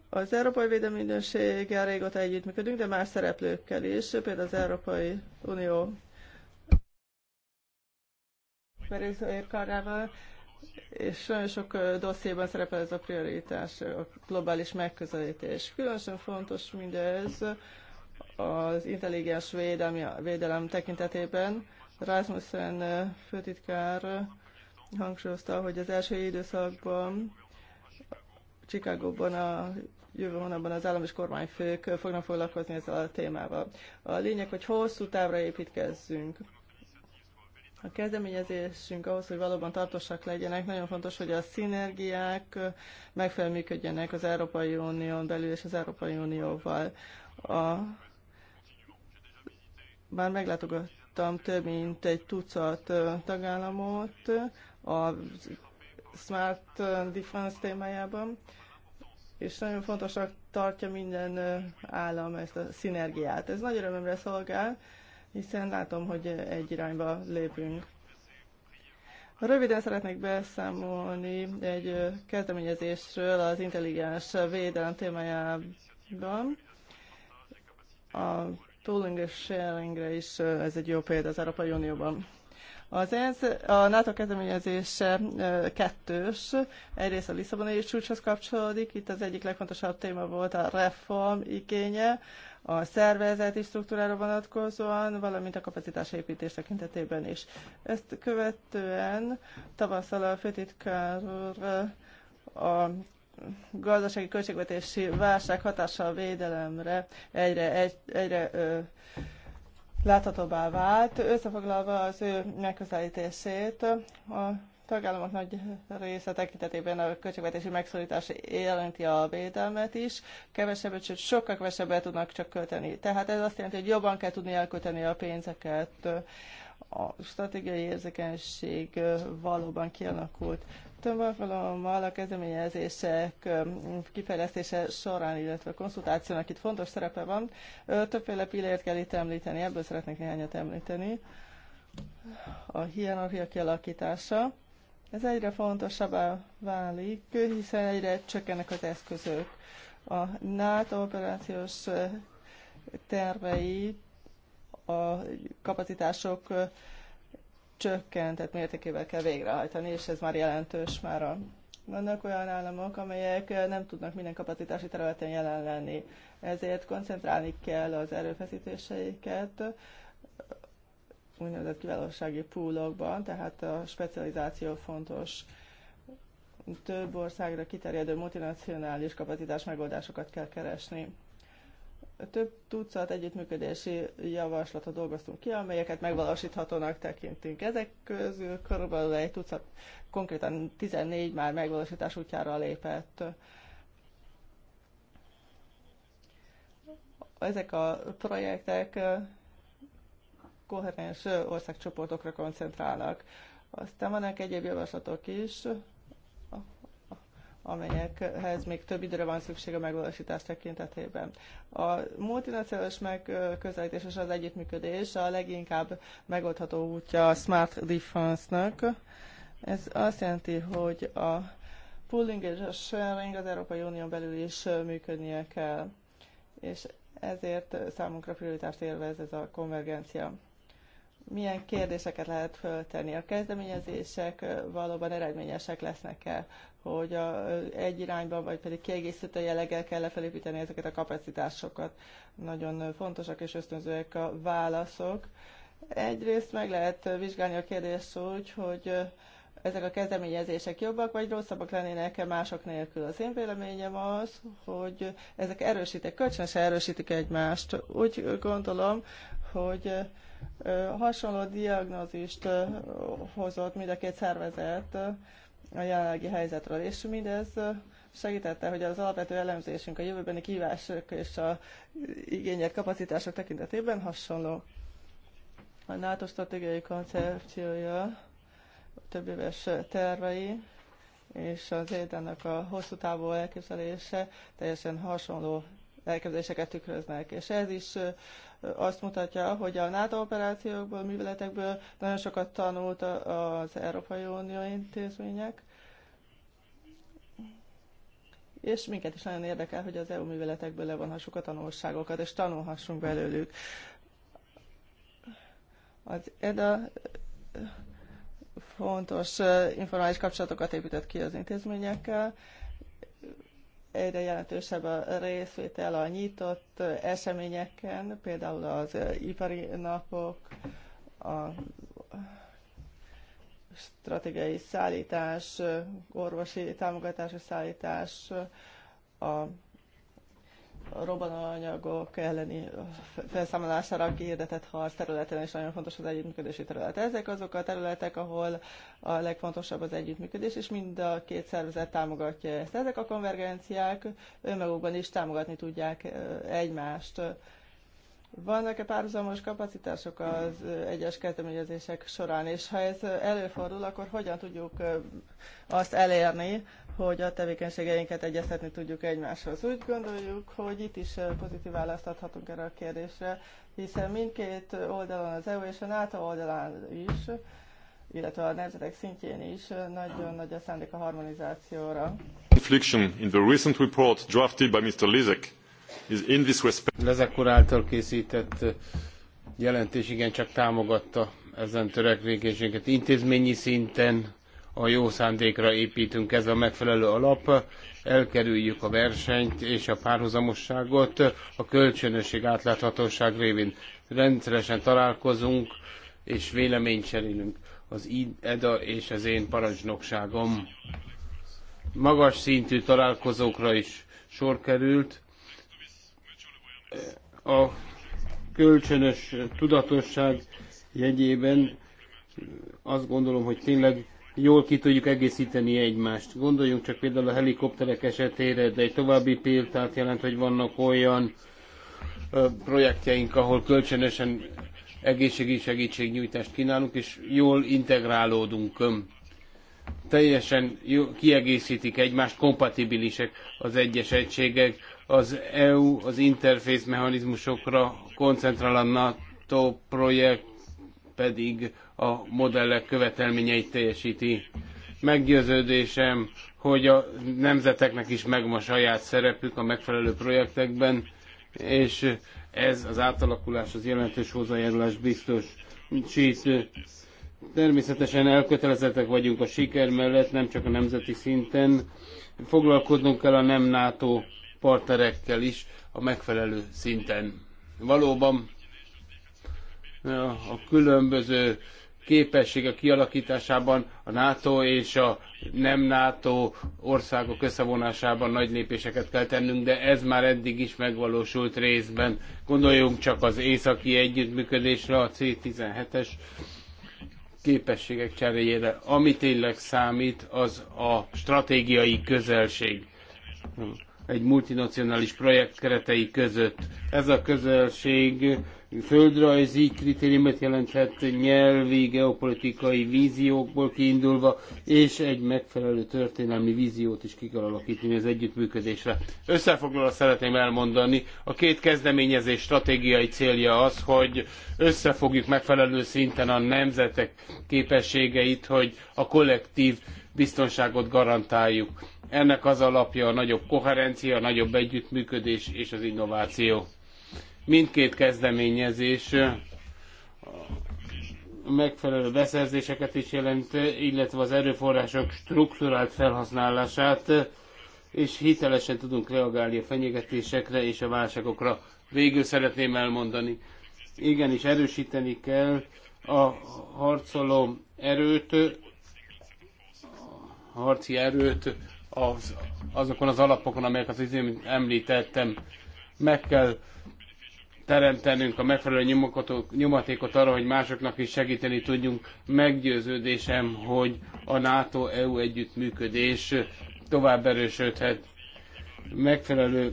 Az Európai Védelmi Ügynökséggel régóta együttműködünk, de más szereplőkkel is, például az Európai Unió karával, és nagyon sok dossziéban szerepel ez a prioritás, a globális megközelítés. Különösen fontos mindez az intelligens védelmi, védelem tekintetében. Rasmussen főtitkár hangsúlyozta, hogy az első időszakban Csikágóban a jövő hónapban az állam és kormányfők fognak foglalkozni ezzel a témával. A lényeg, hogy hosszú távra építkezzünk. A kezdeményezésünk ahhoz, hogy valóban tartósak legyenek, nagyon fontos, hogy a szinergiák megfelelően az Európai Unión belül és az Európai Unióval. A... Már meglátogattam több mint egy tucat tagállamot, a Smart uh, Defense témájában, és nagyon fontosak tartja minden uh, állam ezt a szinergiát. Ez nagy örömömre szolgál, hiszen látom, hogy egy irányba lépünk. Röviden szeretnék beszámolni egy uh, kezdeményezésről az intelligens védelem témájában. A tooling és sharingre is ez egy jó példa az Európai Unióban. Az ENSZ, a NATO kezdeményezése kettős, egyrészt a Lisszaboni csúcshoz kapcsolódik, itt az egyik legfontosabb téma volt a reform igénye, a szervezeti struktúrára vonatkozóan, valamint a kapacitás építés tekintetében is. Ezt követően tavasszal a főtitkár úr a gazdasági költségvetési válság hatással a védelemre egyre, egy, egyre ö, láthatóbbá vált. Összefoglalva az ő megközelítését, a tagállamok nagy része tekintetében a költségvetési megszorítás jelenti a védelmet is, kevesebbet, sőt sokkal kevesebbet tudnak csak költeni. Tehát ez azt jelenti, hogy jobban kell tudni elkölteni a pénzeket. A stratégiai érzékenység valóban kialakult alkalommal a kezdeményezések kifejlesztése során, illetve a konszultációnak itt fontos szerepe van. Többféle pillért kell itt említeni, ebből szeretnék néhányat említeni. A hierarchia kialakítása. Ez egyre fontosabbá válik, hiszen egyre csökkennek az eszközök. A NATO operációs tervei a kapacitások csökkentett mértékével kell végrehajtani, és ez már jelentős már a vannak olyan államok, amelyek nem tudnak minden kapacitási területen jelen lenni. Ezért koncentrálni kell az erőfeszítéseiket úgynevezett kiválósági poolokban, tehát a specializáció fontos több országra kiterjedő multinacionális kapacitás megoldásokat kell keresni több tucat együttműködési javaslatot dolgoztunk ki, amelyeket megvalósíthatónak tekintünk. Ezek közül körülbelül egy tucat, konkrétan 14 már megvalósítás útjára lépett. Ezek a projektek koherens országcsoportokra koncentrálnak. Aztán vannak egyéb javaslatok is, amelyekhez még több időre van szükség a megvalósítás tekintetében. A multinacionális megközelítés és az együttműködés a leginkább megoldható útja a Smart Defense-nak. Ez azt jelenti, hogy a pooling és a sharing az Európai Unión belül is működnie kell, és ezért számunkra prioritást élvez ez a konvergencia milyen kérdéseket lehet föltenni. A kezdeményezések valóban eredményesek lesznek-e, hogy a, egy irányban, vagy pedig kiegészítő jelleggel kell felépíteni ezeket a kapacitásokat. Nagyon fontosak és ösztönzőek a válaszok. Egyrészt meg lehet vizsgálni a kérdést úgy, hogy ezek a kezdeményezések jobbak vagy rosszabbak lennének-e mások nélkül. Az én véleményem az, hogy ezek erősítik, kölcsönösen erősítik egymást. Úgy gondolom, hogy hasonló diagnózist hozott mind a két szervezet a jelenlegi helyzetről, és mindez segítette, hogy az alapvető elemzésünk a jövőbeni kívások és a igények, kapacitások tekintetében hasonló. A NATO stratégiai koncepciója, több éves tervei és az édennek a hosszú távú elképzelése teljesen hasonló elképzeléseket tükröznek. És ez is azt mutatja, hogy a NATO operációkból, műveletekből nagyon sokat tanult az Európai Unió intézmények, és minket is nagyon érdekel, hogy az EU műveletekből levonhassuk a tanulságokat, és tanulhassunk belőlük. Az EDA fontos informális kapcsolatokat épített ki az intézményekkel, egyre jelentősebb a részvétel a nyitott eseményeken, például az ipari napok, a stratégiai szállítás, orvosi támogatási szállítás, a robbananyagok elleni felszámolására kihirdetett harc területen is nagyon fontos az együttműködési terület. Ezek azok a területek, ahol a legfontosabb az együttműködés, és mind a két szervezet támogatja ezt. Ezek a konvergenciák önmagukban is támogatni tudják egymást. Vannak-e párhuzamos kapacitások az egyes kezdeményezések során, és ha ez előfordul, akkor hogyan tudjuk azt elérni, hogy a tevékenységeinket egyeztetni tudjuk egymáshoz. Úgy gondoljuk, hogy itt is pozitív választ adhatunk erre a kérdésre, hiszen mindkét oldalon, az EU és a NATO oldalán is, illetve a nemzetek szintjén is nagyon nagy a szándék a harmonizációra. in the recent report drafted by Mr. Lizek is in this respect... Lezek úr által készített jelentés igencsak támogatta ezen törekvékenységet intézményi szinten, a jó szándékra építünk, ez a megfelelő alap, elkerüljük a versenyt és a párhuzamosságot a kölcsönösség átláthatóság révén. Rendszeresen találkozunk és véleményt cserélünk az EDA és az én parancsnokságom. Magas szintű találkozókra is sor került. A kölcsönös tudatosság jegyében azt gondolom, hogy tényleg jól ki tudjuk egészíteni egymást. Gondoljunk csak például a helikopterek esetére, de egy további példát jelent, hogy vannak olyan projektjeink, ahol kölcsönösen egészségügyi segítségnyújtást kínálunk, és jól integrálódunk. Teljesen jó kiegészítik egymást, kompatibilisek az egyes egységek. Az EU az interfész mechanizmusokra koncentrál a NATO projekt pedig a modellek követelményeit teljesíti. Meggyőződésem, hogy a nemzeteknek is megma saját szerepük a megfelelő projektekben, és ez az átalakulás az jelentős hozzájárulás biztos. természetesen elkötelezettek vagyunk a siker mellett, nem csak a nemzeti szinten. Foglalkoznunk kell a nem NATO partnerekkel is a megfelelő szinten. Valóban a különböző képességek kialakításában a NATO és a nem NATO országok összevonásában nagy lépéseket kell tennünk, de ez már eddig is megvalósult részben. Gondoljunk csak az északi együttműködésre, a C-17-es képességek cseréjére. Ami tényleg számít, az a stratégiai közelség egy multinacionális projekt keretei között. Ez a közelség földrajzi kritériumot jelenthet nyelvi, geopolitikai víziókból kiindulva, és egy megfelelő történelmi víziót is ki kell alakítani az együttműködésre. Összefoglalva szeretném elmondani, a két kezdeményezés stratégiai célja az, hogy összefogjuk megfelelő szinten a nemzetek képességeit, hogy a kollektív biztonságot garantáljuk. Ennek az alapja a nagyobb koherencia, a nagyobb együttműködés és az innováció mindkét kezdeményezés megfelelő beszerzéseket is jelent, illetve az erőforrások strukturált felhasználását, és hitelesen tudunk reagálni a fenyegetésekre és a válságokra. Végül szeretném elmondani, igenis erősíteni kell a harcoló erőt, a harci erőt az, azokon az alapokon, amelyeket az imént említettem. Meg kell teremtenünk a megfelelő nyomatékot arra, hogy másoknak is segíteni tudjunk. Meggyőződésem, hogy a NATO-EU együttműködés tovább erősödhet. Megfelelő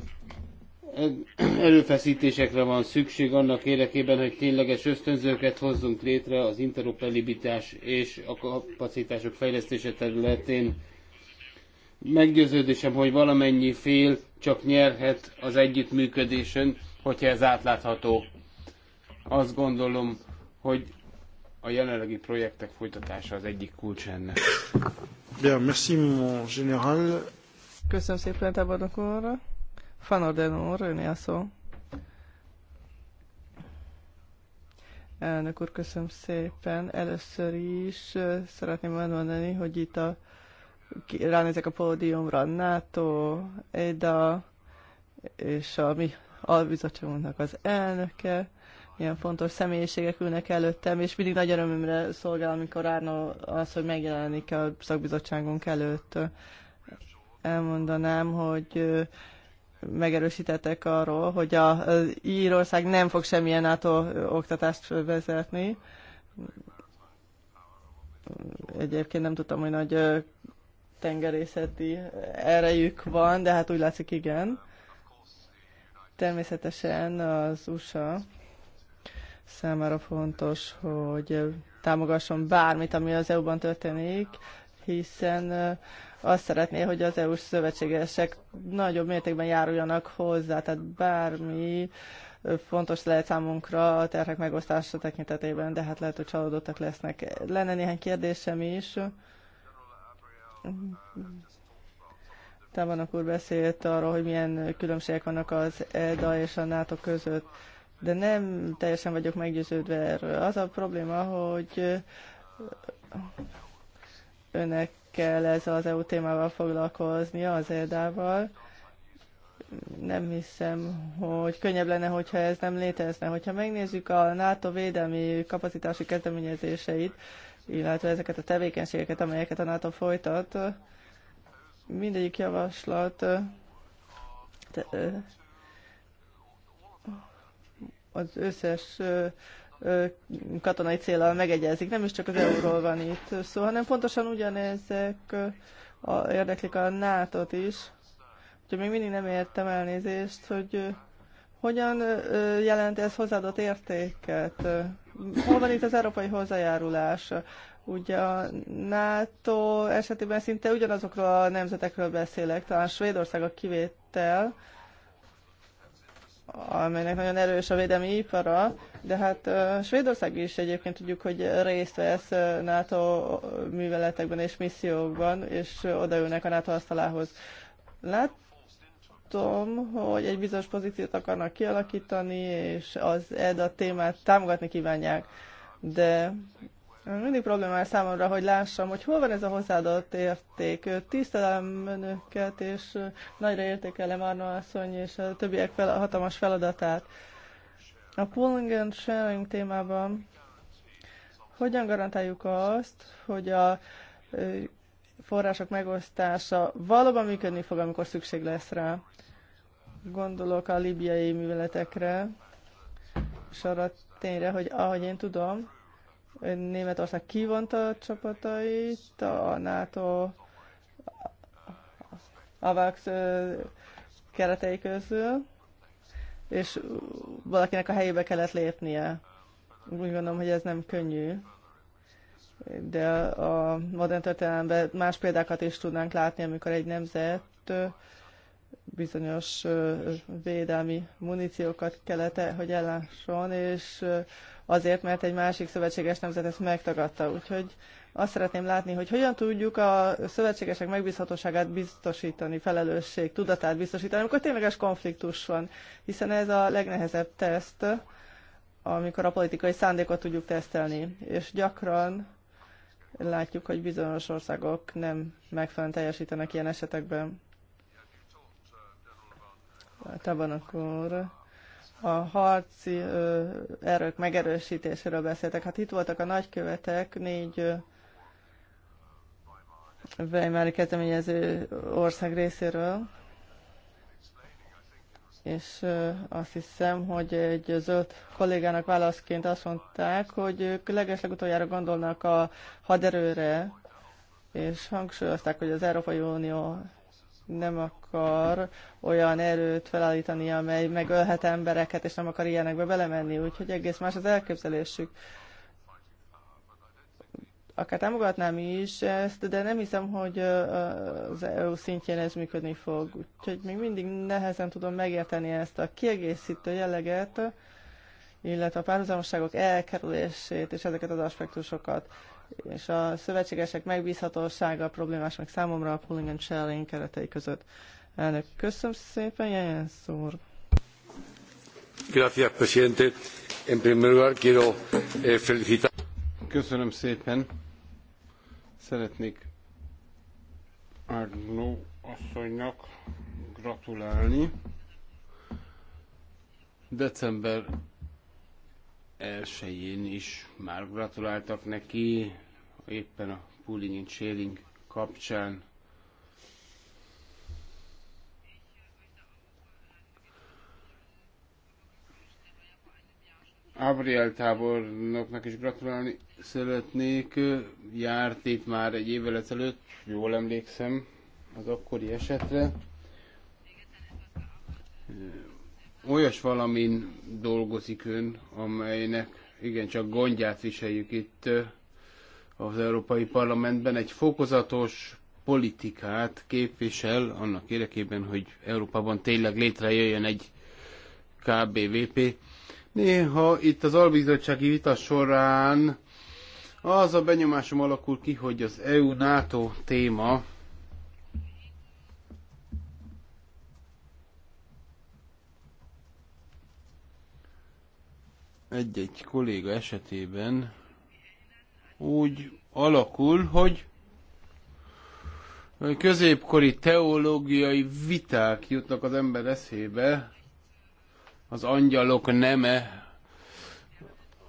erőfeszítésekre van szükség annak érdekében, hogy tényleges ösztönzőket hozzunk létre az interoperabilitás és a kapacitások fejlesztése területén. Meggyőződésem, hogy valamennyi fél csak nyerhet az együttműködésen, hogyha ez átlátható. Azt gondolom, hogy a jelenlegi projektek folytatása az egyik kulcs ennek. Bien, merci mon général. Köszönöm szépen, tábornok úr. Van Orden úr, öné a szó. Elnök úr, köszönöm szépen. Először is szeretném elmondani, hogy itt a, ránézek a pódiumra NATO, EDA és a mi albizottságunknak az elnöke, ilyen fontos személyiségek ülnek előttem, és mindig nagy örömömre szolgál, amikor Árna az, hogy megjelenik a szakbizottságunk előtt. Elmondanám, hogy megerősítettek arról, hogy a, az Írország nem fog semmilyen NATO oktatást vezetni. Egyébként nem tudtam, hogy nagy tengerészeti erejük van, de hát úgy látszik igen Természetesen az USA számára fontos, hogy támogasson bármit, ami az EU-ban történik, hiszen azt szeretné, hogy az EU-s szövetségesek nagyobb mértékben járuljanak hozzá, tehát bármi fontos lehet számunkra a terhek megosztása tekintetében, de hát lehet, hogy csalódottak lesznek. Lenne néhány kérdésem is. Távanok úr beszélt arról, hogy milyen különbségek vannak az EDA és a NATO között, de nem teljesen vagyok meggyőződve erről. Az a probléma, hogy önnek kell ez az EU témával foglalkozni az EDA-val, nem hiszem, hogy könnyebb lenne, hogyha ez nem létezne. Hogyha megnézzük a NATO védelmi kapacitási kezdeményezéseit, illetve ezeket a tevékenységeket, amelyeket a NATO folytat, mindegyik javaslat az összes katonai célral megegyezik. Nem is csak az euróról van itt szó, hanem pontosan ugyanezek a, érdeklik a nato is. Úgyhogy még mindig nem értem elnézést, hogy hogyan jelent ez hozzáadott értéket hol van itt az európai hozzájárulás? Ugye a NATO esetében szinte ugyanazokról a nemzetekről beszélek, talán Svédország a kivétel, amelynek nagyon erős a védelmi ipara, de hát Svédország is egyébként tudjuk, hogy részt vesz NATO műveletekben és missziókban, és odaülnek a NATO asztalához. Lát, látom, hogy egy bizonyos pozíciót akarnak kialakítani, és az a témát támogatni kívánják. De mindig problémás számomra, hogy lássam, hogy hol van ez a hozzáadott érték. Tisztelem önöket, és nagyra értékelem Arno asszony és a többiek fel, hatalmas feladatát. A pooling and sharing témában hogyan garantáljuk azt, hogy a források megosztása valóban működni fog, amikor szükség lesz rá. Gondolok a libiai műveletekre, és arra tényre, hogy ahogy én tudom, Németország kivonta a csapatait, a NATO AVAX keretei közül, és valakinek a helyébe kellett lépnie. Úgy gondolom, hogy ez nem könnyű de a modern történelemben más példákat is tudnánk látni, amikor egy nemzet bizonyos védelmi muníciókat kellett, eh, hogy ellásson, és azért, mert egy másik szövetséges nemzet ezt megtagadta. Úgyhogy azt szeretném látni, hogy hogyan tudjuk a szövetségesek megbízhatóságát biztosítani, felelősség, tudatát biztosítani, amikor tényleges konfliktus van, hiszen ez a legnehezebb teszt, amikor a politikai szándékot tudjuk tesztelni. És gyakran Látjuk, hogy bizonyos országok nem megfelelően teljesítenek ilyen esetekben. tehát akkor a harci erők megerősítéséről beszéltek. Hát itt voltak a nagykövetek, négy ö, Weimári kezdeményező ország részéről, és azt hiszem, hogy egy zöld kollégának válaszként azt mondták, hogy ők legeslegutoljára gondolnak a haderőre, és hangsúlyozták, hogy az Európai Unió nem akar olyan erőt felállítani, amely megölhet embereket, és nem akar ilyenekbe belemenni, úgyhogy egész más az elképzelésük akár támogatnám is ezt, de nem hiszem, hogy az EU szintjén ez működni fog. Úgyhogy még mindig nehezen tudom megérteni ezt a kiegészítő jelleget, illetve a párhuzamosságok elkerülését és ezeket az aspektusokat. És a szövetségesek megbízhatósága problémás meg számomra a pooling and sharing keretei között. Elnök, köszönöm szépen, Jens úr. Gracias, presidente. En primer lugar, quiero eh, felicitar Köszönöm szépen. Szeretnék Árnó asszonynak gratulálni. December 1-én is már gratuláltak neki, éppen a Pooling and Sharing kapcsán Ábriel tábornoknak is gratulálni szeretnék. Járt itt már egy évvel ezelőtt, jól emlékszem az akkori esetre. Olyas valamin dolgozik ön, amelynek igencsak gondját viseljük itt az Európai Parlamentben. Egy fokozatos politikát képvisel annak érdekében, hogy Európában tényleg létrejöjjön egy KBVP Néha itt az albizottsági vita során az a benyomásom alakul ki, hogy az EU-NATO téma egy-egy kolléga esetében úgy alakul, hogy középkori teológiai viták jutnak az ember eszébe, az angyalok neme,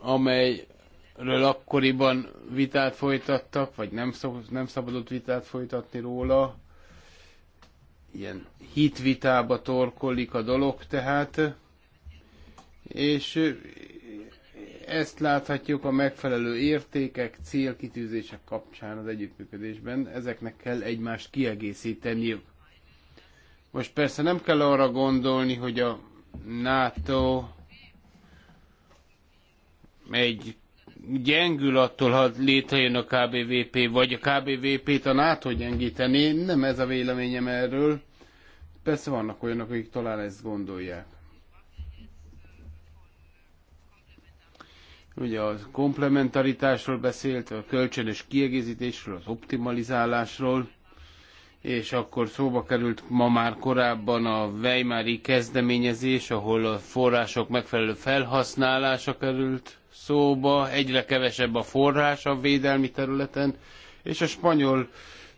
amelyről akkoriban vitát folytattak, vagy nem, szab, nem szabadott vitát folytatni róla. Ilyen hitvitába torkolik a dolog tehát, és ezt láthatjuk a megfelelő értékek, célkitűzések kapcsán az együttműködésben. Ezeknek kell egymást kiegészíteniük. Most persze nem kell arra gondolni, hogy a NATO egy gyengül attól, ha létrejön a KBVP, vagy a KBVP-t a NATO gyengíteni. Nem ez a véleményem erről. Persze vannak olyanok, akik talán ezt gondolják. Ugye a komplementaritásról beszélt, a kölcsönös kiegészítésről, az optimalizálásról és akkor szóba került ma már korábban a Weimári kezdeményezés, ahol a források megfelelő felhasználása került szóba, egyre kevesebb a forrás a védelmi területen, és a spanyol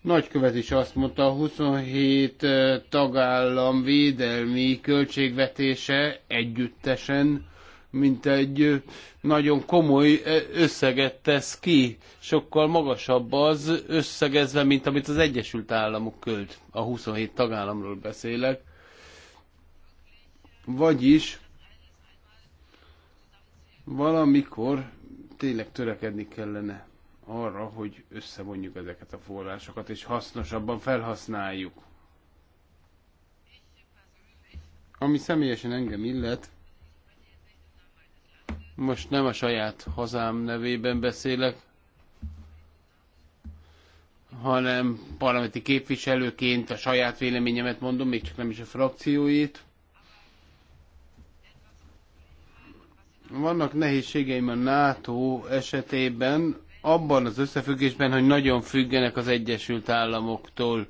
nagykövet is azt mondta, a 27 eh, tagállam védelmi költségvetése együttesen mint egy nagyon komoly összeget tesz ki, sokkal magasabb az összegezve, mint amit az Egyesült Államok költ. A 27 tagállamról beszélek. Vagyis valamikor tényleg törekedni kellene arra, hogy összevonjuk ezeket a forrásokat, és hasznosabban felhasználjuk. Ami személyesen engem illet, most nem a saját hazám nevében beszélek, hanem parlamenti képviselőként a saját véleményemet mondom, még csak nem is a frakcióit. Vannak nehézségeim a NATO esetében, abban az összefüggésben, hogy nagyon függenek az Egyesült Államoktól.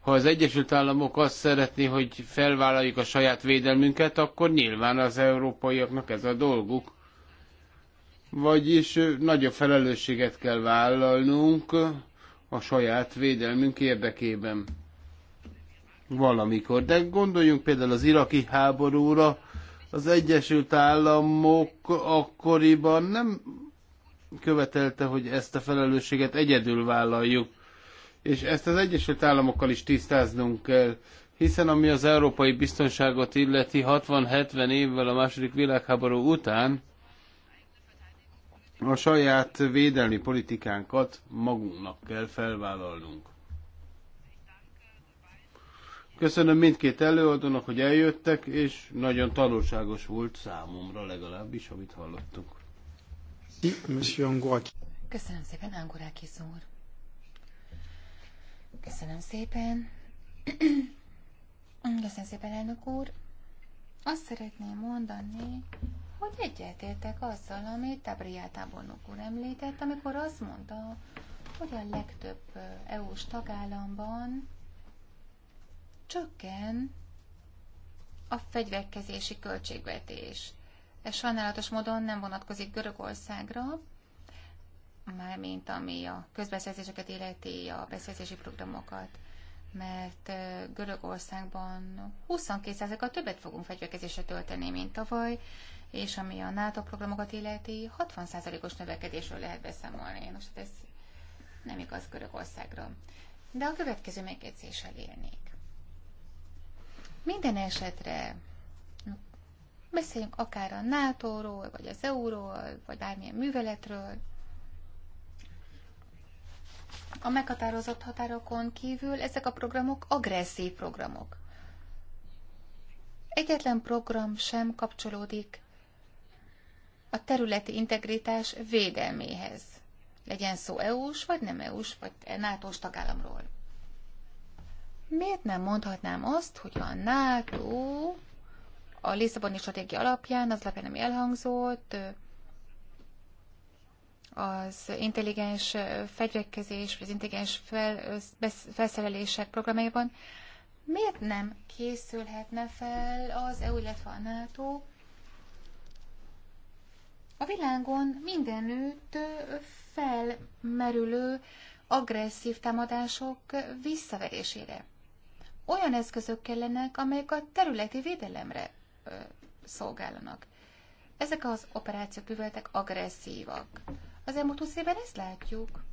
Ha az Egyesült Államok azt szeretné, hogy felvállaljuk a saját védelmünket, akkor nyilván az európaiaknak ez a dolguk. Vagyis nagyobb felelősséget kell vállalnunk a saját védelmünk érdekében. Valamikor. De gondoljunk például az iraki háborúra, az Egyesült Államok akkoriban nem követelte, hogy ezt a felelősséget egyedül vállaljuk. És ezt az Egyesült Államokkal is tisztáznunk kell, hiszen ami az európai biztonságot illeti 60-70 évvel a második világháború után, a saját védelmi politikánkat magunknak kell felvállalnunk. Köszönöm mindkét előadónak, hogy eljöttek, és nagyon tanulságos volt számomra legalábbis, amit hallottunk. Köszönöm szépen, Angorákis úr. Köszönöm szépen. <clears throat> Köszönöm szépen, elnök úr. Azt szeretném mondani, hogy egyetértek azzal, amit Tabriá tábornok úr említett, amikor azt mondta, hogy a legtöbb EU-s tagállamban csökken a fegyverkezési költségvetés. Ez sajnálatos módon nem vonatkozik Görögországra, mármint ami a közbeszerzéseket illeti, a beszerzési programokat, mert Görögországban 22%-kal többet fogunk fegyverkezésre tölteni, mint tavaly, és ami a NATO programokat illeti, 60%-os növekedésről lehet beszámolni. Most hát ez nem igaz Görögországra. De a következő megjegyzéssel élnék. Minden esetre beszéljünk akár a NATO-ról, vagy az EU-ról, vagy bármilyen műveletről, a meghatározott határokon kívül ezek a programok agresszív programok. Egyetlen program sem kapcsolódik a területi integritás védelméhez. Legyen szó EU-s, vagy nem EU-s, vagy nato tagállamról. Miért nem mondhatnám azt, hogy a NATO a Lisszaboni stratégia alapján, az alapján, ami elhangzott, az intelligens fegyverkezés, vagy az intelligens fel, felszerelések programjában, miért nem készülhetne fel az EU, illetve a NATO a világon mindenütt felmerülő agresszív támadások visszaverésére. Olyan eszközök kellenek, amelyek a területi védelemre ö, szolgálnak. Ezek az operációk üveltek agresszívak. Az elmúlt húsz évben ezt látjuk.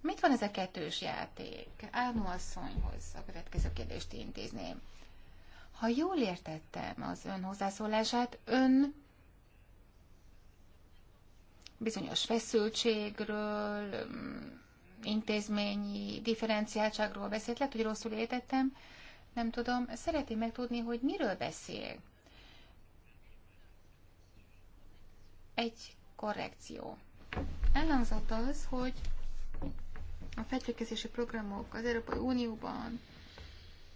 Mit van ez a kettős játék? Álmú asszonyhoz a következő kérdést intézném. Ha jól értettem az ön hozzászólását, ön bizonyos feszültségről, intézményi differenciáltságról beszélt, lehet, hogy rosszul értettem, nem tudom. Szeretném megtudni, hogy miről beszél. Egy korrekció. Elhangzott az, hogy a fegyverkezési programok az Európai Unióban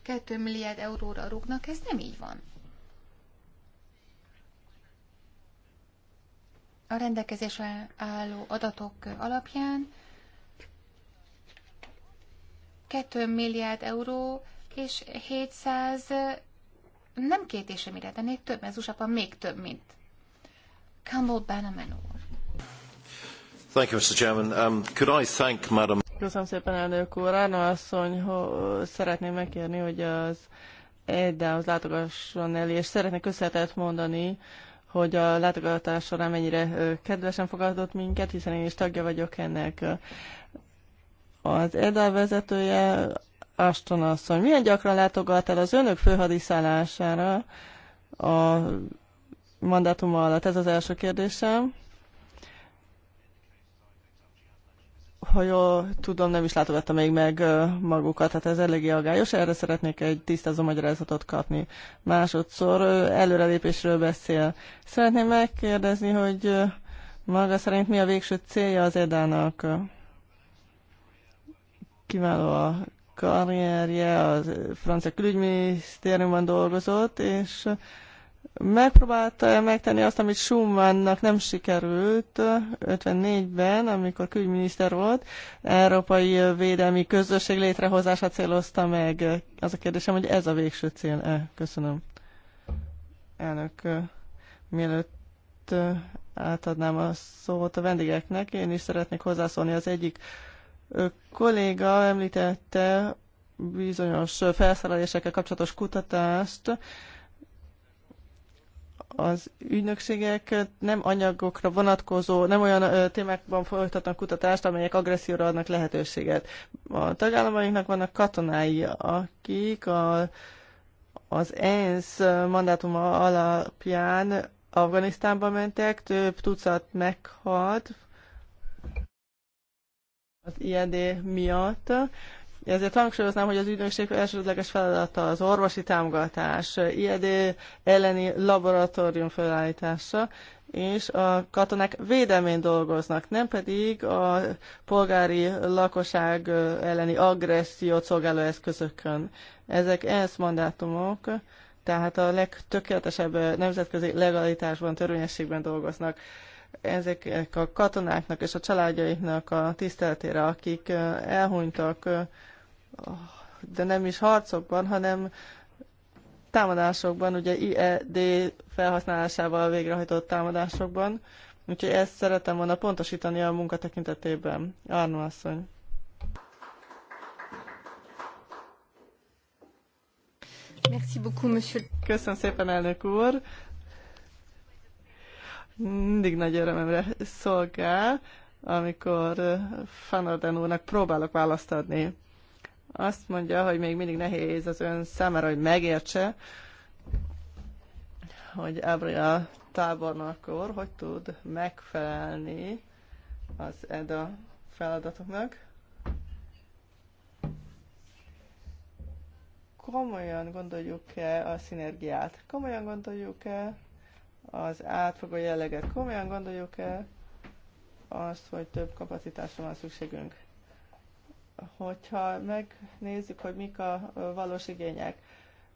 2 milliárd euróra rúgnak, ez nem így van. a rendelkezésre álló adatok alapján 2 milliárd euró és 700 nem két és semmire, de még több, ez usa még több, mint Campbell Bannerman úr. Thank you, Mr. Chairman. Um, could I thank Madam... Köszönöm szépen, elnök úr. Rána asszony, ho, szeretném megkérni, hogy az Eddához látogasson elé, és szeretnék összetett mondani hogy a látogatás során mennyire kedvesen fogadott minket, hiszen én is tagja vagyok ennek. Az EDA vezetője Aston asszony. Milyen gyakran látogat el az önök főhadiszállására a mandátuma alatt? Ez az első kérdésem. ha jól tudom, nem is látogatta még meg magukat, tehát ez eléggé aggályos. Erre szeretnék egy tisztázó magyarázatot kapni. Másodszor előrelépésről beszél. Szeretném megkérdezni, hogy maga szerint mi a végső célja az edának? Kiváló a karrierje, a francia külügyminisztériumban dolgozott, és megpróbálta megtenni azt, amit Schumannnak nem sikerült 54-ben, amikor külügyminiszter volt, Európai Védelmi Közösség létrehozását célozta meg. Az a kérdésem, hogy ez a végső cél-e? Köszönöm. Elnök, mielőtt átadnám a szót a vendégeknek, én is szeretnék hozzászólni. Az egyik kolléga említette bizonyos felszerelésekkel kapcsolatos kutatást, az ügynökségek nem anyagokra vonatkozó, nem olyan témákban folytatnak kutatást, amelyek agresszióra adnak lehetőséget. A tagállamainknak vannak katonái, akik a, az ENSZ mandátuma alapján Afganisztánba mentek, több tucat meghalt az IED miatt, ezért hangsúlyoznám, hogy az ügynökség elsődleges feladata az orvosi támogatás, IED elleni laboratórium felállítása, és a katonák védelmén dolgoznak, nem pedig a polgári lakosság elleni agressziót szolgáló eszközökön. Ezek ENSZ mandátumok, tehát a legtökéletesebb nemzetközi legalitásban, törvényességben dolgoznak ezek a katonáknak és a családjaiknak a tiszteletére, akik elhunytak, oh, de nem is harcokban, hanem támadásokban, ugye IED felhasználásával végrehajtott támadásokban. Úgyhogy ezt szeretem volna pontosítani a munka tekintetében. Arno asszony. Merci beaucoup, monsieur. Köszönöm szépen, elnök úr mindig nagy örömemre szolgál, amikor Fanarden úrnak próbálok választ adni. Azt mondja, hogy még mindig nehéz az ön számára, hogy megértse, hogy Ábria tábornakor hogy tud megfelelni az EDA feladatoknak. Komolyan gondoljuk-e a szinergiát? Komolyan gondoljuk-e az átfogó jelleget komolyan gondoljuk el, azt, hogy több kapacitásra van szükségünk. Hogyha megnézzük, hogy mik a valós igények,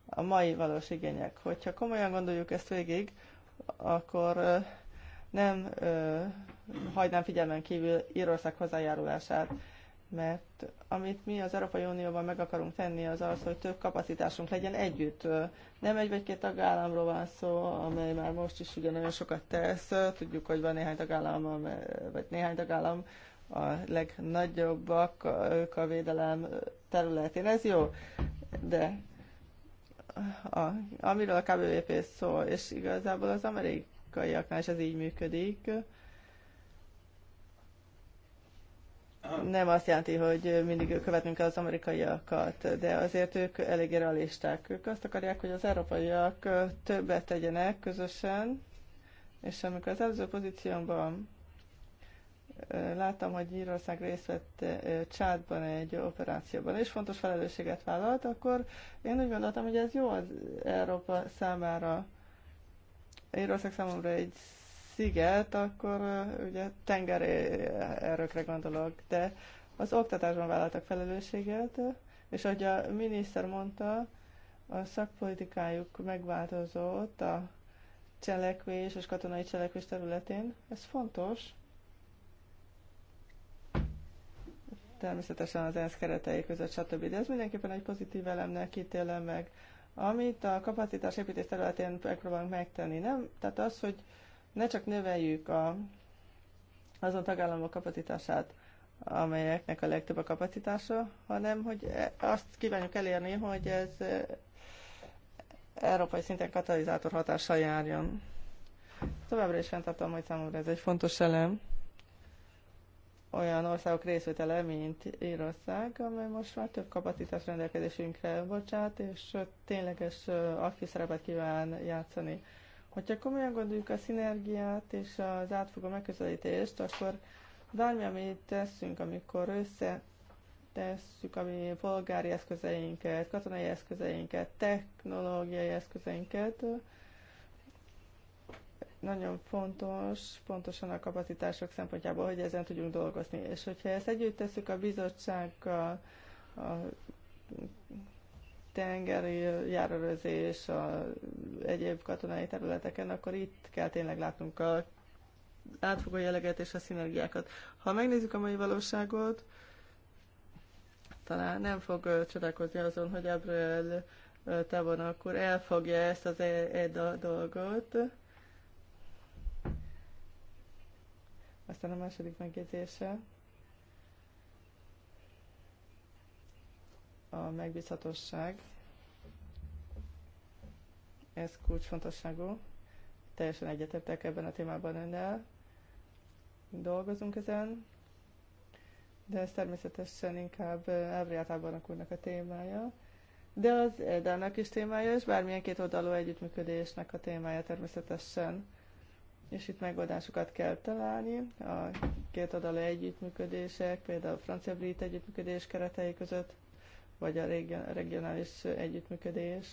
a mai valós igények, hogyha komolyan gondoljuk ezt végig, akkor nem hagynám figyelmen kívül Írország hozzájárulását mert amit mi az Európai Unióban meg akarunk tenni, az az, hogy több kapacitásunk legyen együtt. Nem egy vagy két tagállamról van szó, amely már most is ugye nagyon sokat tesz. Tudjuk, hogy van néhány tagállam, vagy néhány tagállam a legnagyobbak, ők a védelem területén. Ez jó, de a, amiről a KBVP szól, és igazából az amerikaiaknál is ez így működik, nem azt jelenti, hogy mindig követnünk az amerikaiakat, de azért ők eléggé realisták. Ők azt akarják, hogy az európaiak többet tegyenek közösen, és amikor az előző pozíciómban láttam, hogy Írország részt vett csátban egy operációban, és fontos felelősséget vállalt, akkor én úgy gondoltam, hogy ez jó az Európa számára. Írország számomra egy sziget, akkor ugye tengeri erőkre gondolok, de az oktatásban vállaltak felelősséget, és ahogy a miniszter mondta, a szakpolitikájuk megváltozott a cselekvés és katonai cselekvés területén. Ez fontos. Természetesen az ENSZ keretei között, stb. De ez mindenképpen egy pozitív elemnek ítélem meg. Amit a kapacitás építés területén megpróbálunk megtenni, nem? Tehát az, hogy ne csak növeljük a, azon tagállamok kapacitását, amelyeknek a legtöbb a kapacitása, hanem hogy e, azt kívánjuk elérni, hogy ez e, európai szinten katalizátor hatással járjon. Továbbra is fenntartom, hogy számomra ez egy fontos elem. Olyan országok részvétele, mint Írország, amely most már több kapacitás rendelkezésünkre bocsát, és tényleges aktív szerepet kíván játszani Hogyha komolyan gondoljuk a szinergiát és az átfogó megközelítést, akkor bármi, amit teszünk, amikor össze tesszük, mi polgári eszközeinket, katonai eszközeinket, technológiai eszközeinket, nagyon fontos, pontosan a kapacitások szempontjából, hogy ezen tudjunk dolgozni. És hogyha ezt együtt tesszük a bizottsággal, a tengeri járőrözés, a egyéb katonai területeken, akkor itt kell tényleg látnunk a átfogó jelleget és a szinergiákat. Ha megnézzük a mai valóságot, talán nem fog csodálkozni azon, hogy te van, akkor elfogja ezt az e-, e dolgot. Aztán a második megjegyzése. a megbízhatóság, ez kulcsfontosságú. Teljesen egyetértek ebben a témában önnel. Dolgozunk ezen, de ez természetesen inkább Evriátábornak úrnak a témája. De az Edának is témája, és bármilyen két oldalú együttműködésnek a témája természetesen. És itt megoldásokat kell találni. A két oldalú együttműködések, például a francia-brit együttműködés keretei között vagy a regionális együttműködés,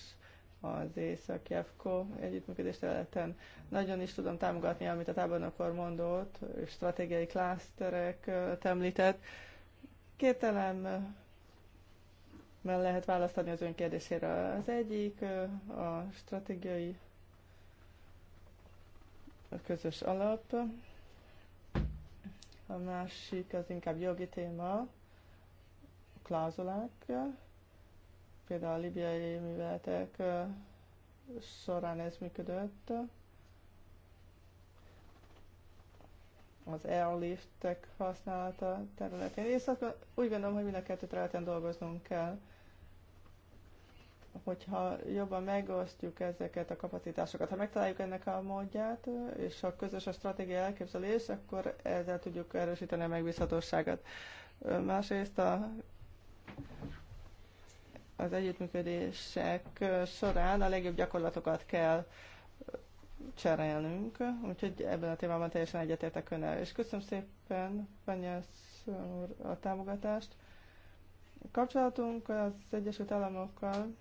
az észak EFKO együttműködés területen. Nagyon is tudom támogatni, amit a tábornokor mondott, stratégiai klaszterek említett. Két elem mert lehet választani az ön kérdésére. Az egyik a stratégiai a közös alap, a másik az inkább jogi téma, klauzulák, például a libiai műveletek során ez működött, az airliftek használata területén. És akkor, úgy gondolom, hogy mind a kettő területen dolgoznunk kell. Hogyha jobban megosztjuk ezeket a kapacitásokat, ha megtaláljuk ennek a módját, és a közös a stratégia elképzelés, akkor ezzel tudjuk erősíteni a megbízhatóságot. Másrészt a az együttműködések során a legjobb gyakorlatokat kell cserélnünk, úgyhogy ebben a témában teljesen egyetértek önnel. És köszönöm szépen, Panyász úr, a támogatást. kapcsolatunk az Egyesült Államokkal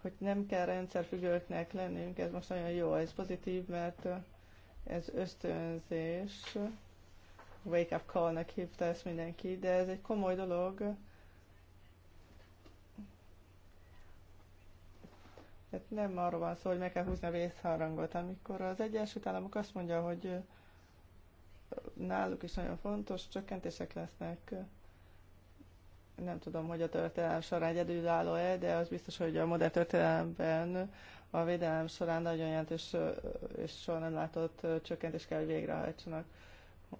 hogy nem kell rendszerfüggőknek lennünk, ez most nagyon jó, ez pozitív, mert ez ösztönzés, wake up call-nak hívta ezt mindenki, de ez egy komoly dolog. Hát nem arról van szó, hogy meg kell húzni a vészharangot, amikor az Egyesült Államok azt mondja, hogy náluk is nagyon fontos, csökkentések lesznek. Nem tudom, hogy a történelem során egyedülálló-e, de az biztos, hogy a modern történelemben a védelem során nagyon jelentős és soha nem látott csökkentés kell, hogy végrehajtsanak.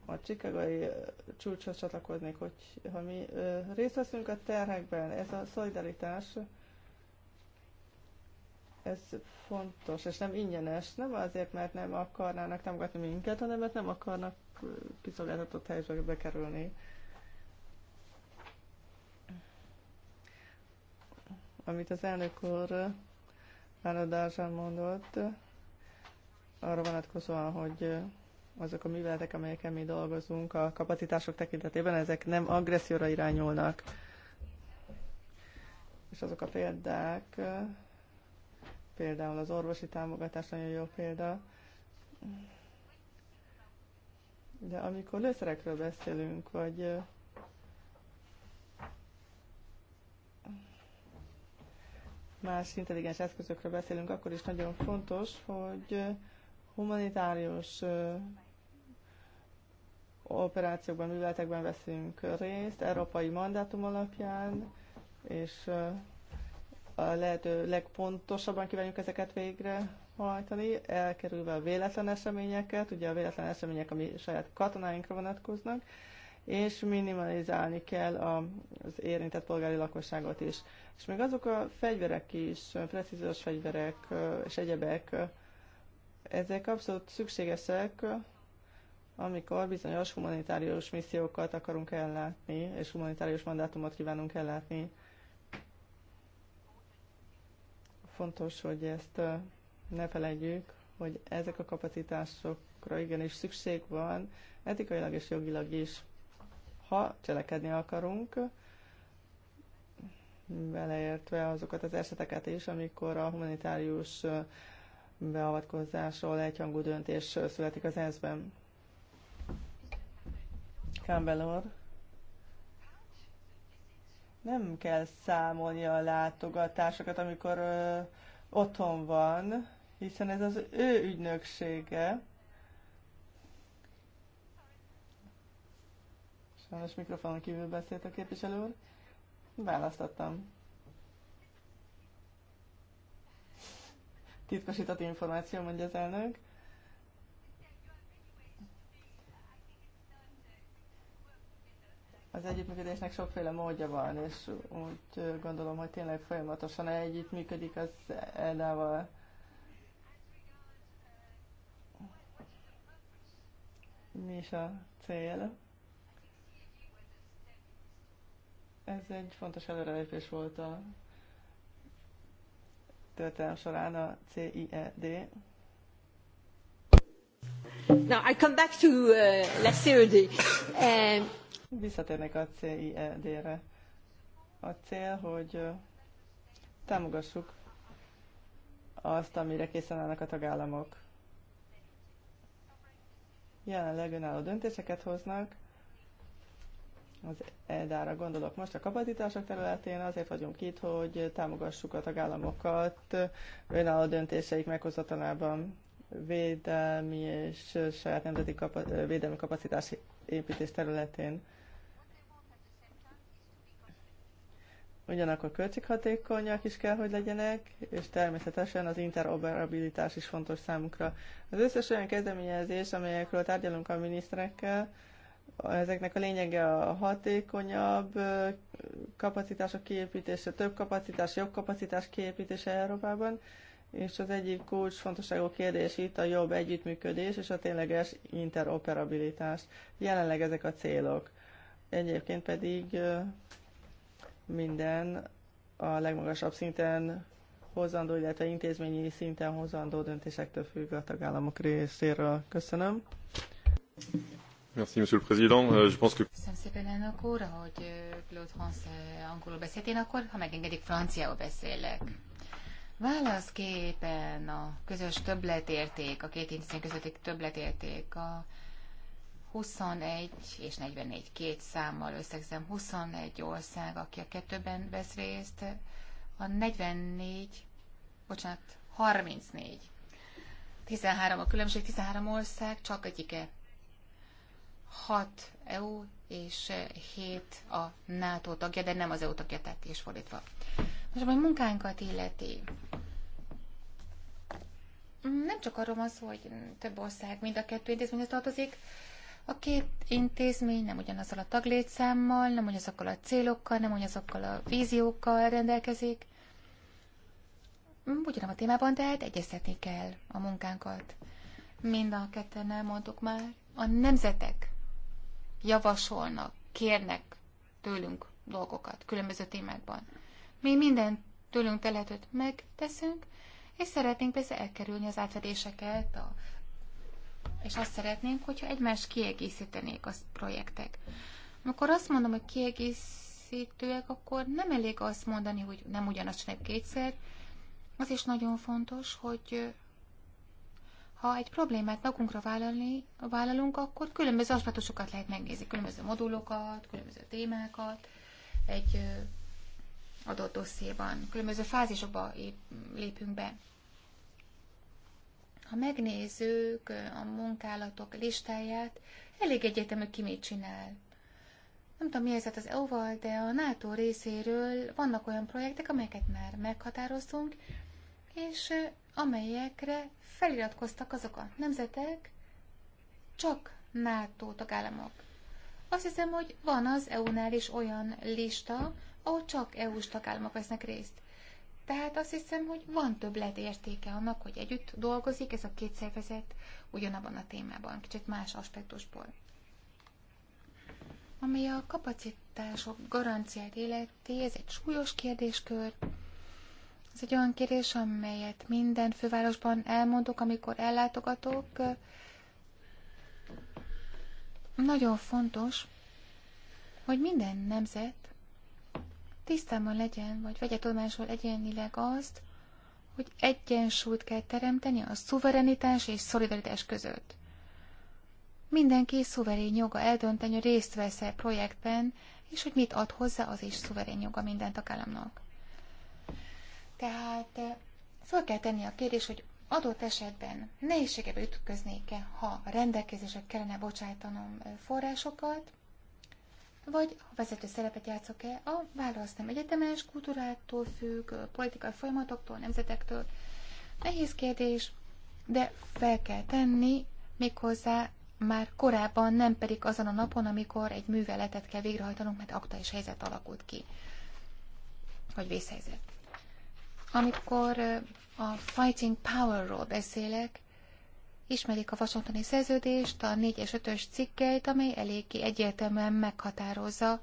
A csikagai csúcshoz csatlakoznék, hogy ha mi részt veszünk a terhekben, ez a szolidaritás, ez fontos, és nem ingyenes, nem azért, mert nem akarnának támogatni minket, hanem mert nem akarnak kiszolgáltatott helyzetbe bekerülni. Amit az elnök úr Álladárzsán mondott, arra vonatkozóan, hogy azok a műveletek, amelyeken mi dolgozunk a kapacitások tekintetében, ezek nem agresszióra irányulnak. És azok a példák, például az orvosi támogatás nagyon jó példa, de amikor lőszerekről beszélünk, vagy más intelligens eszközökről beszélünk, akkor is nagyon fontos, hogy humanitárius operációkban, műveletekben veszünk részt, európai mandátum alapján, és a lehető legpontosabban kívánjuk ezeket végre hajtani, elkerülve a véletlen eseményeket, ugye a véletlen események, ami saját katonáinkra vonatkoznak, és minimalizálni kell az érintett polgári lakosságot is. És még azok a fegyverek is, precíziós fegyverek és egyebek, ezek abszolút szükségesek, amikor bizonyos humanitárius missziókat akarunk ellátni, és humanitárius mandátumot kívánunk ellátni. Fontos, hogy ezt ne felejtjük, hogy ezek a kapacitásokra igenis szükség van, etikailag és jogilag is. Ha cselekedni akarunk, beleértve azokat az eseteket is, amikor a humanitárius beavatkozásról egyhangú döntés születik az ENSZ-ben. Nem kell számolni a látogatásokat, amikor ö, otthon van, hiszen ez az ő ügynöksége. Sajnos mikrofonon kívül beszélt a képviselő úr választottam. Titkosított információ, mondja az elnök. Az együttműködésnek sokféle módja van, és úgy gondolom, hogy tényleg folyamatosan együttműködik az Edával. Mi is a cél? Ez egy fontos előrelépés volt a történelem során a CIED. Now I come back to uh, la CED. Uh... Um, Visszatérnek a CIED-re. A cél, hogy uh, támogassuk azt, amire készen állnak a tagállamok. Jelenleg önálló döntéseket hoznak, az EDÁ-ra gondolok most a kapacitások területén, azért vagyunk itt, hogy támogassuk a tagállamokat önálló döntéseik meghozatalában védelmi és saját nemzeti kapa- védelmi kapacitás építés területén. Ugyanakkor költséghatékonyak is kell, hogy legyenek, és természetesen az interoperabilitás is fontos számukra. Az összes olyan kezdeményezés, amelyekről tárgyalunk a miniszterekkel, ezeknek a lényege a hatékonyabb kapacitások kiépítése, több kapacitás, jobb kapacitás kiépítése Európában, és az egyik kulcs fontosságú kérdés itt a jobb együttműködés és a tényleges interoperabilitás. Jelenleg ezek a célok. Egyébként pedig minden a legmagasabb szinten hozandó, illetve intézményi szinten hozandó döntésektől függ a tagállamok részéről. Köszönöm. Merci, Monsieur le Président. Euh, je pense que... Köszönöm szépen, elnök úr, Claude France angolul beszélt, én akkor, ha megengedik, franciául beszélek. Válaszképpen a közös többletérték, a két intézmény közötti többletérték a 21 és 44 két számmal összegzem, 21 ország, aki a kettőben vesz részt, a 44, bocsánat, 34. 13 a különbség, 13 ország, csak egyike 6 EU és 7 a NATO tagja, de nem az EU tagja, tehát és fordítva. Most, a munkánkat illeti, nem csak arról van szó, hogy több ország mind a kettő intézményhez tartozik, a két intézmény nem ugyanazzal a taglétszámmal, nem ugyanazokkal a célokkal, nem ugyanazokkal a víziókkal rendelkezik. Ugyanabban a témában, tehát egyeztetni kell a munkánkat. Mind a ketten elmondtuk már, a nemzetek javasolnak, kérnek tőlünk dolgokat különböző témákban. Mi minden tőlünk telhetőt megteszünk, és szeretnénk persze elkerülni az átfedéseket, a, és azt szeretnénk, hogyha egymást kiegészítenék az projektek. Amikor azt mondom, hogy kiegészítőek, akkor nem elég azt mondani, hogy nem ugyanazt csinálják kétszer. Az is nagyon fontos, hogy ha egy problémát magunkra vállalni, vállalunk, akkor különböző aspektusokat lehet megnézni, különböző modulokat, különböző témákat, egy adott dosszéban, különböző fázisokba lépünk be. Ha megnézzük a munkálatok listáját, elég egyetemű ki mit csinál. Nem tudom, mi ez az EU-val, de a NATO részéről vannak olyan projektek, amelyeket már meghatároztunk, és amelyekre feliratkoztak azok a nemzetek, csak NATO tagállamok. Azt hiszem, hogy van az EU-nál is olyan lista, ahol csak EU-s tagállamok vesznek részt. Tehát azt hiszem, hogy van lehet értéke annak, hogy együtt dolgozik ez a két szervezet ugyanabban a témában, kicsit más aspektusból. Ami a kapacitások garanciát illeti, ez egy súlyos kérdéskör. Ez egy olyan kérés, amelyet minden fővárosban elmondok, amikor ellátogatok. Nagyon fontos, hogy minden nemzet tisztában legyen, vagy vegye tudomásul egyenileg azt, hogy egyensúlyt kell teremteni a szuverenitás és szolidaritás között. Mindenki szuverén joga eldönteni, hogy részt vesz-e projektben, és hogy mit ad hozzá, az is szuverén joga minden tagállamnak. Tehát eh, föl kell tenni a kérdés, hogy adott esetben nehézségebe ütköznék-e, ha rendelkezésre kellene bocsájtanom eh, forrásokat, vagy ha vezető szerepet játszok-e, a válasz nem egyetemes, kultúrától függ, eh, politikai folyamatoktól, nemzetektől. Nehéz kérdés, de fel kell tenni, méghozzá már korábban, nem pedig azon a napon, amikor egy műveletet kell végrehajtanunk, mert aktuális helyzet alakult ki, vagy vészhelyzet. Amikor a Fighting Power power-ról beszélek, ismerik a vasontani szerződést, a 4 és 5-ös cikkeit, amely eléggé egyértelműen meghatározza,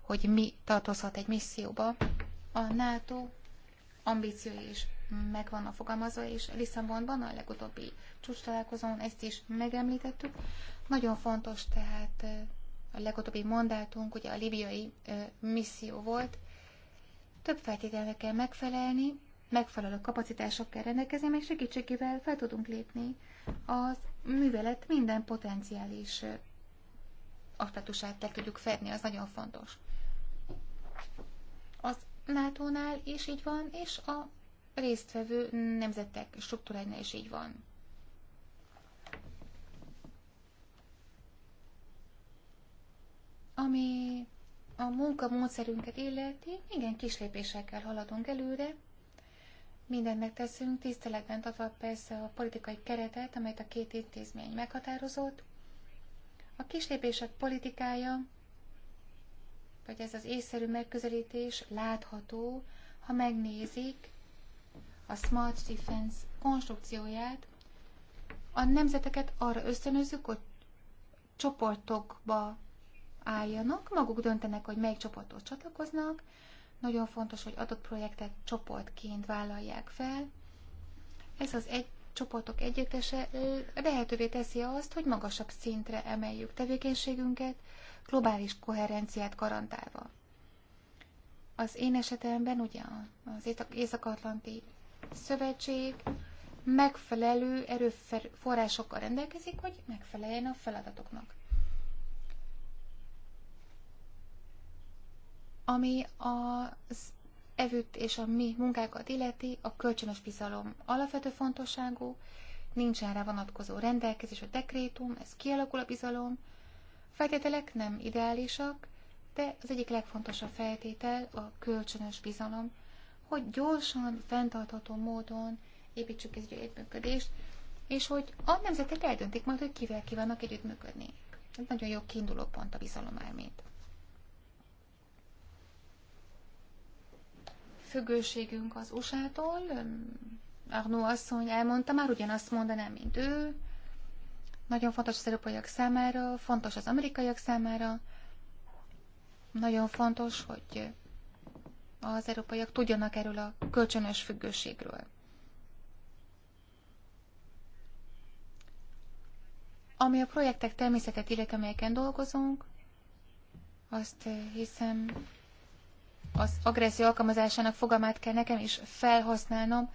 hogy mi tartozhat egy misszióba. A NATO ambíciói is meg a fogalmazva, és Lisszabonban a legutóbbi csúcs találkozón ezt is megemlítettük. Nagyon fontos tehát a legutóbbi mandátunk, ugye a libiai misszió volt, több feltételnek kell megfelelni, megfelelő kapacitásokkal rendelkezni, meg segítségével fel tudunk lépni az művelet minden potenciális aspektusát le tudjuk fedni, az nagyon fontos. Az NATO-nál is így van, és a résztvevő nemzetek struktúrájnál is így van. Ami a munkamódszerünket illeti, igen, kis lépésekkel haladunk előre, Mindent megteszünk, tiszteletben tartva persze a politikai keretet, amelyet a két intézmény meghatározott. A kislépések politikája, vagy ez az észszerű megközelítés látható, ha megnézik a Smart Defense konstrukcióját, a nemzeteket arra ösztönözzük, hogy csoportokba álljanak, maguk döntenek, hogy melyik csoporthoz csatlakoznak, nagyon fontos, hogy adott projektet csoportként vállalják fel. Ez az egy csoportok együttese lehetővé teszi azt, hogy magasabb szintre emeljük tevékenységünket, globális koherenciát garantálva. Az én esetemben ugye az Észak-Atlanti Szövetség megfelelő erőforrásokkal rendelkezik, hogy megfeleljen a feladatoknak. Ami az evőt és a mi munkákat illeti, a kölcsönös bizalom alapvető fontosságú, nincsen erre vonatkozó rendelkezés, a dekrétum, ez kialakul a bizalom. feltételek nem ideálisak, de az egyik legfontosabb feltétel a kölcsönös bizalom, hogy gyorsan, fenntartható módon építsük ezt együttműködést, és hogy a nemzetek eldöntik majd, hogy kivel kívánnak együttműködni. Ez nagyon jó kiinduló pont a bizalom elmét. függőségünk az USA-tól. Arnó asszony elmondta, már ugyanazt mondanám, mint ő. Nagyon fontos az európaiak számára, fontos az amerikaiak számára. Nagyon fontos, hogy az európaiak tudjanak erről a kölcsönös függőségről. Ami a projektek természetet illeti, amelyeken dolgozunk, azt hiszem az agresszió alkalmazásának fogalmát kell nekem is felhasználnom.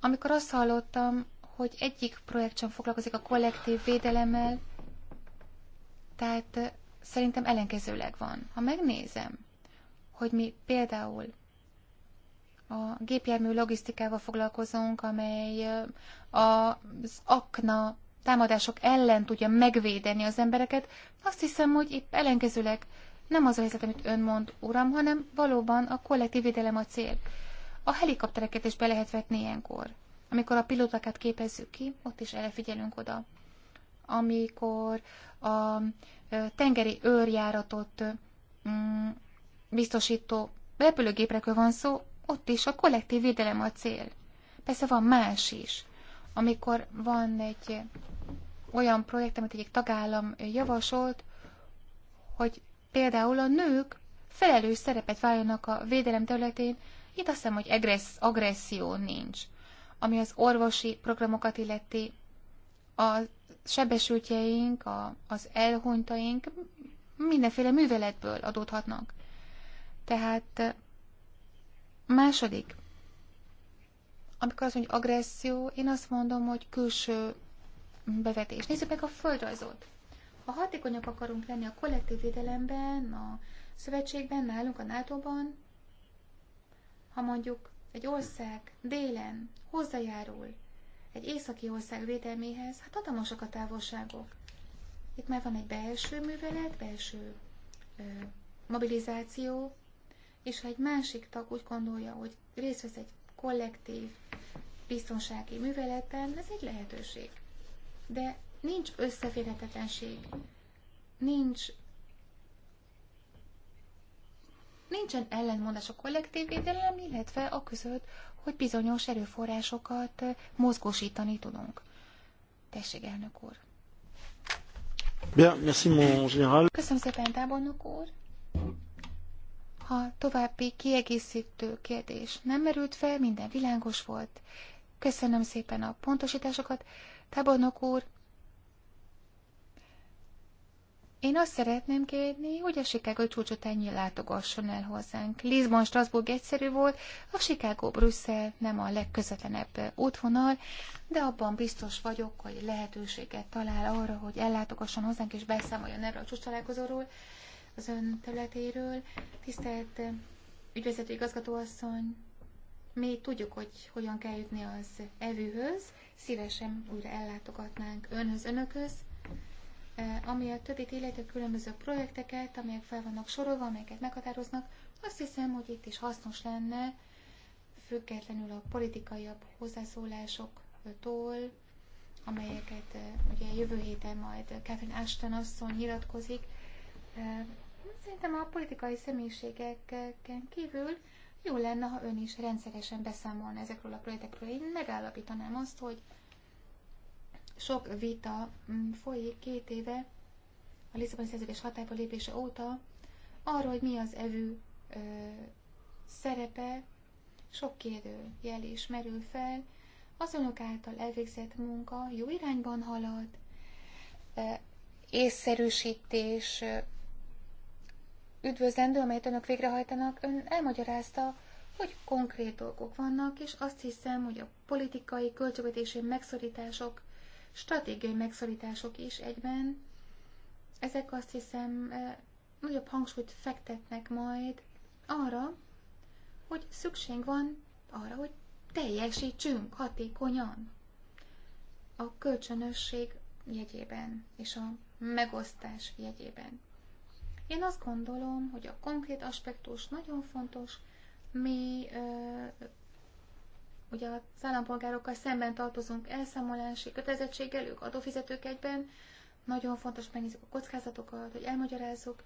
Amikor azt hallottam, hogy egyik projekt sem foglalkozik a kollektív védelemmel, tehát szerintem ellenkezőleg van. Ha megnézem, hogy mi például a gépjármű logisztikával foglalkozunk, amely az akna támadások ellen tudja megvédeni az embereket, azt hiszem, hogy épp ellenkezőleg nem az a helyzet, amit ön mond, uram, hanem valóban a kollektív védelem a cél. A helikoptereket is be lehet vetni ilyenkor. Amikor a pilótákat képezzük ki, ott is elfigyelünk oda. Amikor a tengeri őrjáratot mm, biztosító repülőgépekről van szó, ott is a kollektív védelem a cél. Persze van más is. Amikor van egy olyan projekt, amit egyik tagállam javasolt, hogy például a nők felelős szerepet váljanak a védelem területén, itt azt hiszem, hogy egressz, agresszió nincs. Ami az orvosi programokat illeti, a sebesültjeink, a, az elhunytaink mindenféle műveletből adódhatnak. Tehát második, amikor azt hogy agresszió, én azt mondom, hogy külső bevetés. Nézzük meg a földrajzot. Ha hatékonyak akarunk lenni a kollektív védelemben, a szövetségben, nálunk a NATO-ban, ha mondjuk egy ország délen hozzájárul egy északi ország védelméhez, hát hatalmasak a távolságok. Itt már van egy belső művelet, belső ö, mobilizáció, és ha egy másik tag úgy gondolja, hogy részt vesz egy kollektív biztonsági műveletben, ez egy lehetőség. De Nincs összeférhetetlenség, nincs nincsen ellentmondás a kollektív védelem, illetve a között, hogy bizonyos erőforrásokat mozgósítani tudunk. Tessék, elnök úr! Bien, merci, mon général. Köszönöm szépen, tábornok úr! Ha további kiegészítő kérdés nem merült fel, minden világos volt. Köszönöm szépen a pontosításokat. Tábornok úr, én azt szeretném kérni, hogy a Sikágoi csúcs után látogasson el hozzánk. Lisbon, Strasbourg egyszerű volt, a Sikágó, Brüsszel nem a legközvetlenebb útvonal, de abban biztos vagyok, hogy lehetőséget talál arra, hogy ellátogasson hozzánk és beszámoljon erről a csúcs találkozóról, az ön területéről. Tisztelt eh, ügyvezető igazgatóasszony, mi tudjuk, hogy hogyan kell jutni az evőhöz, szívesen újra ellátogatnánk önhöz, önökhöz, ami a többit illeti különböző projekteket, amelyek fel vannak sorolva, amelyeket meghatároznak, azt hiszem, hogy itt is hasznos lenne, függetlenül a politikaiabb hozzászólásoktól, amelyeket ugye jövő héten majd Catherine Ashton asszony nyilatkozik. Szerintem a politikai személyiségeken kívül jó lenne, ha ön is rendszeresen beszámolna ezekről a projektekről. Én megállapítanám azt, hogy sok vita mm, folyik két éve a Lisszaboni szerződés hatályba lépése óta arról, hogy mi az evő ö, szerepe, sok kérdő jel is merül fel, azonok által elvégzett munka jó irányban halad, észszerűsítés üdvözlendő, amelyet önök végrehajtanak, ön elmagyarázta, hogy konkrét dolgok vannak, és azt hiszem, hogy a politikai költségvetési megszorítások stratégiai megszorítások is egyben. Ezek azt hiszem eh, nagyobb hangsúlyt fektetnek majd arra, hogy szükség van arra, hogy teljesítsünk hatékonyan a kölcsönösség jegyében és a megosztás jegyében. Én azt gondolom, hogy a konkrét aspektus nagyon fontos, mi ö, eh, hogy az állampolgárokkal szemben tartozunk elszámolási kötelezettséggel, ők adófizetők egyben. Nagyon fontos megnézzük a kockázatokat, hogy elmagyarázzuk.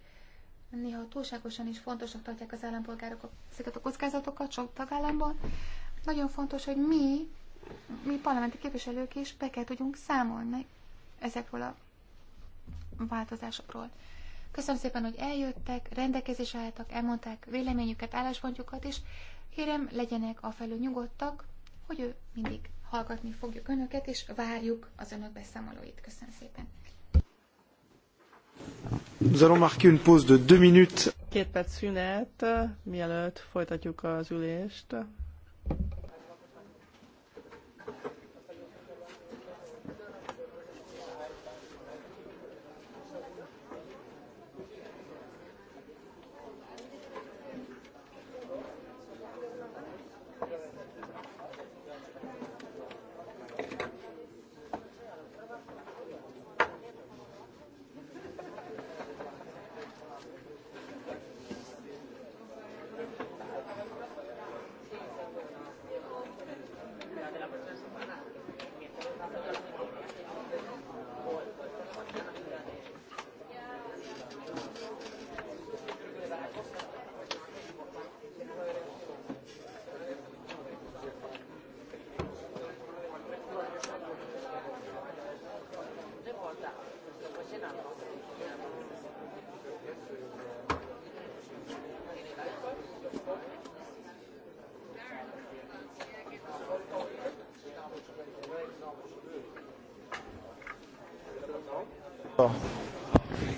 Néha túlságosan is fontosnak tartják az állampolgárok ezeket a kockázatokat sok tagállamban. Nagyon fontos, hogy mi, mi parlamenti képviselők is be kell tudjunk számolni ezekről a változásokról. Köszönöm szépen, hogy eljöttek, rendelkezésre álltak, elmondták véleményüket, álláspontjukat, is, kérem, legyenek afelől nyugodtak, hogy ő mindig hallgatni fogjuk önöket, és várjuk az önök beszámolóit. Köszönöm szépen. Nous allons marquer une pause de deux minutes. Két perc szünet, mielőtt folytatjuk az ülést.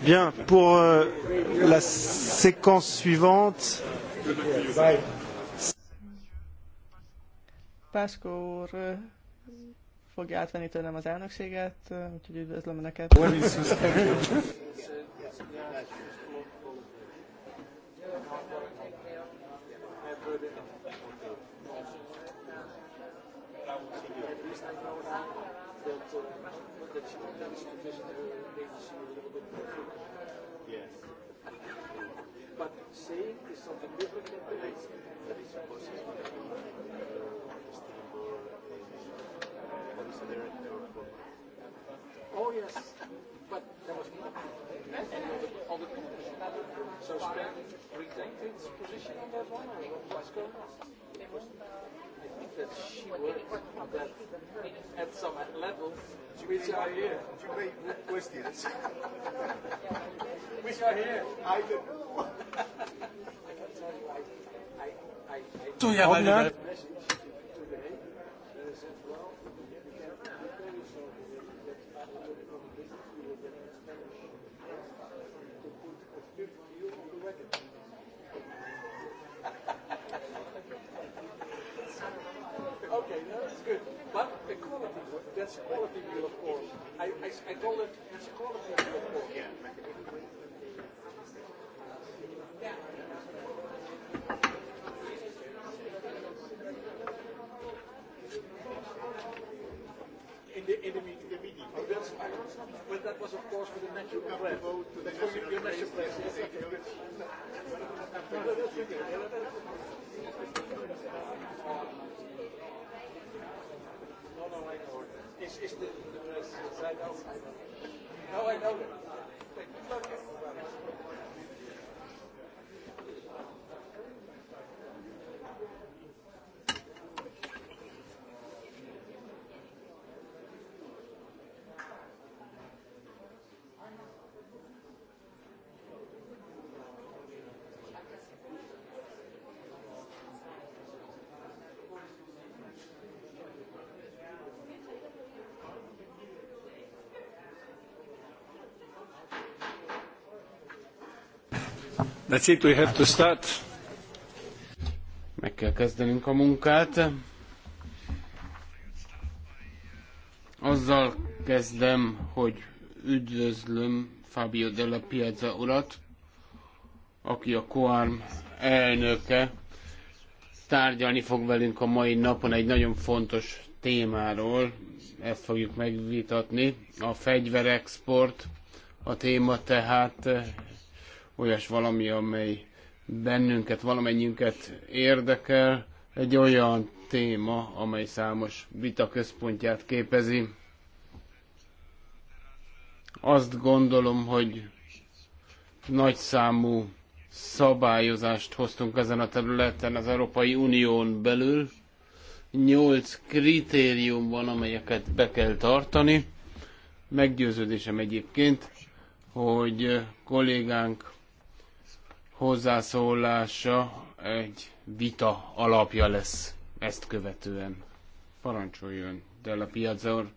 Bien, pour euh, la séquence suivante. Pászkó úr fogja átvenni tőlem az elnökséget, úgyhogy üdvözlöm neked. that uh, that she would manage to visit her agency a little bit more Yes. but saying is something different than doing. That is possible. Oh yes, but there was more on the Congress. So Spain retained its position on that one, or what going on? that she worked that at some levels which are here. Today, questions. which are here. I don't know. I, I, I, I, I, I, I, I, I, I, I, That's a quality rule, of course. I, I, I call it that's a quality rule, of course. Yeah. yeah. In the, in the meeting, the meeting. Oh, that's fine. But that was, of course, for the national you plan. Vote to the for national your national plan. Yes, that's good. No, that's good. is, is the, the president. I know. No, I know that. Okay. That's it, we have to start. Meg kell kezdenünk a munkát. Azzal kezdem, hogy üdvözlöm Fabio della Piazza urat, aki a Coarm elnöke. Tárgyalni fog velünk a mai napon egy nagyon fontos témáról, ezt fogjuk megvitatni, a fegyverexport, a téma tehát olyas valami, amely bennünket, valamennyünket érdekel, egy olyan téma, amely számos vita központját képezi. Azt gondolom, hogy nagy számú szabályozást hoztunk ezen a területen az Európai Unión belül. Nyolc kritérium van, amelyeket be kell tartani. Meggyőződésem egyébként, hogy kollégánk hozzászólása egy vita alapja lesz ezt követően. Parancsoljon, Della Piazzor.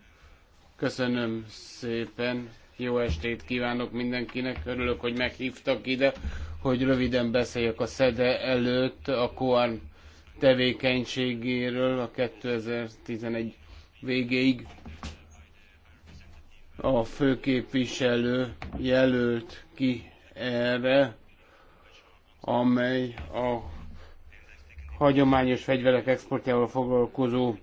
Köszönöm szépen, jó estét kívánok mindenkinek, örülök, hogy meghívtak ide, hogy röviden beszéljek a SZEDE előtt a Koan tevékenységéről a 2011 végéig. A főképviselő jelölt ki erre amely a hagyományos fegyverek exportjával foglalkozó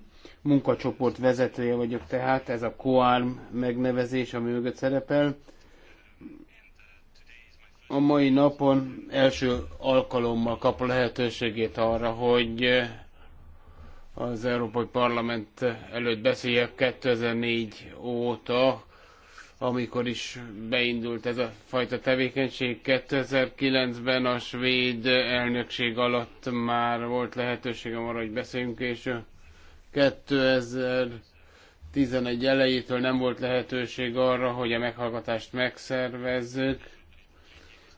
munkacsoport vezetője vagyok tehát, ez a COARM megnevezés, ami mögött szerepel. A mai napon első alkalommal kap a lehetőségét arra, hogy az Európai Parlament előtt beszéljek 2004 óta amikor is beindult ez a fajta tevékenység. 2009-ben a svéd elnökség alatt már volt lehetőségem arra, hogy beszéljünk, és 2011 elejétől nem volt lehetőség arra, hogy a meghallgatást megszervezzük.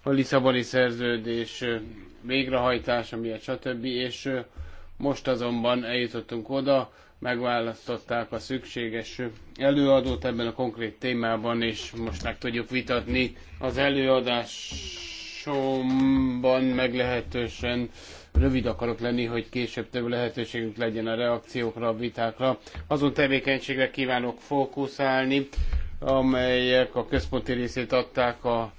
A Lisszaboni szerződés végrehajtása miatt, stb. És most azonban eljutottunk oda, megválasztották a szükséges előadót ebben a konkrét témában, és most meg tudjuk vitatni az előadásomban meglehetősen rövid akarok lenni, hogy később több lehetőségünk legyen a reakciókra, a vitákra. Azon tevékenységre kívánok fókuszálni, amelyek a központi részét adták a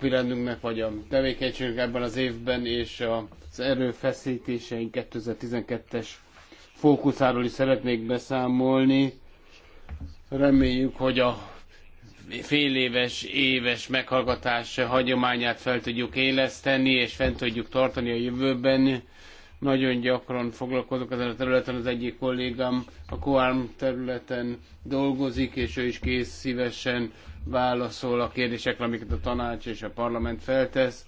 rendünknek, vagy a tevékenységünk ebben az évben, és az erőfeszítéseink 2012-es fókuszáról is szeretnék beszámolni. Reméljük, hogy a féléves, éves meghallgatás hagyományát fel tudjuk éleszteni, és fent tudjuk tartani a jövőben. Nagyon gyakran foglalkozok ezen a területen, az egyik kollégám a Coarm területen dolgozik, és ő is kész szívesen válaszol a kérdésekre, amiket a tanács és a parlament feltesz.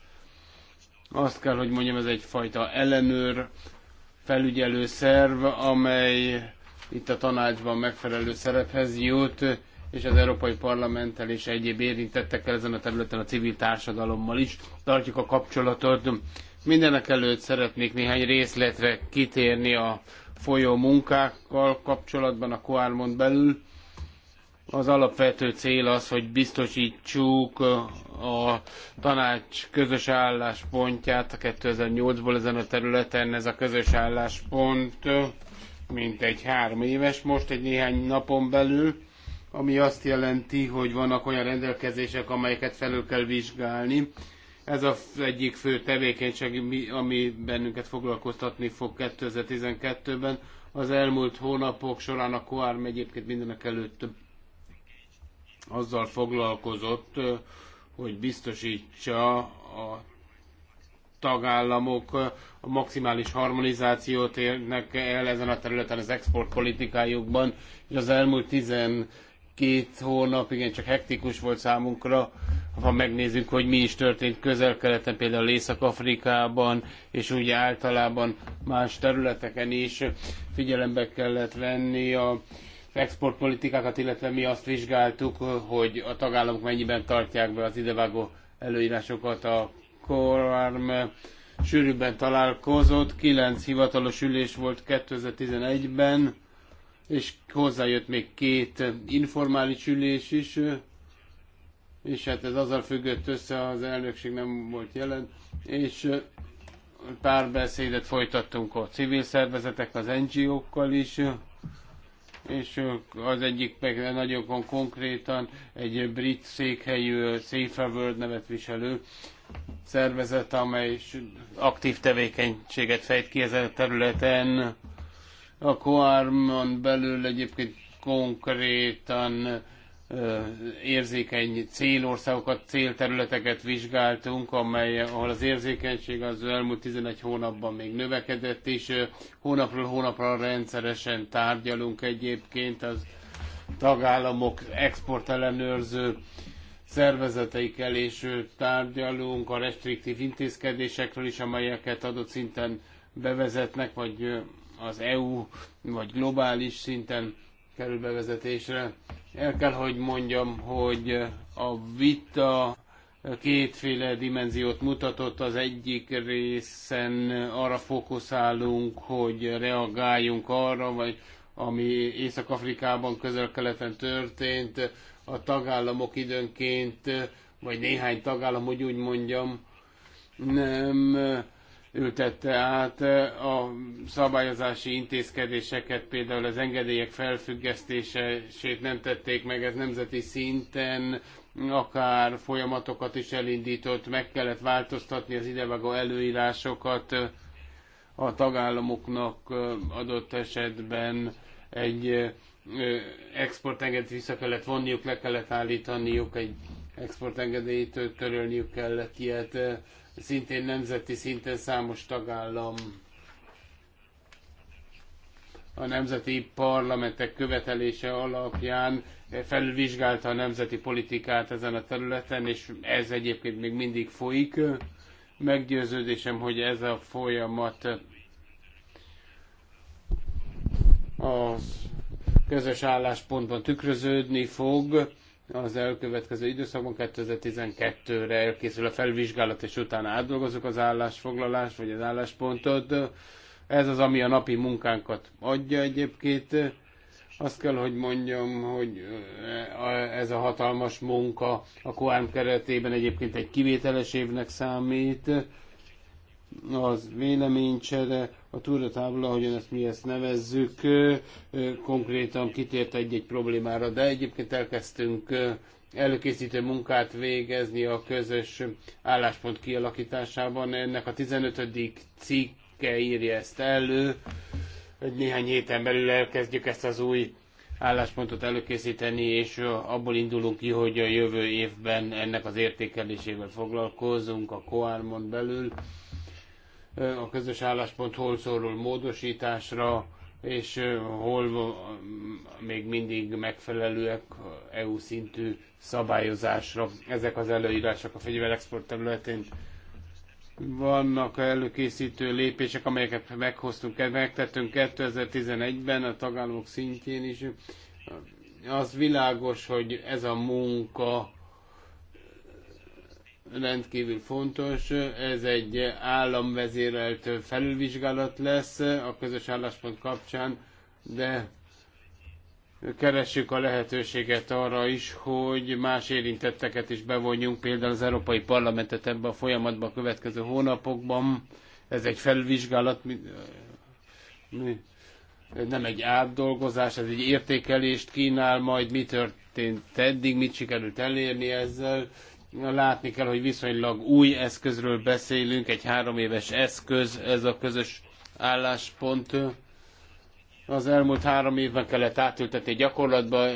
Azt kell, hogy mondjam, ez egyfajta ellenőr felügyelő szerv, amely itt a tanácsban megfelelő szerephez jut, és az Európai Parlamenttel és egyéb érintettekkel ezen a területen a civil társadalommal is tartjuk a kapcsolatot. Mindenek előtt szeretnék néhány részletre kitérni a folyó munkákkal kapcsolatban a Koármon belül. Az alapvető cél az, hogy biztosítsuk a tanács közös álláspontját 2008-ból ezen a területen. Ez a közös álláspont mint egy három éves most, egy néhány napon belül, ami azt jelenti, hogy vannak olyan rendelkezések, amelyeket felül kell vizsgálni. Ez az egyik fő tevékenység, ami bennünket foglalkoztatni fog 2012-ben. Az elmúlt hónapok során a Koárm egyébként mindenek előtt azzal foglalkozott, hogy biztosítsa a tagállamok a maximális harmonizációt érnek el ezen a területen az exportpolitikájukban, és az elmúlt 12 hónap igen csak hektikus volt számunkra, ha megnézzük, hogy mi is történt közel-keleten, például Észak-Afrikában, és úgy általában más területeken is figyelembe kellett venni a exportpolitikákat, illetve mi azt vizsgáltuk, hogy a tagállamok mennyiben tartják be az idevágó előírásokat. A korm sűrűbben találkozott, kilenc hivatalos ülés volt 2011-ben, és hozzájött még két informális ülés is, és hát ez azzal függött össze, az elnökség nem volt jelen, és párbeszédet folytattunk a civil szervezetek, az NGO-kkal is, és az egyik meg nagyon konkrétan egy brit székhelyű Safer World nevet viselő szervezet, amely aktív tevékenységet fejt ki ezen a területen. A Coarmon belül egyébként konkrétan érzékeny célországokat, célterületeket vizsgáltunk, amely, ahol az érzékenység az elmúlt 11 hónapban még növekedett, és hónapról hónapra rendszeresen tárgyalunk egyébként az tagállamok exportellenőrző szervezeteikkel, és tárgyalunk a restriktív intézkedésekről is, amelyeket adott szinten bevezetnek, vagy az EU, vagy globális szinten kerül bevezetésre. El kell, hogy mondjam, hogy a vita kétféle dimenziót mutatott. Az egyik részen arra fókuszálunk, hogy reagáljunk arra, vagy ami Észak-Afrikában, közel-keleten történt, a tagállamok időnként, vagy néhány tagállam, hogy úgy mondjam, nem ültette át a szabályozási intézkedéseket, például az engedélyek felfüggesztését nem tették meg, ez nemzeti szinten akár folyamatokat is elindított, meg kellett változtatni az idevágó előírásokat a tagállamoknak adott esetben egy exportengedélyt vissza kellett vonniuk, le kellett állítaniuk, egy exportengedélyt törölniük kellett ilyet szintén nemzeti szinten számos tagállam a nemzeti parlamentek követelése alapján felvizsgálta a nemzeti politikát ezen a területen, és ez egyébként még mindig folyik. Meggyőződésem, hogy ez a folyamat az közös álláspontban tükröződni fog, az elkövetkező időszakban 2012-re elkészül a felvizsgálat, és utána átdolgozunk az állásfoglalás, vagy az álláspontot. Ez az, ami a napi munkánkat adja egyébként. Azt kell, hogy mondjam, hogy ez a hatalmas munka a Koán keretében egyébként egy kivételes évnek számít. Az véleménycsere, a túratábla, ahogyan ezt mi ezt nevezzük, konkrétan kitért egy-egy problémára, de egyébként elkezdtünk előkészítő munkát végezni a közös álláspont kialakításában. Ennek a 15. cikke írja ezt elő, hogy néhány héten belül elkezdjük ezt az új álláspontot előkészíteni, és abból indulunk ki, hogy a jövő évben ennek az értékelésével foglalkozunk a Koármon belül a közös álláspont hol szorul módosításra, és hol még mindig megfelelőek EU szintű szabályozásra ezek az előírások a fegyverexport területén. Vannak előkészítő lépések, amelyeket meghoztunk, megtettünk 2011-ben a tagállamok szintjén is. Az világos, hogy ez a munka rendkívül fontos. Ez egy államvezérelt felülvizsgálat lesz a közös álláspont kapcsán, de keressük a lehetőséget arra is, hogy más érintetteket is bevonjunk, például az Európai Parlamentet ebbe a folyamatba a következő hónapokban. Ez egy felvizsgálat, nem egy átdolgozás, ez egy értékelést kínál majd, mi történt eddig, mit sikerült elérni ezzel, látni kell, hogy viszonylag új eszközről beszélünk, egy három éves eszköz, ez a közös álláspont. Az elmúlt három évben kellett átültetni gyakorlatba,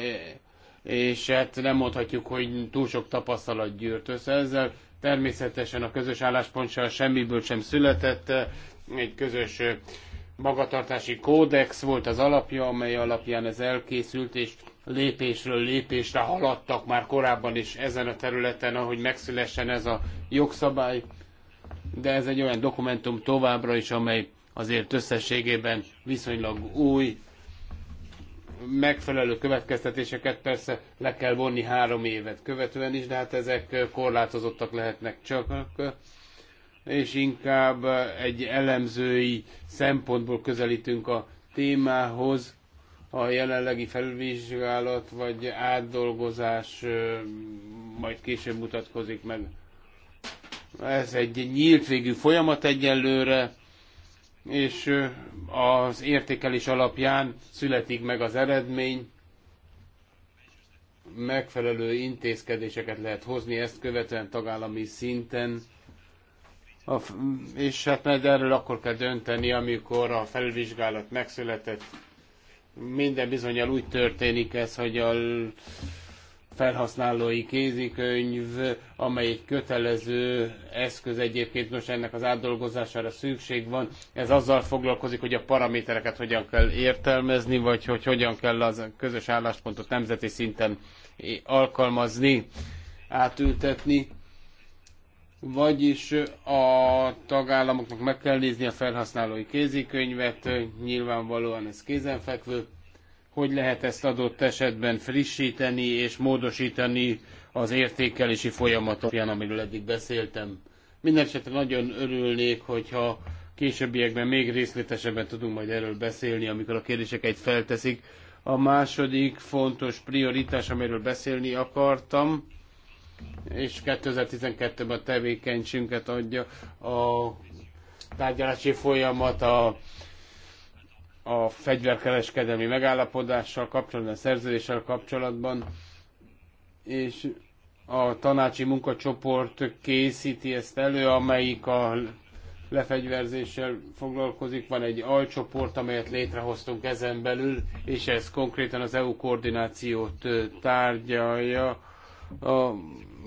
és hát nem mondhatjuk, hogy túl sok tapasztalat gyűrt össze ezzel. Természetesen a közös álláspont semmiből sem született, egy közös magatartási kódex volt az alapja, amely alapján ez elkészült, és lépésről lépésre haladtak már korábban is ezen a területen, ahogy megszülessen ez a jogszabály, de ez egy olyan dokumentum továbbra is, amely azért összességében viszonylag új, megfelelő következtetéseket persze le kell vonni három évet követően is, de hát ezek korlátozottak lehetnek csak, és inkább egy elemzői szempontból közelítünk a témához, a jelenlegi felvizsgálat vagy átdolgozás majd később mutatkozik meg. Ez egy nyílt végű folyamat egyelőre, és az értékelés alapján születik meg az eredmény, megfelelő intézkedéseket lehet hozni ezt követően tagállami szinten, a, és hát mert erről akkor kell dönteni, amikor a felvizsgálat megszületett, minden bizonyal úgy történik ez, hogy a felhasználói kézikönyv, amely egy kötelező eszköz egyébként, most ennek az átdolgozására szükség van. Ez azzal foglalkozik, hogy a paramétereket hogyan kell értelmezni, vagy hogy hogyan kell az közös álláspontot nemzeti szinten alkalmazni, átültetni vagyis a tagállamoknak meg kell nézni a felhasználói kézikönyvet, nyilvánvalóan ez kézenfekvő, hogy lehet ezt adott esetben frissíteni és módosítani az értékelési folyamatokján, amiről eddig beszéltem. Mindenesetre nagyon örülnék, hogyha későbbiekben még részletesebben tudunk majd erről beszélni, amikor a kérdéseket felteszik. A második fontos prioritás, amiről beszélni akartam, és 2012-ben a tevékenységünket adja a tárgyalási folyamat a, a fegyverkereskedelmi megállapodással kapcsolatban, a szerződéssel kapcsolatban, és a tanácsi munkacsoport készíti ezt elő, amelyik a lefegyverzéssel foglalkozik. Van egy alcsoport, amelyet létrehoztunk ezen belül, és ez konkrétan az EU koordinációt tárgyalja a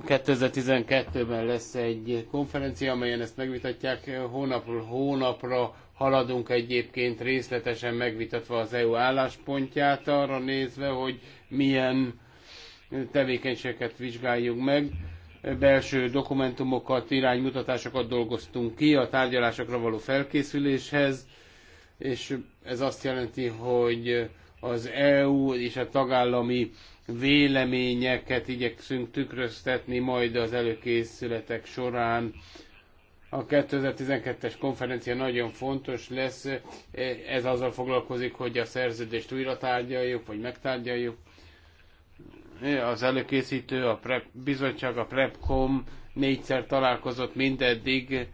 2012-ben lesz egy konferencia, amelyen ezt megvitatják. Hónapról hónapra haladunk egyébként részletesen megvitatva az EU álláspontját, arra nézve, hogy milyen tevékenységeket vizsgáljuk meg. Belső dokumentumokat, iránymutatásokat dolgoztunk ki a tárgyalásokra való felkészüléshez, és ez azt jelenti, hogy az EU és a tagállami véleményeket igyekszünk tükröztetni majd az előkészületek során. A 2012-es konferencia nagyon fontos lesz, ez azzal foglalkozik, hogy a szerződést újra tárgyaljuk, vagy megtárgyaljuk. Az előkészítő, a prep, bizottság, a PrepCom négyszer találkozott mindeddig,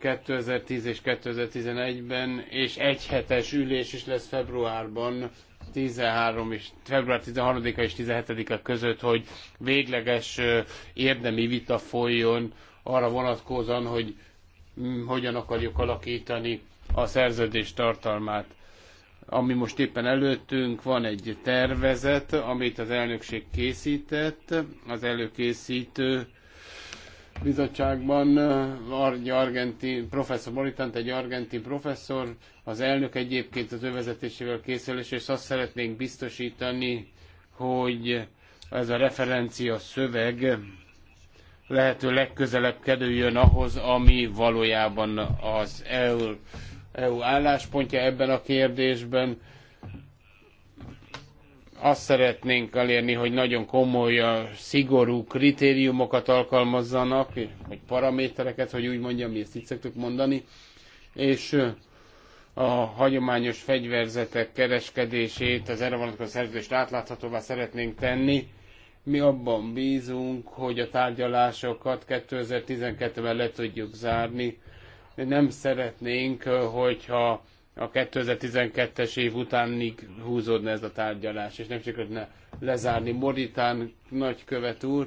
2010 és 2011-ben, és egy hetes ülés is lesz februárban 13 és február 13-a és 17 a között, hogy végleges érdemi vita folyjon arra vonatkozóan, hogy mm, hogyan akarjuk alakítani a szerződés tartalmát. Ami most éppen előttünk, van egy tervezet, amit az elnökség készített, az előkészítő bizottságban eh, argentin professzor Moritant, egy argentin professzor, az elnök egyébként az ő vezetésével készül, és azt szeretnénk biztosítani, hogy ez a referencia szöveg lehető legközelebb kerüljön ahhoz, ami valójában az EU, EU álláspontja ebben a kérdésben, azt szeretnénk elérni, hogy nagyon komoly, szigorú kritériumokat alkalmazzanak, vagy paramétereket, hogy úgy mondjam, mi ezt így szoktuk mondani, és a hagyományos fegyverzetek kereskedését, az erre vonatkozó szerződést átláthatóvá szeretnénk tenni. Mi abban bízunk, hogy a tárgyalásokat 2012-ben le tudjuk zárni. De nem szeretnénk, hogyha a 2012-es év utánig húzódna ez a tárgyalás, és nem ne lezárni. Moritán nagykövet úr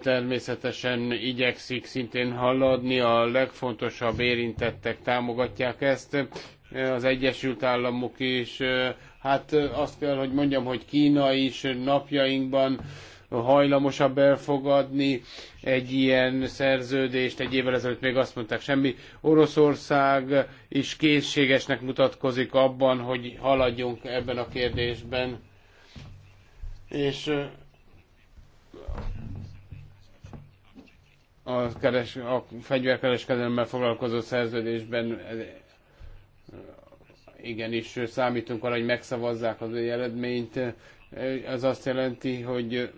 természetesen igyekszik szintén haladni, a legfontosabb érintettek támogatják ezt, az Egyesült Államok is, hát azt kell, hogy mondjam, hogy Kína is napjainkban hajlamosabb elfogadni egy ilyen szerződést. Egy évvel ezelőtt még azt mondták semmi. Oroszország is készségesnek mutatkozik abban, hogy haladjunk ebben a kérdésben. És a, keres, a fegyverkereskedelemmel foglalkozó szerződésben igenis számítunk arra, hogy megszavazzák az eredményt. Ez azt jelenti, hogy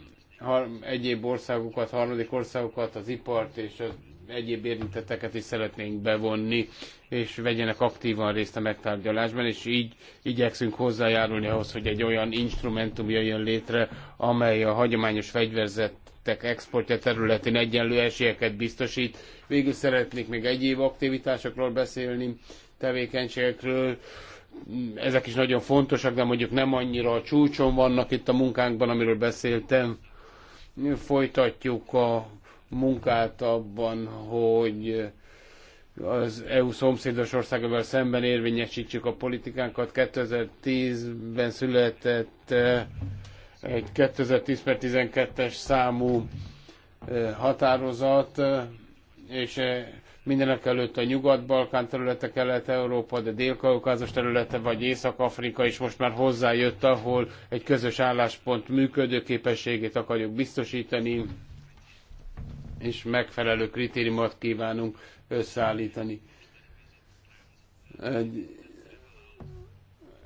egyéb országokat, harmadik országokat, az ipart és az egyéb érintetteket is szeretnénk bevonni, és vegyenek aktívan részt a megtárgyalásban, és így igyekszünk hozzájárulni ahhoz, hogy egy olyan instrumentum jöjjön létre, amely a hagyományos fegyverzetek exportja területén egyenlő esélyeket biztosít. Végül szeretnék még egyéb aktivitásokról beszélni, tevékenységekről, ezek is nagyon fontosak, de mondjuk nem annyira a csúcson vannak itt a munkánkban, amiről beszéltem Folytatjuk a munkát abban, hogy az EU szomszédos országokkal szemben érvényesítsük a politikánkat. 2010-ben született eh, egy 2010 per 12-es számú eh, határozat, eh, és Mindenek előtt a Nyugat-Balkán területe, Kelet-Európa, de Dél-Kaukázus területe, vagy Észak-Afrika is most már hozzájött, ahol egy közös álláspont működőképességét akarjuk biztosítani, és megfelelő kritériumot kívánunk összeállítani. Egy,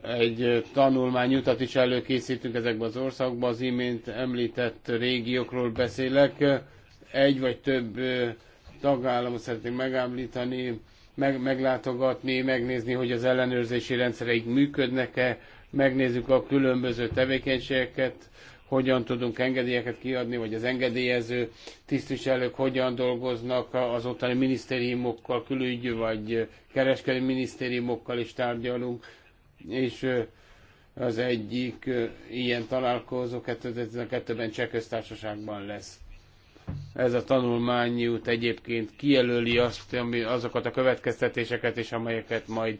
egy tanulmányutat is előkészítünk ezekben az országokban, az imént említett régiókról beszélek, egy vagy több tagállamot szeretnénk megállítani, meg, meglátogatni, megnézni, hogy az ellenőrzési rendszereik működnek-e, megnézzük a különböző tevékenységeket, hogyan tudunk engedélyeket kiadni, vagy az engedélyező tisztviselők hogyan dolgoznak az ottani minisztériumokkal, külügy vagy kereskedő minisztériumokkal is tárgyalunk, és az egyik ilyen találkozó 2012-ben Cseh köztársaságban lesz. Ez a tanulmány út egyébként kijelöli azt, ami, azokat a következtetéseket is, amelyeket majd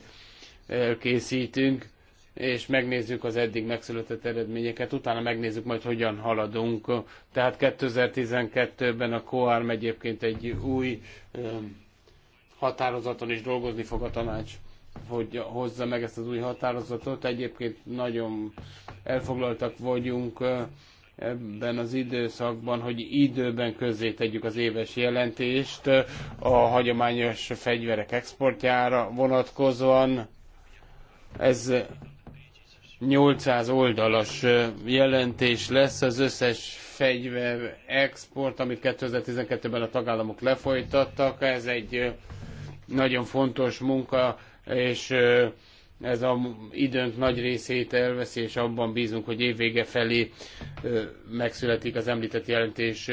elkészítünk, és megnézzük az eddig megszületett eredményeket, utána megnézzük majd, hogyan haladunk. Tehát 2012-ben a COARM egyébként egy új határozaton is dolgozni fog a tanács, hogy hozza meg ezt az új határozatot. Egyébként nagyon elfoglaltak vagyunk ebben az időszakban, hogy időben közzé tegyük az éves jelentést a hagyományos fegyverek exportjára vonatkozóan. Ez 800 oldalas jelentés lesz az összes fegyver export, amit 2012-ben a tagállamok lefolytattak. Ez egy nagyon fontos munka, és ez a időnk nagy részét elveszi, és abban bízunk, hogy évvége felé megszületik az említett jelentés.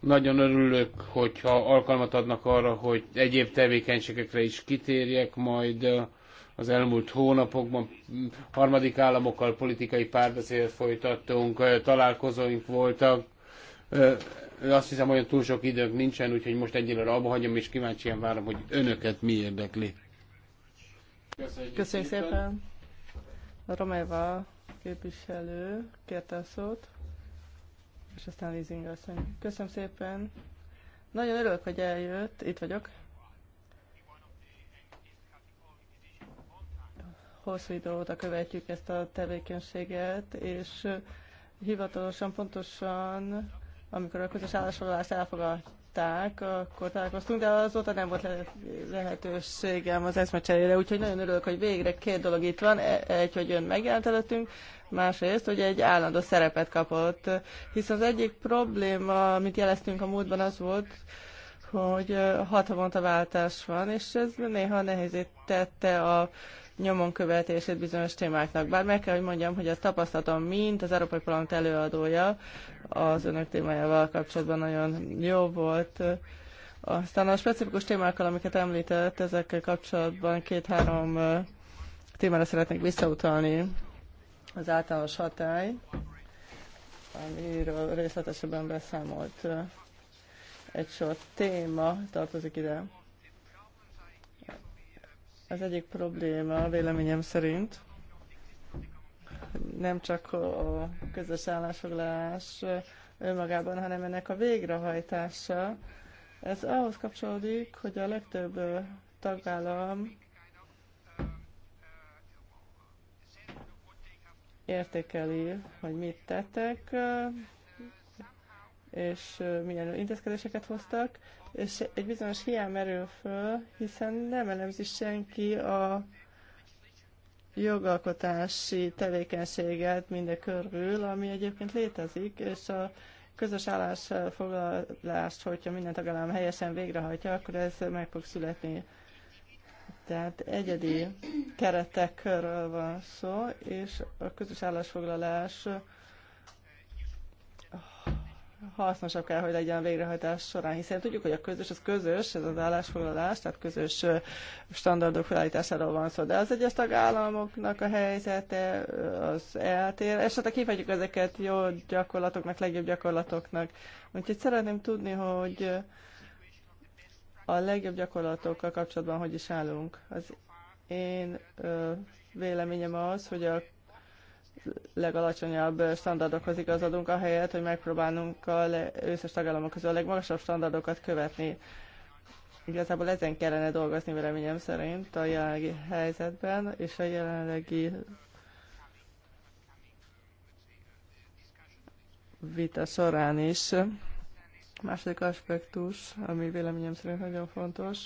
Nagyon örülök, hogyha alkalmat adnak arra, hogy egyéb tevékenységekre is kitérjek majd az elmúlt hónapokban. Harmadik államokkal politikai párbeszédet folytattunk, találkozóink voltak. Azt hiszem, hogy túl sok időnk nincsen, úgyhogy most egyelőre abba hagyom, és kíváncsian várom, hogy önöket mi érdekli. Köszönjük, Köszönjük szépen. szépen. Romeva képviselő kérte a szót, és aztán Lizing asszony. Köszönöm szépen. Nagyon örülök, hogy eljött. Itt vagyok. Hosszú idő óta követjük ezt a tevékenységet, és hivatalosan pontosan amikor a közös állásfoglalást elfogad, meghívták, akkor találkoztunk, de azóta nem volt lehetőségem az eszmecserére, úgyhogy nagyon örülök, hogy végre két dolog itt van. E-, egy, hogy ön megjelent előttünk, másrészt, hogy egy állandó szerepet kapott. Hiszen az egyik probléma, amit jeleztünk a múltban, az volt, hogy hat havonta váltás van, és ez néha nehézét tette a nyomon követését bizonyos témáknak. Bár meg kell, hogy mondjam, hogy a tapasztalatom, mint az Európai Parlament előadója az önök témájával kapcsolatban nagyon jó volt. Aztán a specifikus témákkal, amiket említett, ezekkel kapcsolatban két-három témára szeretnék visszautalni. Az általános hatály, amiről részletesebben beszámolt egy sor téma tartozik ide. Az egyik probléma véleményem szerint nem csak a közös állásfoglalás önmagában, hanem ennek a végrehajtása. Ez ahhoz kapcsolódik, hogy a legtöbb tagállam értékeli, hogy mit tettek, és milyen intézkedéseket hoztak, és egy bizonyos hiány merül föl, hiszen nem elemzi senki a jogalkotási tevékenységet mindekörül, ami egyébként létezik, és a közös állásfoglalást, hogyha minden tagállam helyesen végrehajtja, akkor ez meg fog születni. Tehát egyedi keretekről van szó, és a közös állásfoglalás hasznosabb kell, hogy legyen a végrehajtás során, hiszen tudjuk, hogy a közös az közös, ez az állásfoglalás, tehát közös standardok felállításáról van szó, de az egyes tagállamoknak a helyzete az eltér, esetleg kifejtjük ezeket jó gyakorlatoknak, legjobb gyakorlatoknak. Úgyhogy szeretném tudni, hogy a legjobb gyakorlatokkal kapcsolatban hogy is állunk. Az én véleményem az, hogy a legalacsonyabb standardokhoz igazodunk, ahelyett, hogy megpróbálunk az összes tagállamok közül a legmagasabb standardokat követni. Igazából ezen kellene dolgozni véleményem szerint a jelenlegi helyzetben, és a jelenlegi vita során is. Második aspektus, ami véleményem szerint nagyon fontos,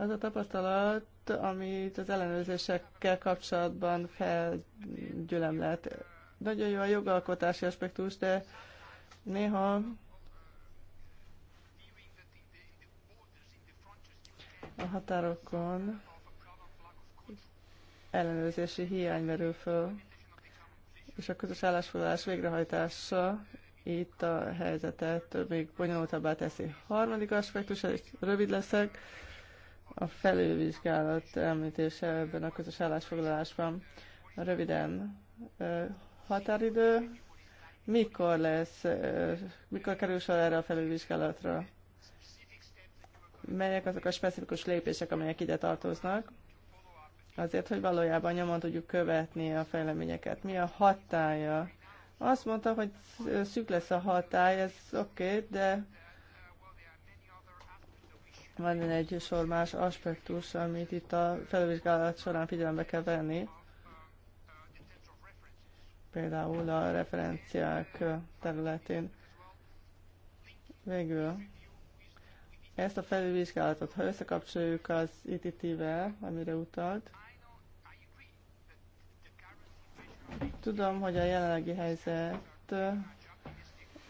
Az a tapasztalat, amit az ellenőrzésekkel kapcsolatban felgyülemlett. Nagyon jó a jogalkotási aspektus, de néha a határokon ellenőrzési hiány merül föl, és a közös állásfoglalás végrehajtása itt a helyzetet még bonyolultabbá teszi. Harmadik aspektus, egy rövid leszek, a felülvizsgálat említése ebben a közös állásfoglalásban. Röviden, határidő, mikor lesz, mikor kerül sor erre a felülvizsgálatra? Melyek azok a specifikus lépések, amelyek ide tartoznak? Azért, hogy valójában nyomon tudjuk követni a fejleményeket. Mi a hatája? Azt mondta, hogy szűk lesz a hatály, ez oké, okay, de van egy sor más aspektus, amit itt a felvizsgálat során figyelembe kell venni. Például a referenciák területén. Végül ezt a felülvizsgálatot, ha összekapcsoljuk az ITT-vel, amire utalt, tudom, hogy a jelenlegi helyzet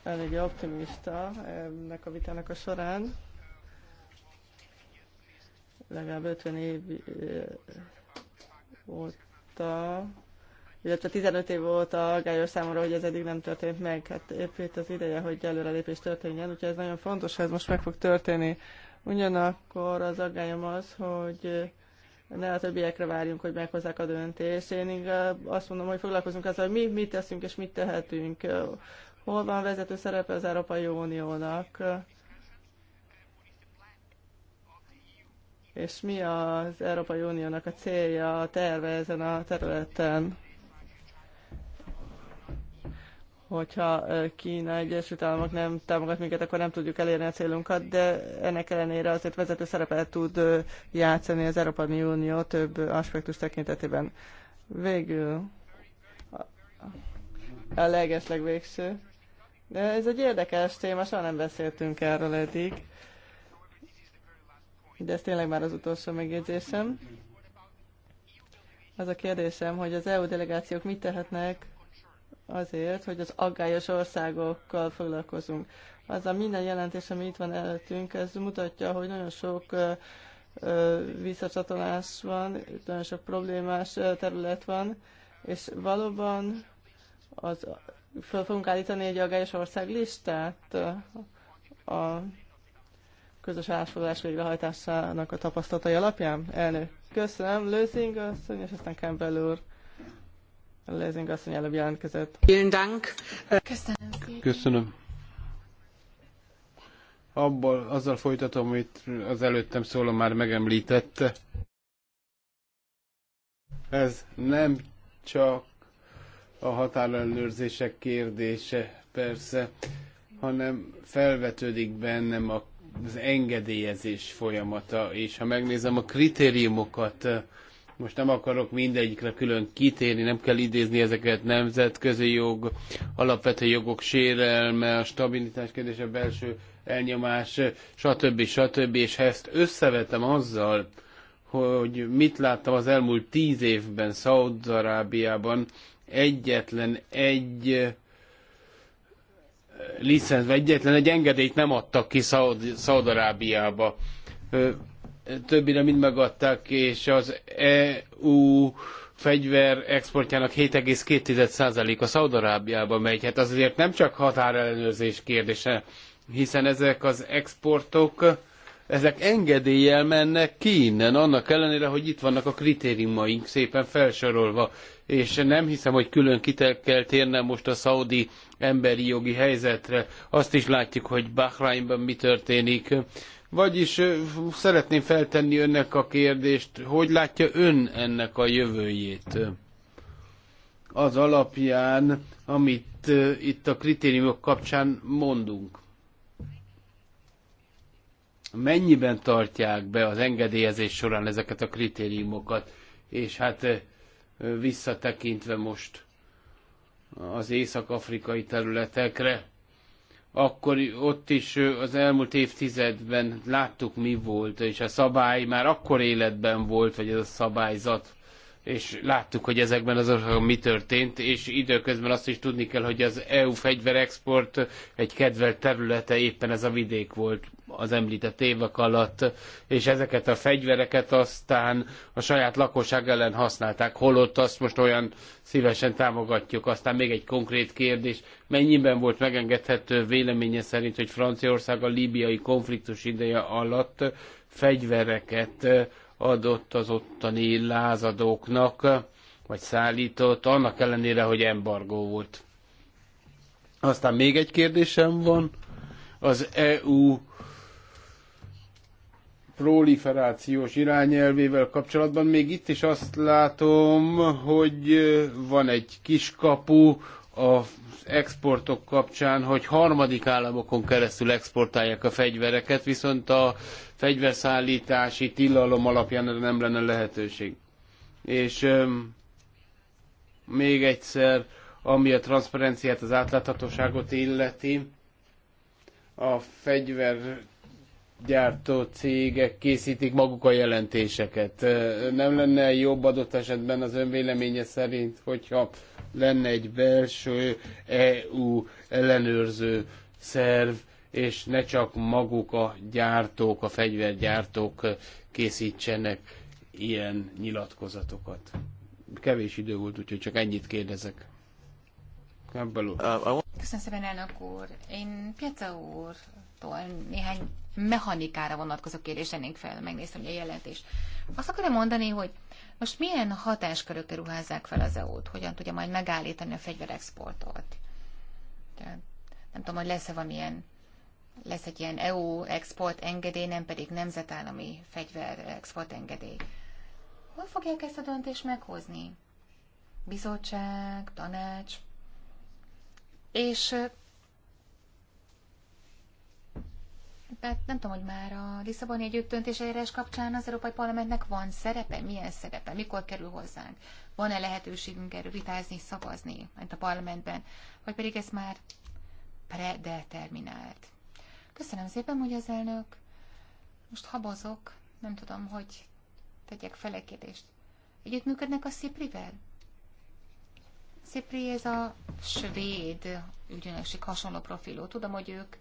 elég optimista ennek a vitának a során legalább 50 év volt, illetve 15 év a Gályos számomra, hogy ez eddig nem történt meg. Hát épp itt az ideje, hogy előrelépés történjen, úgyhogy ez nagyon fontos, ez most meg fog történni. Ugyanakkor az aggályom az, hogy ne a többiekre várjunk, hogy meghozzák a döntést. Én inkább azt mondom, hogy foglalkozunk azzal, hogy mi mit teszünk és mit tehetünk. Hol van vezető szerepe az Európai Uniónak? és mi az Európai Uniónak a célja, a terve ezen a területen? Hogyha Kína, Egyesült Államok nem támogat minket, akkor nem tudjuk elérni a célunkat, de ennek ellenére azért vezető szerepet tud játszani az Európai Unió több aspektus tekintetében. Végül a legesleg végső. De ez egy érdekes téma, soha nem beszéltünk erről eddig de ez tényleg már az utolsó megjegyzésem. Az a kérdésem, hogy az EU delegációk mit tehetnek azért, hogy az aggályos országokkal foglalkozunk. Az a minden jelentés, ami itt van előttünk, ez mutatja, hogy nagyon sok visszacsatolás van, nagyon sok problémás terület van, és valóban az, föl fogunk állítani egy aggályos ország listát a közös állásfoglalás végrehajtásának a tapasztalatai alapján? Elnő. köszönöm. Lőzing asszony, és aztán Campbell úr. Lőzing asszony előbb jelentkezett. Köszönöm. Köszönöm. Abból, azzal folytatom, amit az előttem szóló már megemlítette. Ez nem csak a határellenőrzések kérdése, persze, hanem felvetődik bennem a az engedélyezés folyamata, és ha megnézem a kritériumokat, eh, most nem akarok mindegyikre külön kitérni, nem kell idézni ezeket, nemzetközi jog, alapvető jogok sérelme, a stabilitás kérdése, belső elnyomás, eh, stb. stb. És ha ezt összevetem azzal, hogy mit láttam az elmúlt tíz évben szaúd arábiában egyetlen egy eh, licenc, vagy egyetlen egy engedélyt nem adtak ki Szaudarábiába. Többire mind megadták, és az EU fegyver exportjának 7,2%-a Szaudarábiába megy. Hát az azért nem csak határellenőrzés kérdése, hiszen ezek az exportok, ezek engedéllyel mennek ki innen, annak ellenére, hogy itt vannak a kritériumaink szépen felsorolva és nem hiszem, hogy külön kitel kell térnem most a szaudi emberi jogi helyzetre. Azt is látjuk, hogy Bahrainban mi történik. Vagyis szeretném feltenni önnek a kérdést, hogy látja ön ennek a jövőjét? Az alapján, amit itt a kritériumok kapcsán mondunk. Mennyiben tartják be az engedélyezés során ezeket a kritériumokat? És hát visszatekintve most az észak-afrikai területekre, akkor ott is az elmúlt évtizedben láttuk mi volt, és a szabály már akkor életben volt, vagy ez a szabályzat és láttuk, hogy ezekben az országokban mi történt, és időközben azt is tudni kell, hogy az EU fegyverexport egy kedvelt területe éppen ez a vidék volt az említett évek alatt, és ezeket a fegyvereket aztán a saját lakosság ellen használták, holott azt most olyan szívesen támogatjuk. Aztán még egy konkrét kérdés, mennyiben volt megengedhető véleménye szerint, hogy Franciaország a líbiai konfliktus ideje alatt fegyvereket adott az ottani lázadóknak, vagy szállított, annak ellenére, hogy embargó volt. Aztán még egy kérdésem van. Az EU proliferációs irányelvével kapcsolatban még itt is azt látom, hogy van egy kiskapu az exportok kapcsán, hogy harmadik államokon keresztül exportálják a fegyvereket, viszont a fegyverszállítási tilalom alapján erre nem lenne lehetőség. És öm, még egyszer, ami a transzparenciát, az átláthatóságot illeti, a fegyver gyártó cégek készítik maguk a jelentéseket. Nem lenne jobb adott esetben az önvéleménye szerint, hogyha lenne egy belső EU ellenőrző szerv, és ne csak maguk a gyártók, a fegyvergyártók készítsenek ilyen nyilatkozatokat. Kevés idő volt, úgyhogy csak ennyit kérdezek. Köszönöm szépen, elnök úr. Én Piaca úrtól néhány mechanikára vonatkozó kérdést tennénk fel, megnéztem a jelentést. Azt akarom mondani, hogy most milyen hatáskörökre ruházzák fel az EU-t? Hogyan tudja majd megállítani a fegyverexportot? Tehát nem tudom, hogy lesz-e valamilyen lesz egy ilyen EU export engedély, nem pedig nemzetállami fegyver export engedély. Hol fogják ezt a döntést meghozni? Bizottság, tanács. És tehát nem tudom, hogy már a Lisszaboni együttöntés eljárás kapcsán az Európai Parlamentnek van szerepe, milyen szerepe, mikor kerül hozzánk, van-e lehetőségünk erről vitázni, szavazni, mint a parlamentben, vagy pedig ez már predeterminált. Köszönöm szépen, hogy az elnök. Most habozok, nem tudom, hogy tegyek fel egy kérdést. Együttműködnek a Sziprivel? Szipri ez a svéd ügynökség hasonló profilú. Tudom, hogy ők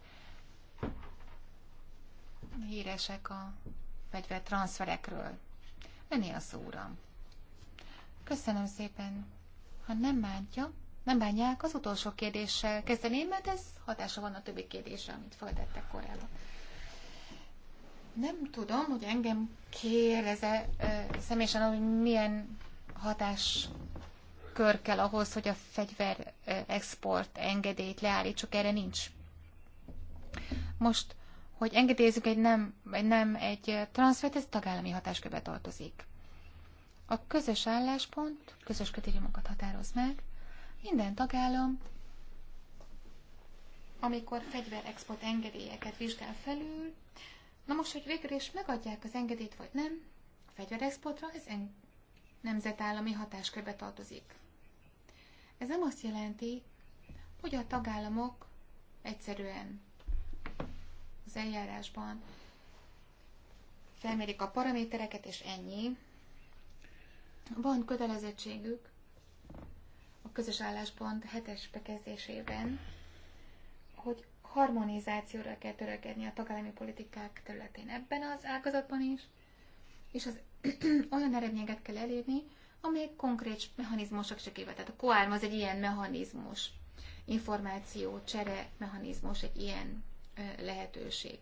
híresek a fegyvertranszferekről. Öné a szóra. Köszönöm szépen. Ha nem bántja, nem bánják, az utolsó kérdéssel kezdeném, mert ez hatása van a többi kérdésre, amit feltettek korábban. Nem tudom, hogy engem kérdeze személyesen, hogy milyen hatás kör kell ahhoz, hogy a fegyver export engedélyt leállítsuk, erre nincs. Most hogy engedélyezzük egy nem, egy, nem egy transfert, ez tagállami hatáskörbe tartozik. A közös álláspont közös kritériumokat határoz meg. Minden tagállam, amikor fegyverexport engedélyeket vizsgál felül, na most, hogy végül is megadják az engedélyt vagy nem, a fegyverexportra ez en- nemzetállami hatáskörbe tartozik. Ez nem azt jelenti, hogy a tagállamok egyszerűen az eljárásban, felmérik a paramétereket, és ennyi. Van kötelezettségük a közös álláspont hetes bekezdésében, hogy harmonizációra kell törekedni a tagállami politikák területén ebben az ágazatban is, és az <clears throat> olyan eredményeket kell elérni, amelyek konkrét mechanizmusok segítségével. Tehát a koárm az egy ilyen mechanizmus, információ, csere mechanizmus, egy ilyen lehetőség.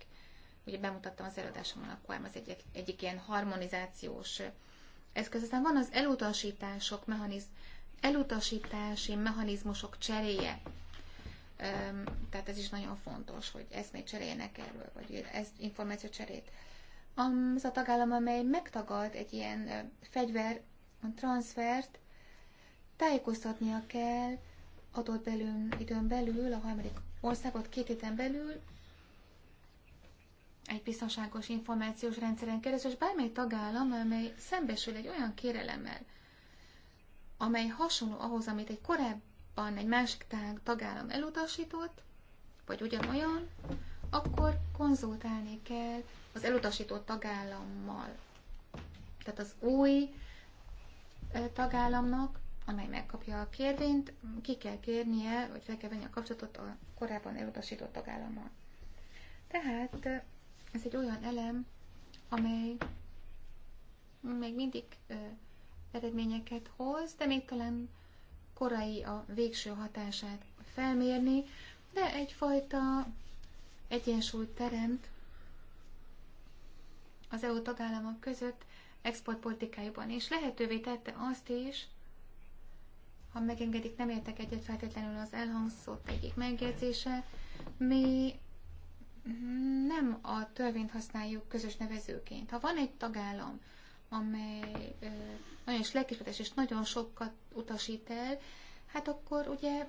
Ugye bemutattam az előadásomon a QAM az egyik, egyik ilyen harmonizációs eszköz. Aztán van az elutasítások mechaniz, elutasítási mechanizmusok cseréje. tehát ez is nagyon fontos, hogy ezt még cseréljenek erről, vagy ezt információ cserét. Az a tagállam, amely megtagad egy ilyen fegyver transfert, tájékoztatnia kell adott belül, időn belül a harmadik országot két héten belül egy biztonságos információs rendszeren keresztül, és bármely tagállam, amely szembesül egy olyan kérelemmel, amely hasonló ahhoz, amit egy korábban egy másik tagállam elutasított, vagy ugyanolyan, akkor konzultálni kell az elutasított tagállammal. Tehát az új tagállamnak, amely megkapja a kérvényt, ki kell kérnie, vagy fel kell venni a kapcsolatot a korábban elutasított tagállammal. Tehát ez egy olyan elem, amely még mindig ö, eredményeket hoz, de még talán korai a végső hatását felmérni, de egyfajta egyensúlyt teremt az EU tagállamok között exportpolitikájában, és lehetővé tette azt is, ha megengedik, nem értek egyet feltétlenül az elhangzott egyik megjegyzése, mi nem a törvényt használjuk közös nevezőként. Ha van egy tagállam, amely ö, nagyon is lelkismeretes és nagyon sokat utasít el, hát akkor ugye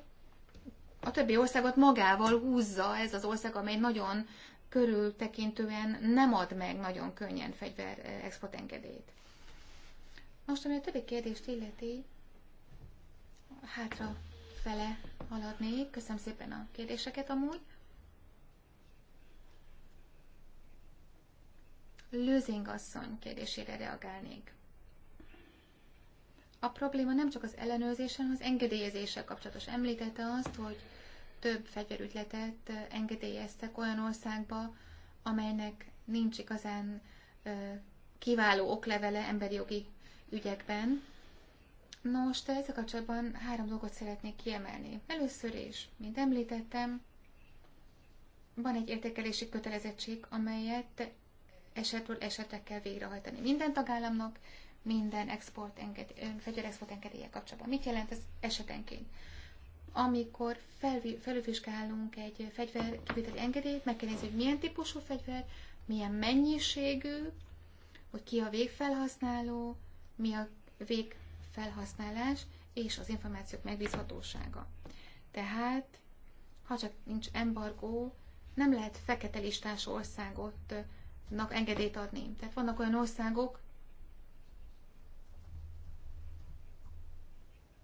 a többi országot magával húzza ez az ország, amely nagyon körültekintően nem ad meg nagyon könnyen fegyver exportengedélyt. Most, ami a többi kérdést illeti, hátra fele haladnék. Köszönöm szépen a kérdéseket amúgy. Lőzing asszony kérdésére reagálnék. A probléma nem csak az ellenőrzésen, hanem az engedélyezéssel kapcsolatos. Említette azt, hogy több fegyverügyletet engedélyeztek olyan országba, amelynek nincs igazán kiváló oklevele emberi jogi ügyekben. Nos, de ezzel kapcsolatban három dolgot szeretnék kiemelni. Először is, mint említettem, van egy értékelési kötelezettség, amelyet esetről esetekkel végrehajtani minden tagállamnak, minden export enged, fegyverexport engedélye kapcsolatban. Mit jelent ez esetenként? Amikor felülvizsgálunk egy fegyver kiviteli engedélyt, meg kell nézni, hogy milyen típusú fegyver, milyen mennyiségű, hogy ki a végfelhasználó, mi a végfelhasználás, és az információk megbízhatósága. Tehát, ha csak nincs embargó, nem lehet fekete listás országot engedélyt adni. Tehát vannak olyan országok,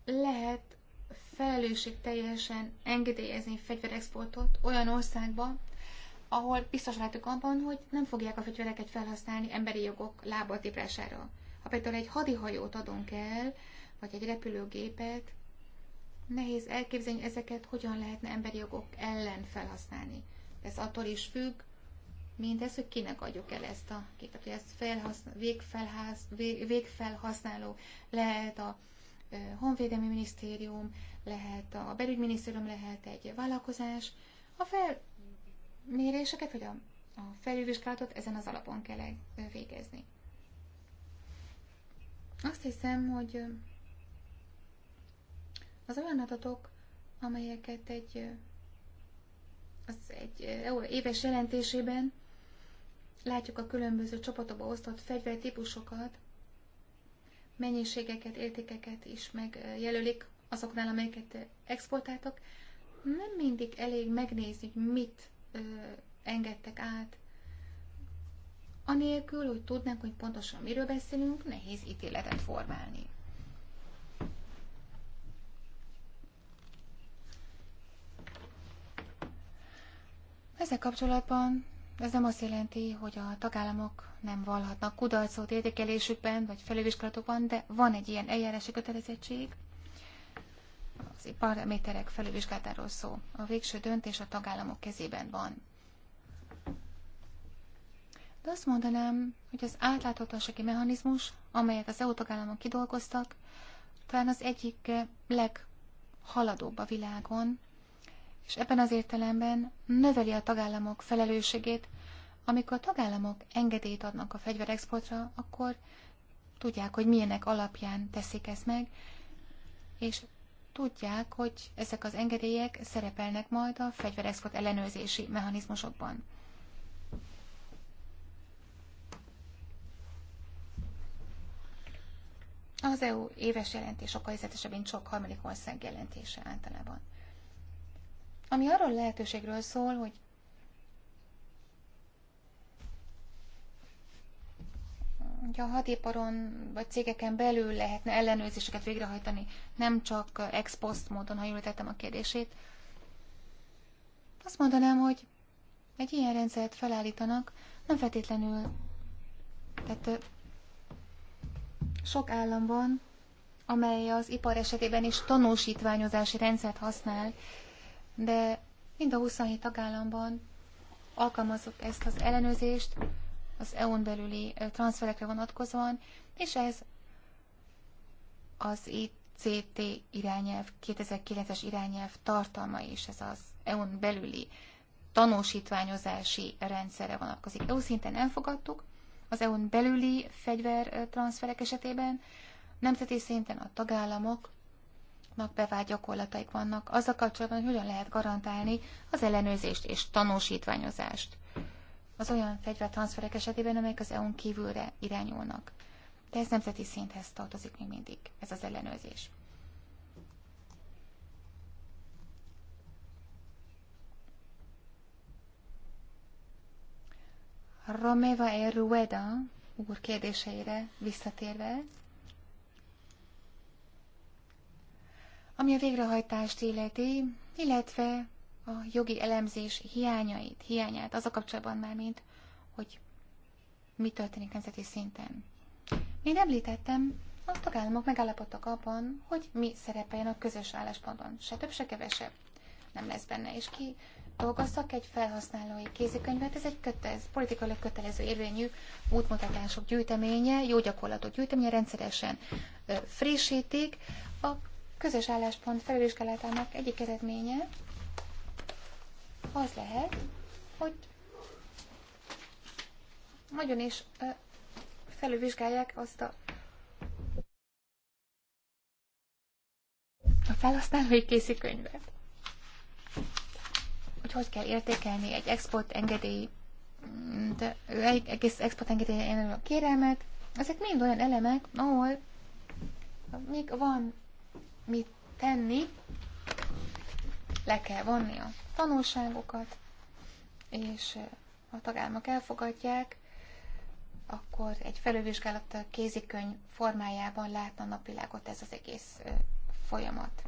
lehet felelősség teljesen engedélyezni fegyverexportot olyan országba, ahol biztos lehetünk abban, hogy nem fogják a fegyvereket felhasználni emberi jogok lábaltiprására. Ha például egy hadihajót adunk el, vagy egy repülőgépet, nehéz elképzelni ezeket, hogyan lehetne emberi jogok ellen felhasználni. Ez attól is függ, mindez, hogy kinek adjuk el ezt a képet. Hogy ezt vég, végfelhasználó lehet a Honvédelmi Minisztérium, lehet a belügyminisztérium, lehet egy vállalkozás. A felméréseket, vagy a, a felülvizsgálatot ezen az alapon kell végezni. Azt hiszem, hogy az olyan adatok, amelyeket egy az egy éves jelentésében Látjuk a különböző csapatokba osztott fegyvertípusokat, mennyiségeket, értékeket is megjelölik azoknál, amelyeket exportáltak. Nem mindig elég megnézni, hogy mit ö, engedtek át. Anélkül, hogy tudnánk, hogy pontosan miről beszélünk, nehéz ítéletet formálni. Ezzel kapcsolatban ez nem azt jelenti, hogy a tagállamok nem vallhatnak kudarcot érdekelésükben vagy felülvizsgálatokban, de van egy ilyen eljárási kötelezettség, az paraméterek felülvizsgálatáról szó. A végső döntés a tagállamok kezében van. De azt mondanám, hogy az átláthatósági mechanizmus, amelyet az EU tagállamok kidolgoztak, talán az egyik leghaladóbb a világon, és ebben az értelemben növeli a tagállamok felelősségét, amikor a tagállamok engedélyt adnak a fegyverexportra, akkor tudják, hogy milyenek alapján teszik ezt meg, és tudják, hogy ezek az engedélyek szerepelnek majd a fegyverexport ellenőrzési mechanizmusokban. Az EU éves jelentés sokkal helyzetesebb, mint sok harmadik ország jelentése általában ami arról lehetőségről szól, hogy hogyha a hadiparon vagy cégeken belül lehetne ellenőrzéseket végrehajtani, nem csak ex post módon, ha jól tettem a kérdését, azt mondanám, hogy egy ilyen rendszert felállítanak, nem feltétlenül, tehát sok államban, amely az ipar esetében is tanúsítványozási rendszert használ, de mind a 27 tagállamban alkalmazott ezt az ellenőrzést az EU-n belüli transferekre vonatkozóan, és ez az ICT irányelv, 2009-es irányelv tartalma is, ez az EU-n belüli tanúsítványozási rendszerre vonatkozik. EU szinten elfogadtuk, az EU-n belüli fegyvertranszferek esetében, nemzeti szinten a tagállamok nak bevált gyakorlataik vannak, azzal kapcsolatban, hogy hogyan lehet garantálni az ellenőrzést és tanúsítványozást az olyan fegyvertranszferek esetében, amelyek az EU-n kívülre irányulnak. De ez nemzeti szinthez tartozik még mindig, ez az ellenőrzés. Romeva Errueda úr kérdéseire visszatérve, ami a végrehajtást illeti, illetve a jogi elemzés hiányait, hiányát az a kapcsolatban már, mint hogy mi történik nemzeti szinten. Mint említettem, a tagállamok megállapodtak abban, hogy mi szerepeljen a közös álláspontban, se több, se kevesebb. Nem lesz benne, és ki dolgoztak egy felhasználói kézikönyvet, ez egy kötelez, politikailag kötelező érvényű útmutatások gyűjteménye, jó gyakorlatok gyűjteménye rendszeresen frissítik. A közös álláspont felvizsgálatának egyik eredménye az lehet, hogy nagyon is felülvizsgálják azt a a felhasználói készikönyvet. Hogy hogy kell értékelni egy export engedély, mm, de egész export engedély a kérelmet. Ezek mind olyan elemek, ahol még van mit tenni, le kell vonni a tanulságokat, és ha a tagállamok elfogadják, akkor egy felülvizsgálat kézikönyv formájában látna napvilágot ez az egész folyamat.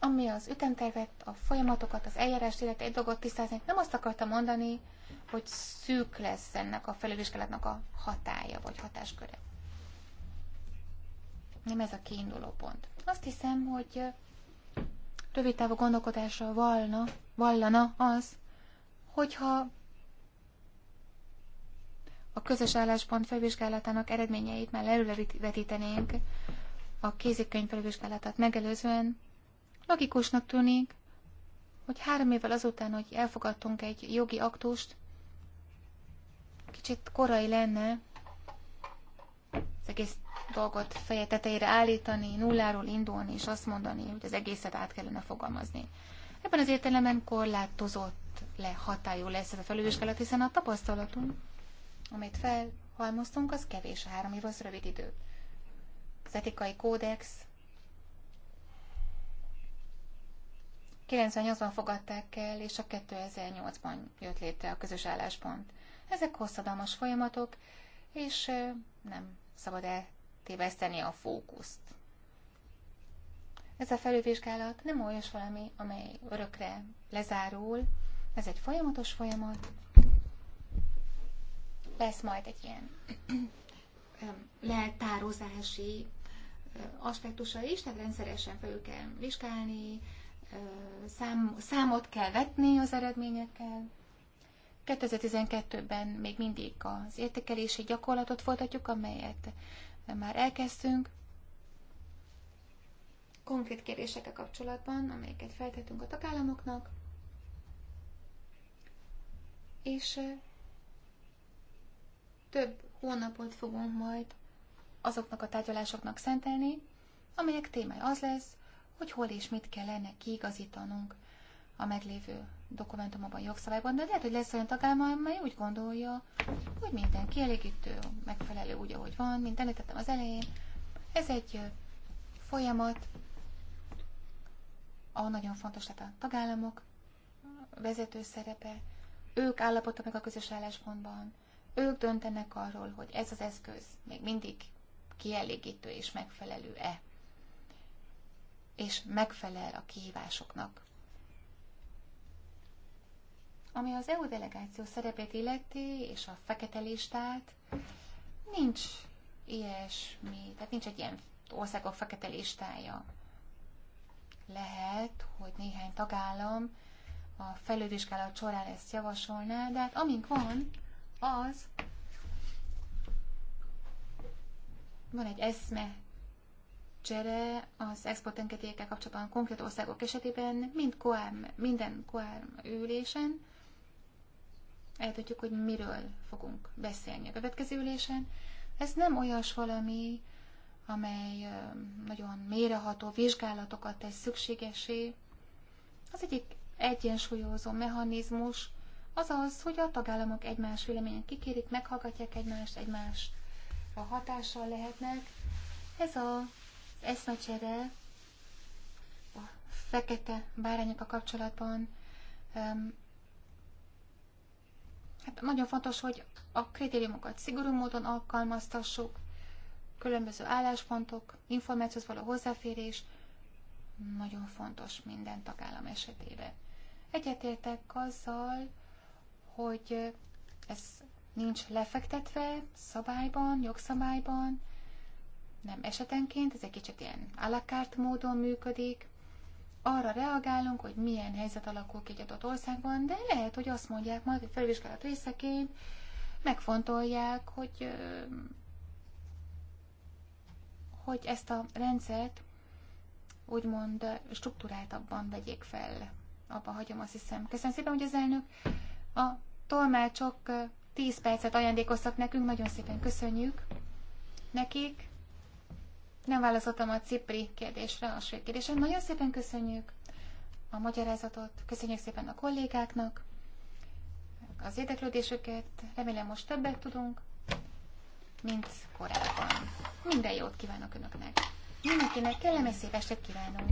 Ami az ütemtervet, a folyamatokat, az eljárás illetve egy dolgot tisztázni, nem azt akarta mondani, hogy szűk lesz ennek a felülvizsgálatnak a hatája vagy hatásköre nem ez a kiinduló pont. Azt hiszem, hogy rövid távú gondolkodásra vallna, vallana az, hogyha a közös álláspont felvizsgálatának eredményeit már előrevetítenénk a kézikönyv felvizsgálatát megelőzően, logikusnak tűnik, hogy három évvel azután, hogy elfogadtunk egy jogi aktust, kicsit korai lenne az egész dolgot feje tetejére állítani, nulláról indulni, és azt mondani, hogy az egészet át kellene fogalmazni. Ebben az értelemben korlátozott le hatályú lesz ez a felülvizsgálat, hiszen a tapasztalatunk, amit felhalmoztunk, az kevés, három év az rövid idő. Az etikai kódex 98-ban fogadták el, és a 2008-ban jött létre a közös álláspont. Ezek hosszadalmas folyamatok, és nem szabad el eltéveszteni a fókuszt. Ez a felülvizsgálat nem olyas valami, amely örökre lezárul, ez egy folyamatos folyamat. Lesz majd egy ilyen <clears throat> leltározási aspektusa is, tehát rendszeresen felül kell vizsgálni, szám, számot kell vetni az eredményekkel. 2012-ben még mindig az értékelési gyakorlatot folytatjuk, amelyet már elkezdtünk. Konkrét kérdésekkel kapcsolatban, amelyeket feltettünk a tagállamoknak, és több hónapot fogunk majd azoknak a tárgyalásoknak szentelni, amelyek témája az lesz, hogy hol és mit kellene kiigazítanunk a meglévő dokumentumokban, jogszabályban, de lehet, hogy lesz olyan tagállam, amely úgy gondolja, hogy minden kielégítő, megfelelő úgy, ahogy van, mint említettem az elején. Ez egy folyamat, A nagyon fontos lett a tagállamok vezető szerepe, ők állapodtak meg a közös álláspontban, ők döntenek arról, hogy ez az eszköz még mindig kielégítő és megfelelő-e, és megfelel a kihívásoknak, ami az EU delegáció szerepét illeti, és a fekete listát, nincs ilyesmi, tehát nincs egy ilyen országok fekete listája. Lehet, hogy néhány tagállam a felülvizsgálat során ezt javasolná, de hát amink van, az van egy eszme csere az engedélyekkel kapcsolatban konkrét országok esetében, mind koár, minden koár ülésen eltudjuk, hogy miről fogunk beszélni a következő ülésen. Ez nem olyas valami, amely nagyon méreható vizsgálatokat tesz szükségesé. Az egyik egyensúlyozó mechanizmus az az, hogy a tagállamok egymás véleményét kikérik, meghallgatják egymást, egymás a hatással lehetnek. Ez a eszmecsere a fekete bárányok a kapcsolatban Hát nagyon fontos, hogy a kritériumokat szigorú módon alkalmaztassuk, különböző álláspontok, információhoz való hozzáférés, nagyon fontos minden tagállam esetében. Egyetértek azzal, hogy ez nincs lefektetve szabályban, jogszabályban, nem esetenként, ez egy kicsit ilyen alakárt módon működik arra reagálunk, hogy milyen helyzet alakul ki egy adott országban, de lehet, hogy azt mondják majd, hogy felvizsgálat részeként megfontolják, hogy, hogy ezt a rendszert úgymond struktúráltabban vegyék fel. Abba hagyom, azt hiszem. Köszönöm szépen, hogy az elnök a tolmácsok 10 percet ajándékoztak nekünk, nagyon szépen köszönjük nekik. Nem válaszoltam a cipri kérdésre, a svéd kérdésre. Nagyon szépen köszönjük a magyarázatot, köszönjük szépen a kollégáknak, az érdeklődésüket. Remélem most többet tudunk, mint korábban. Minden jót kívánok Önöknek! Mindenkinek kellemes szép estét kívánok!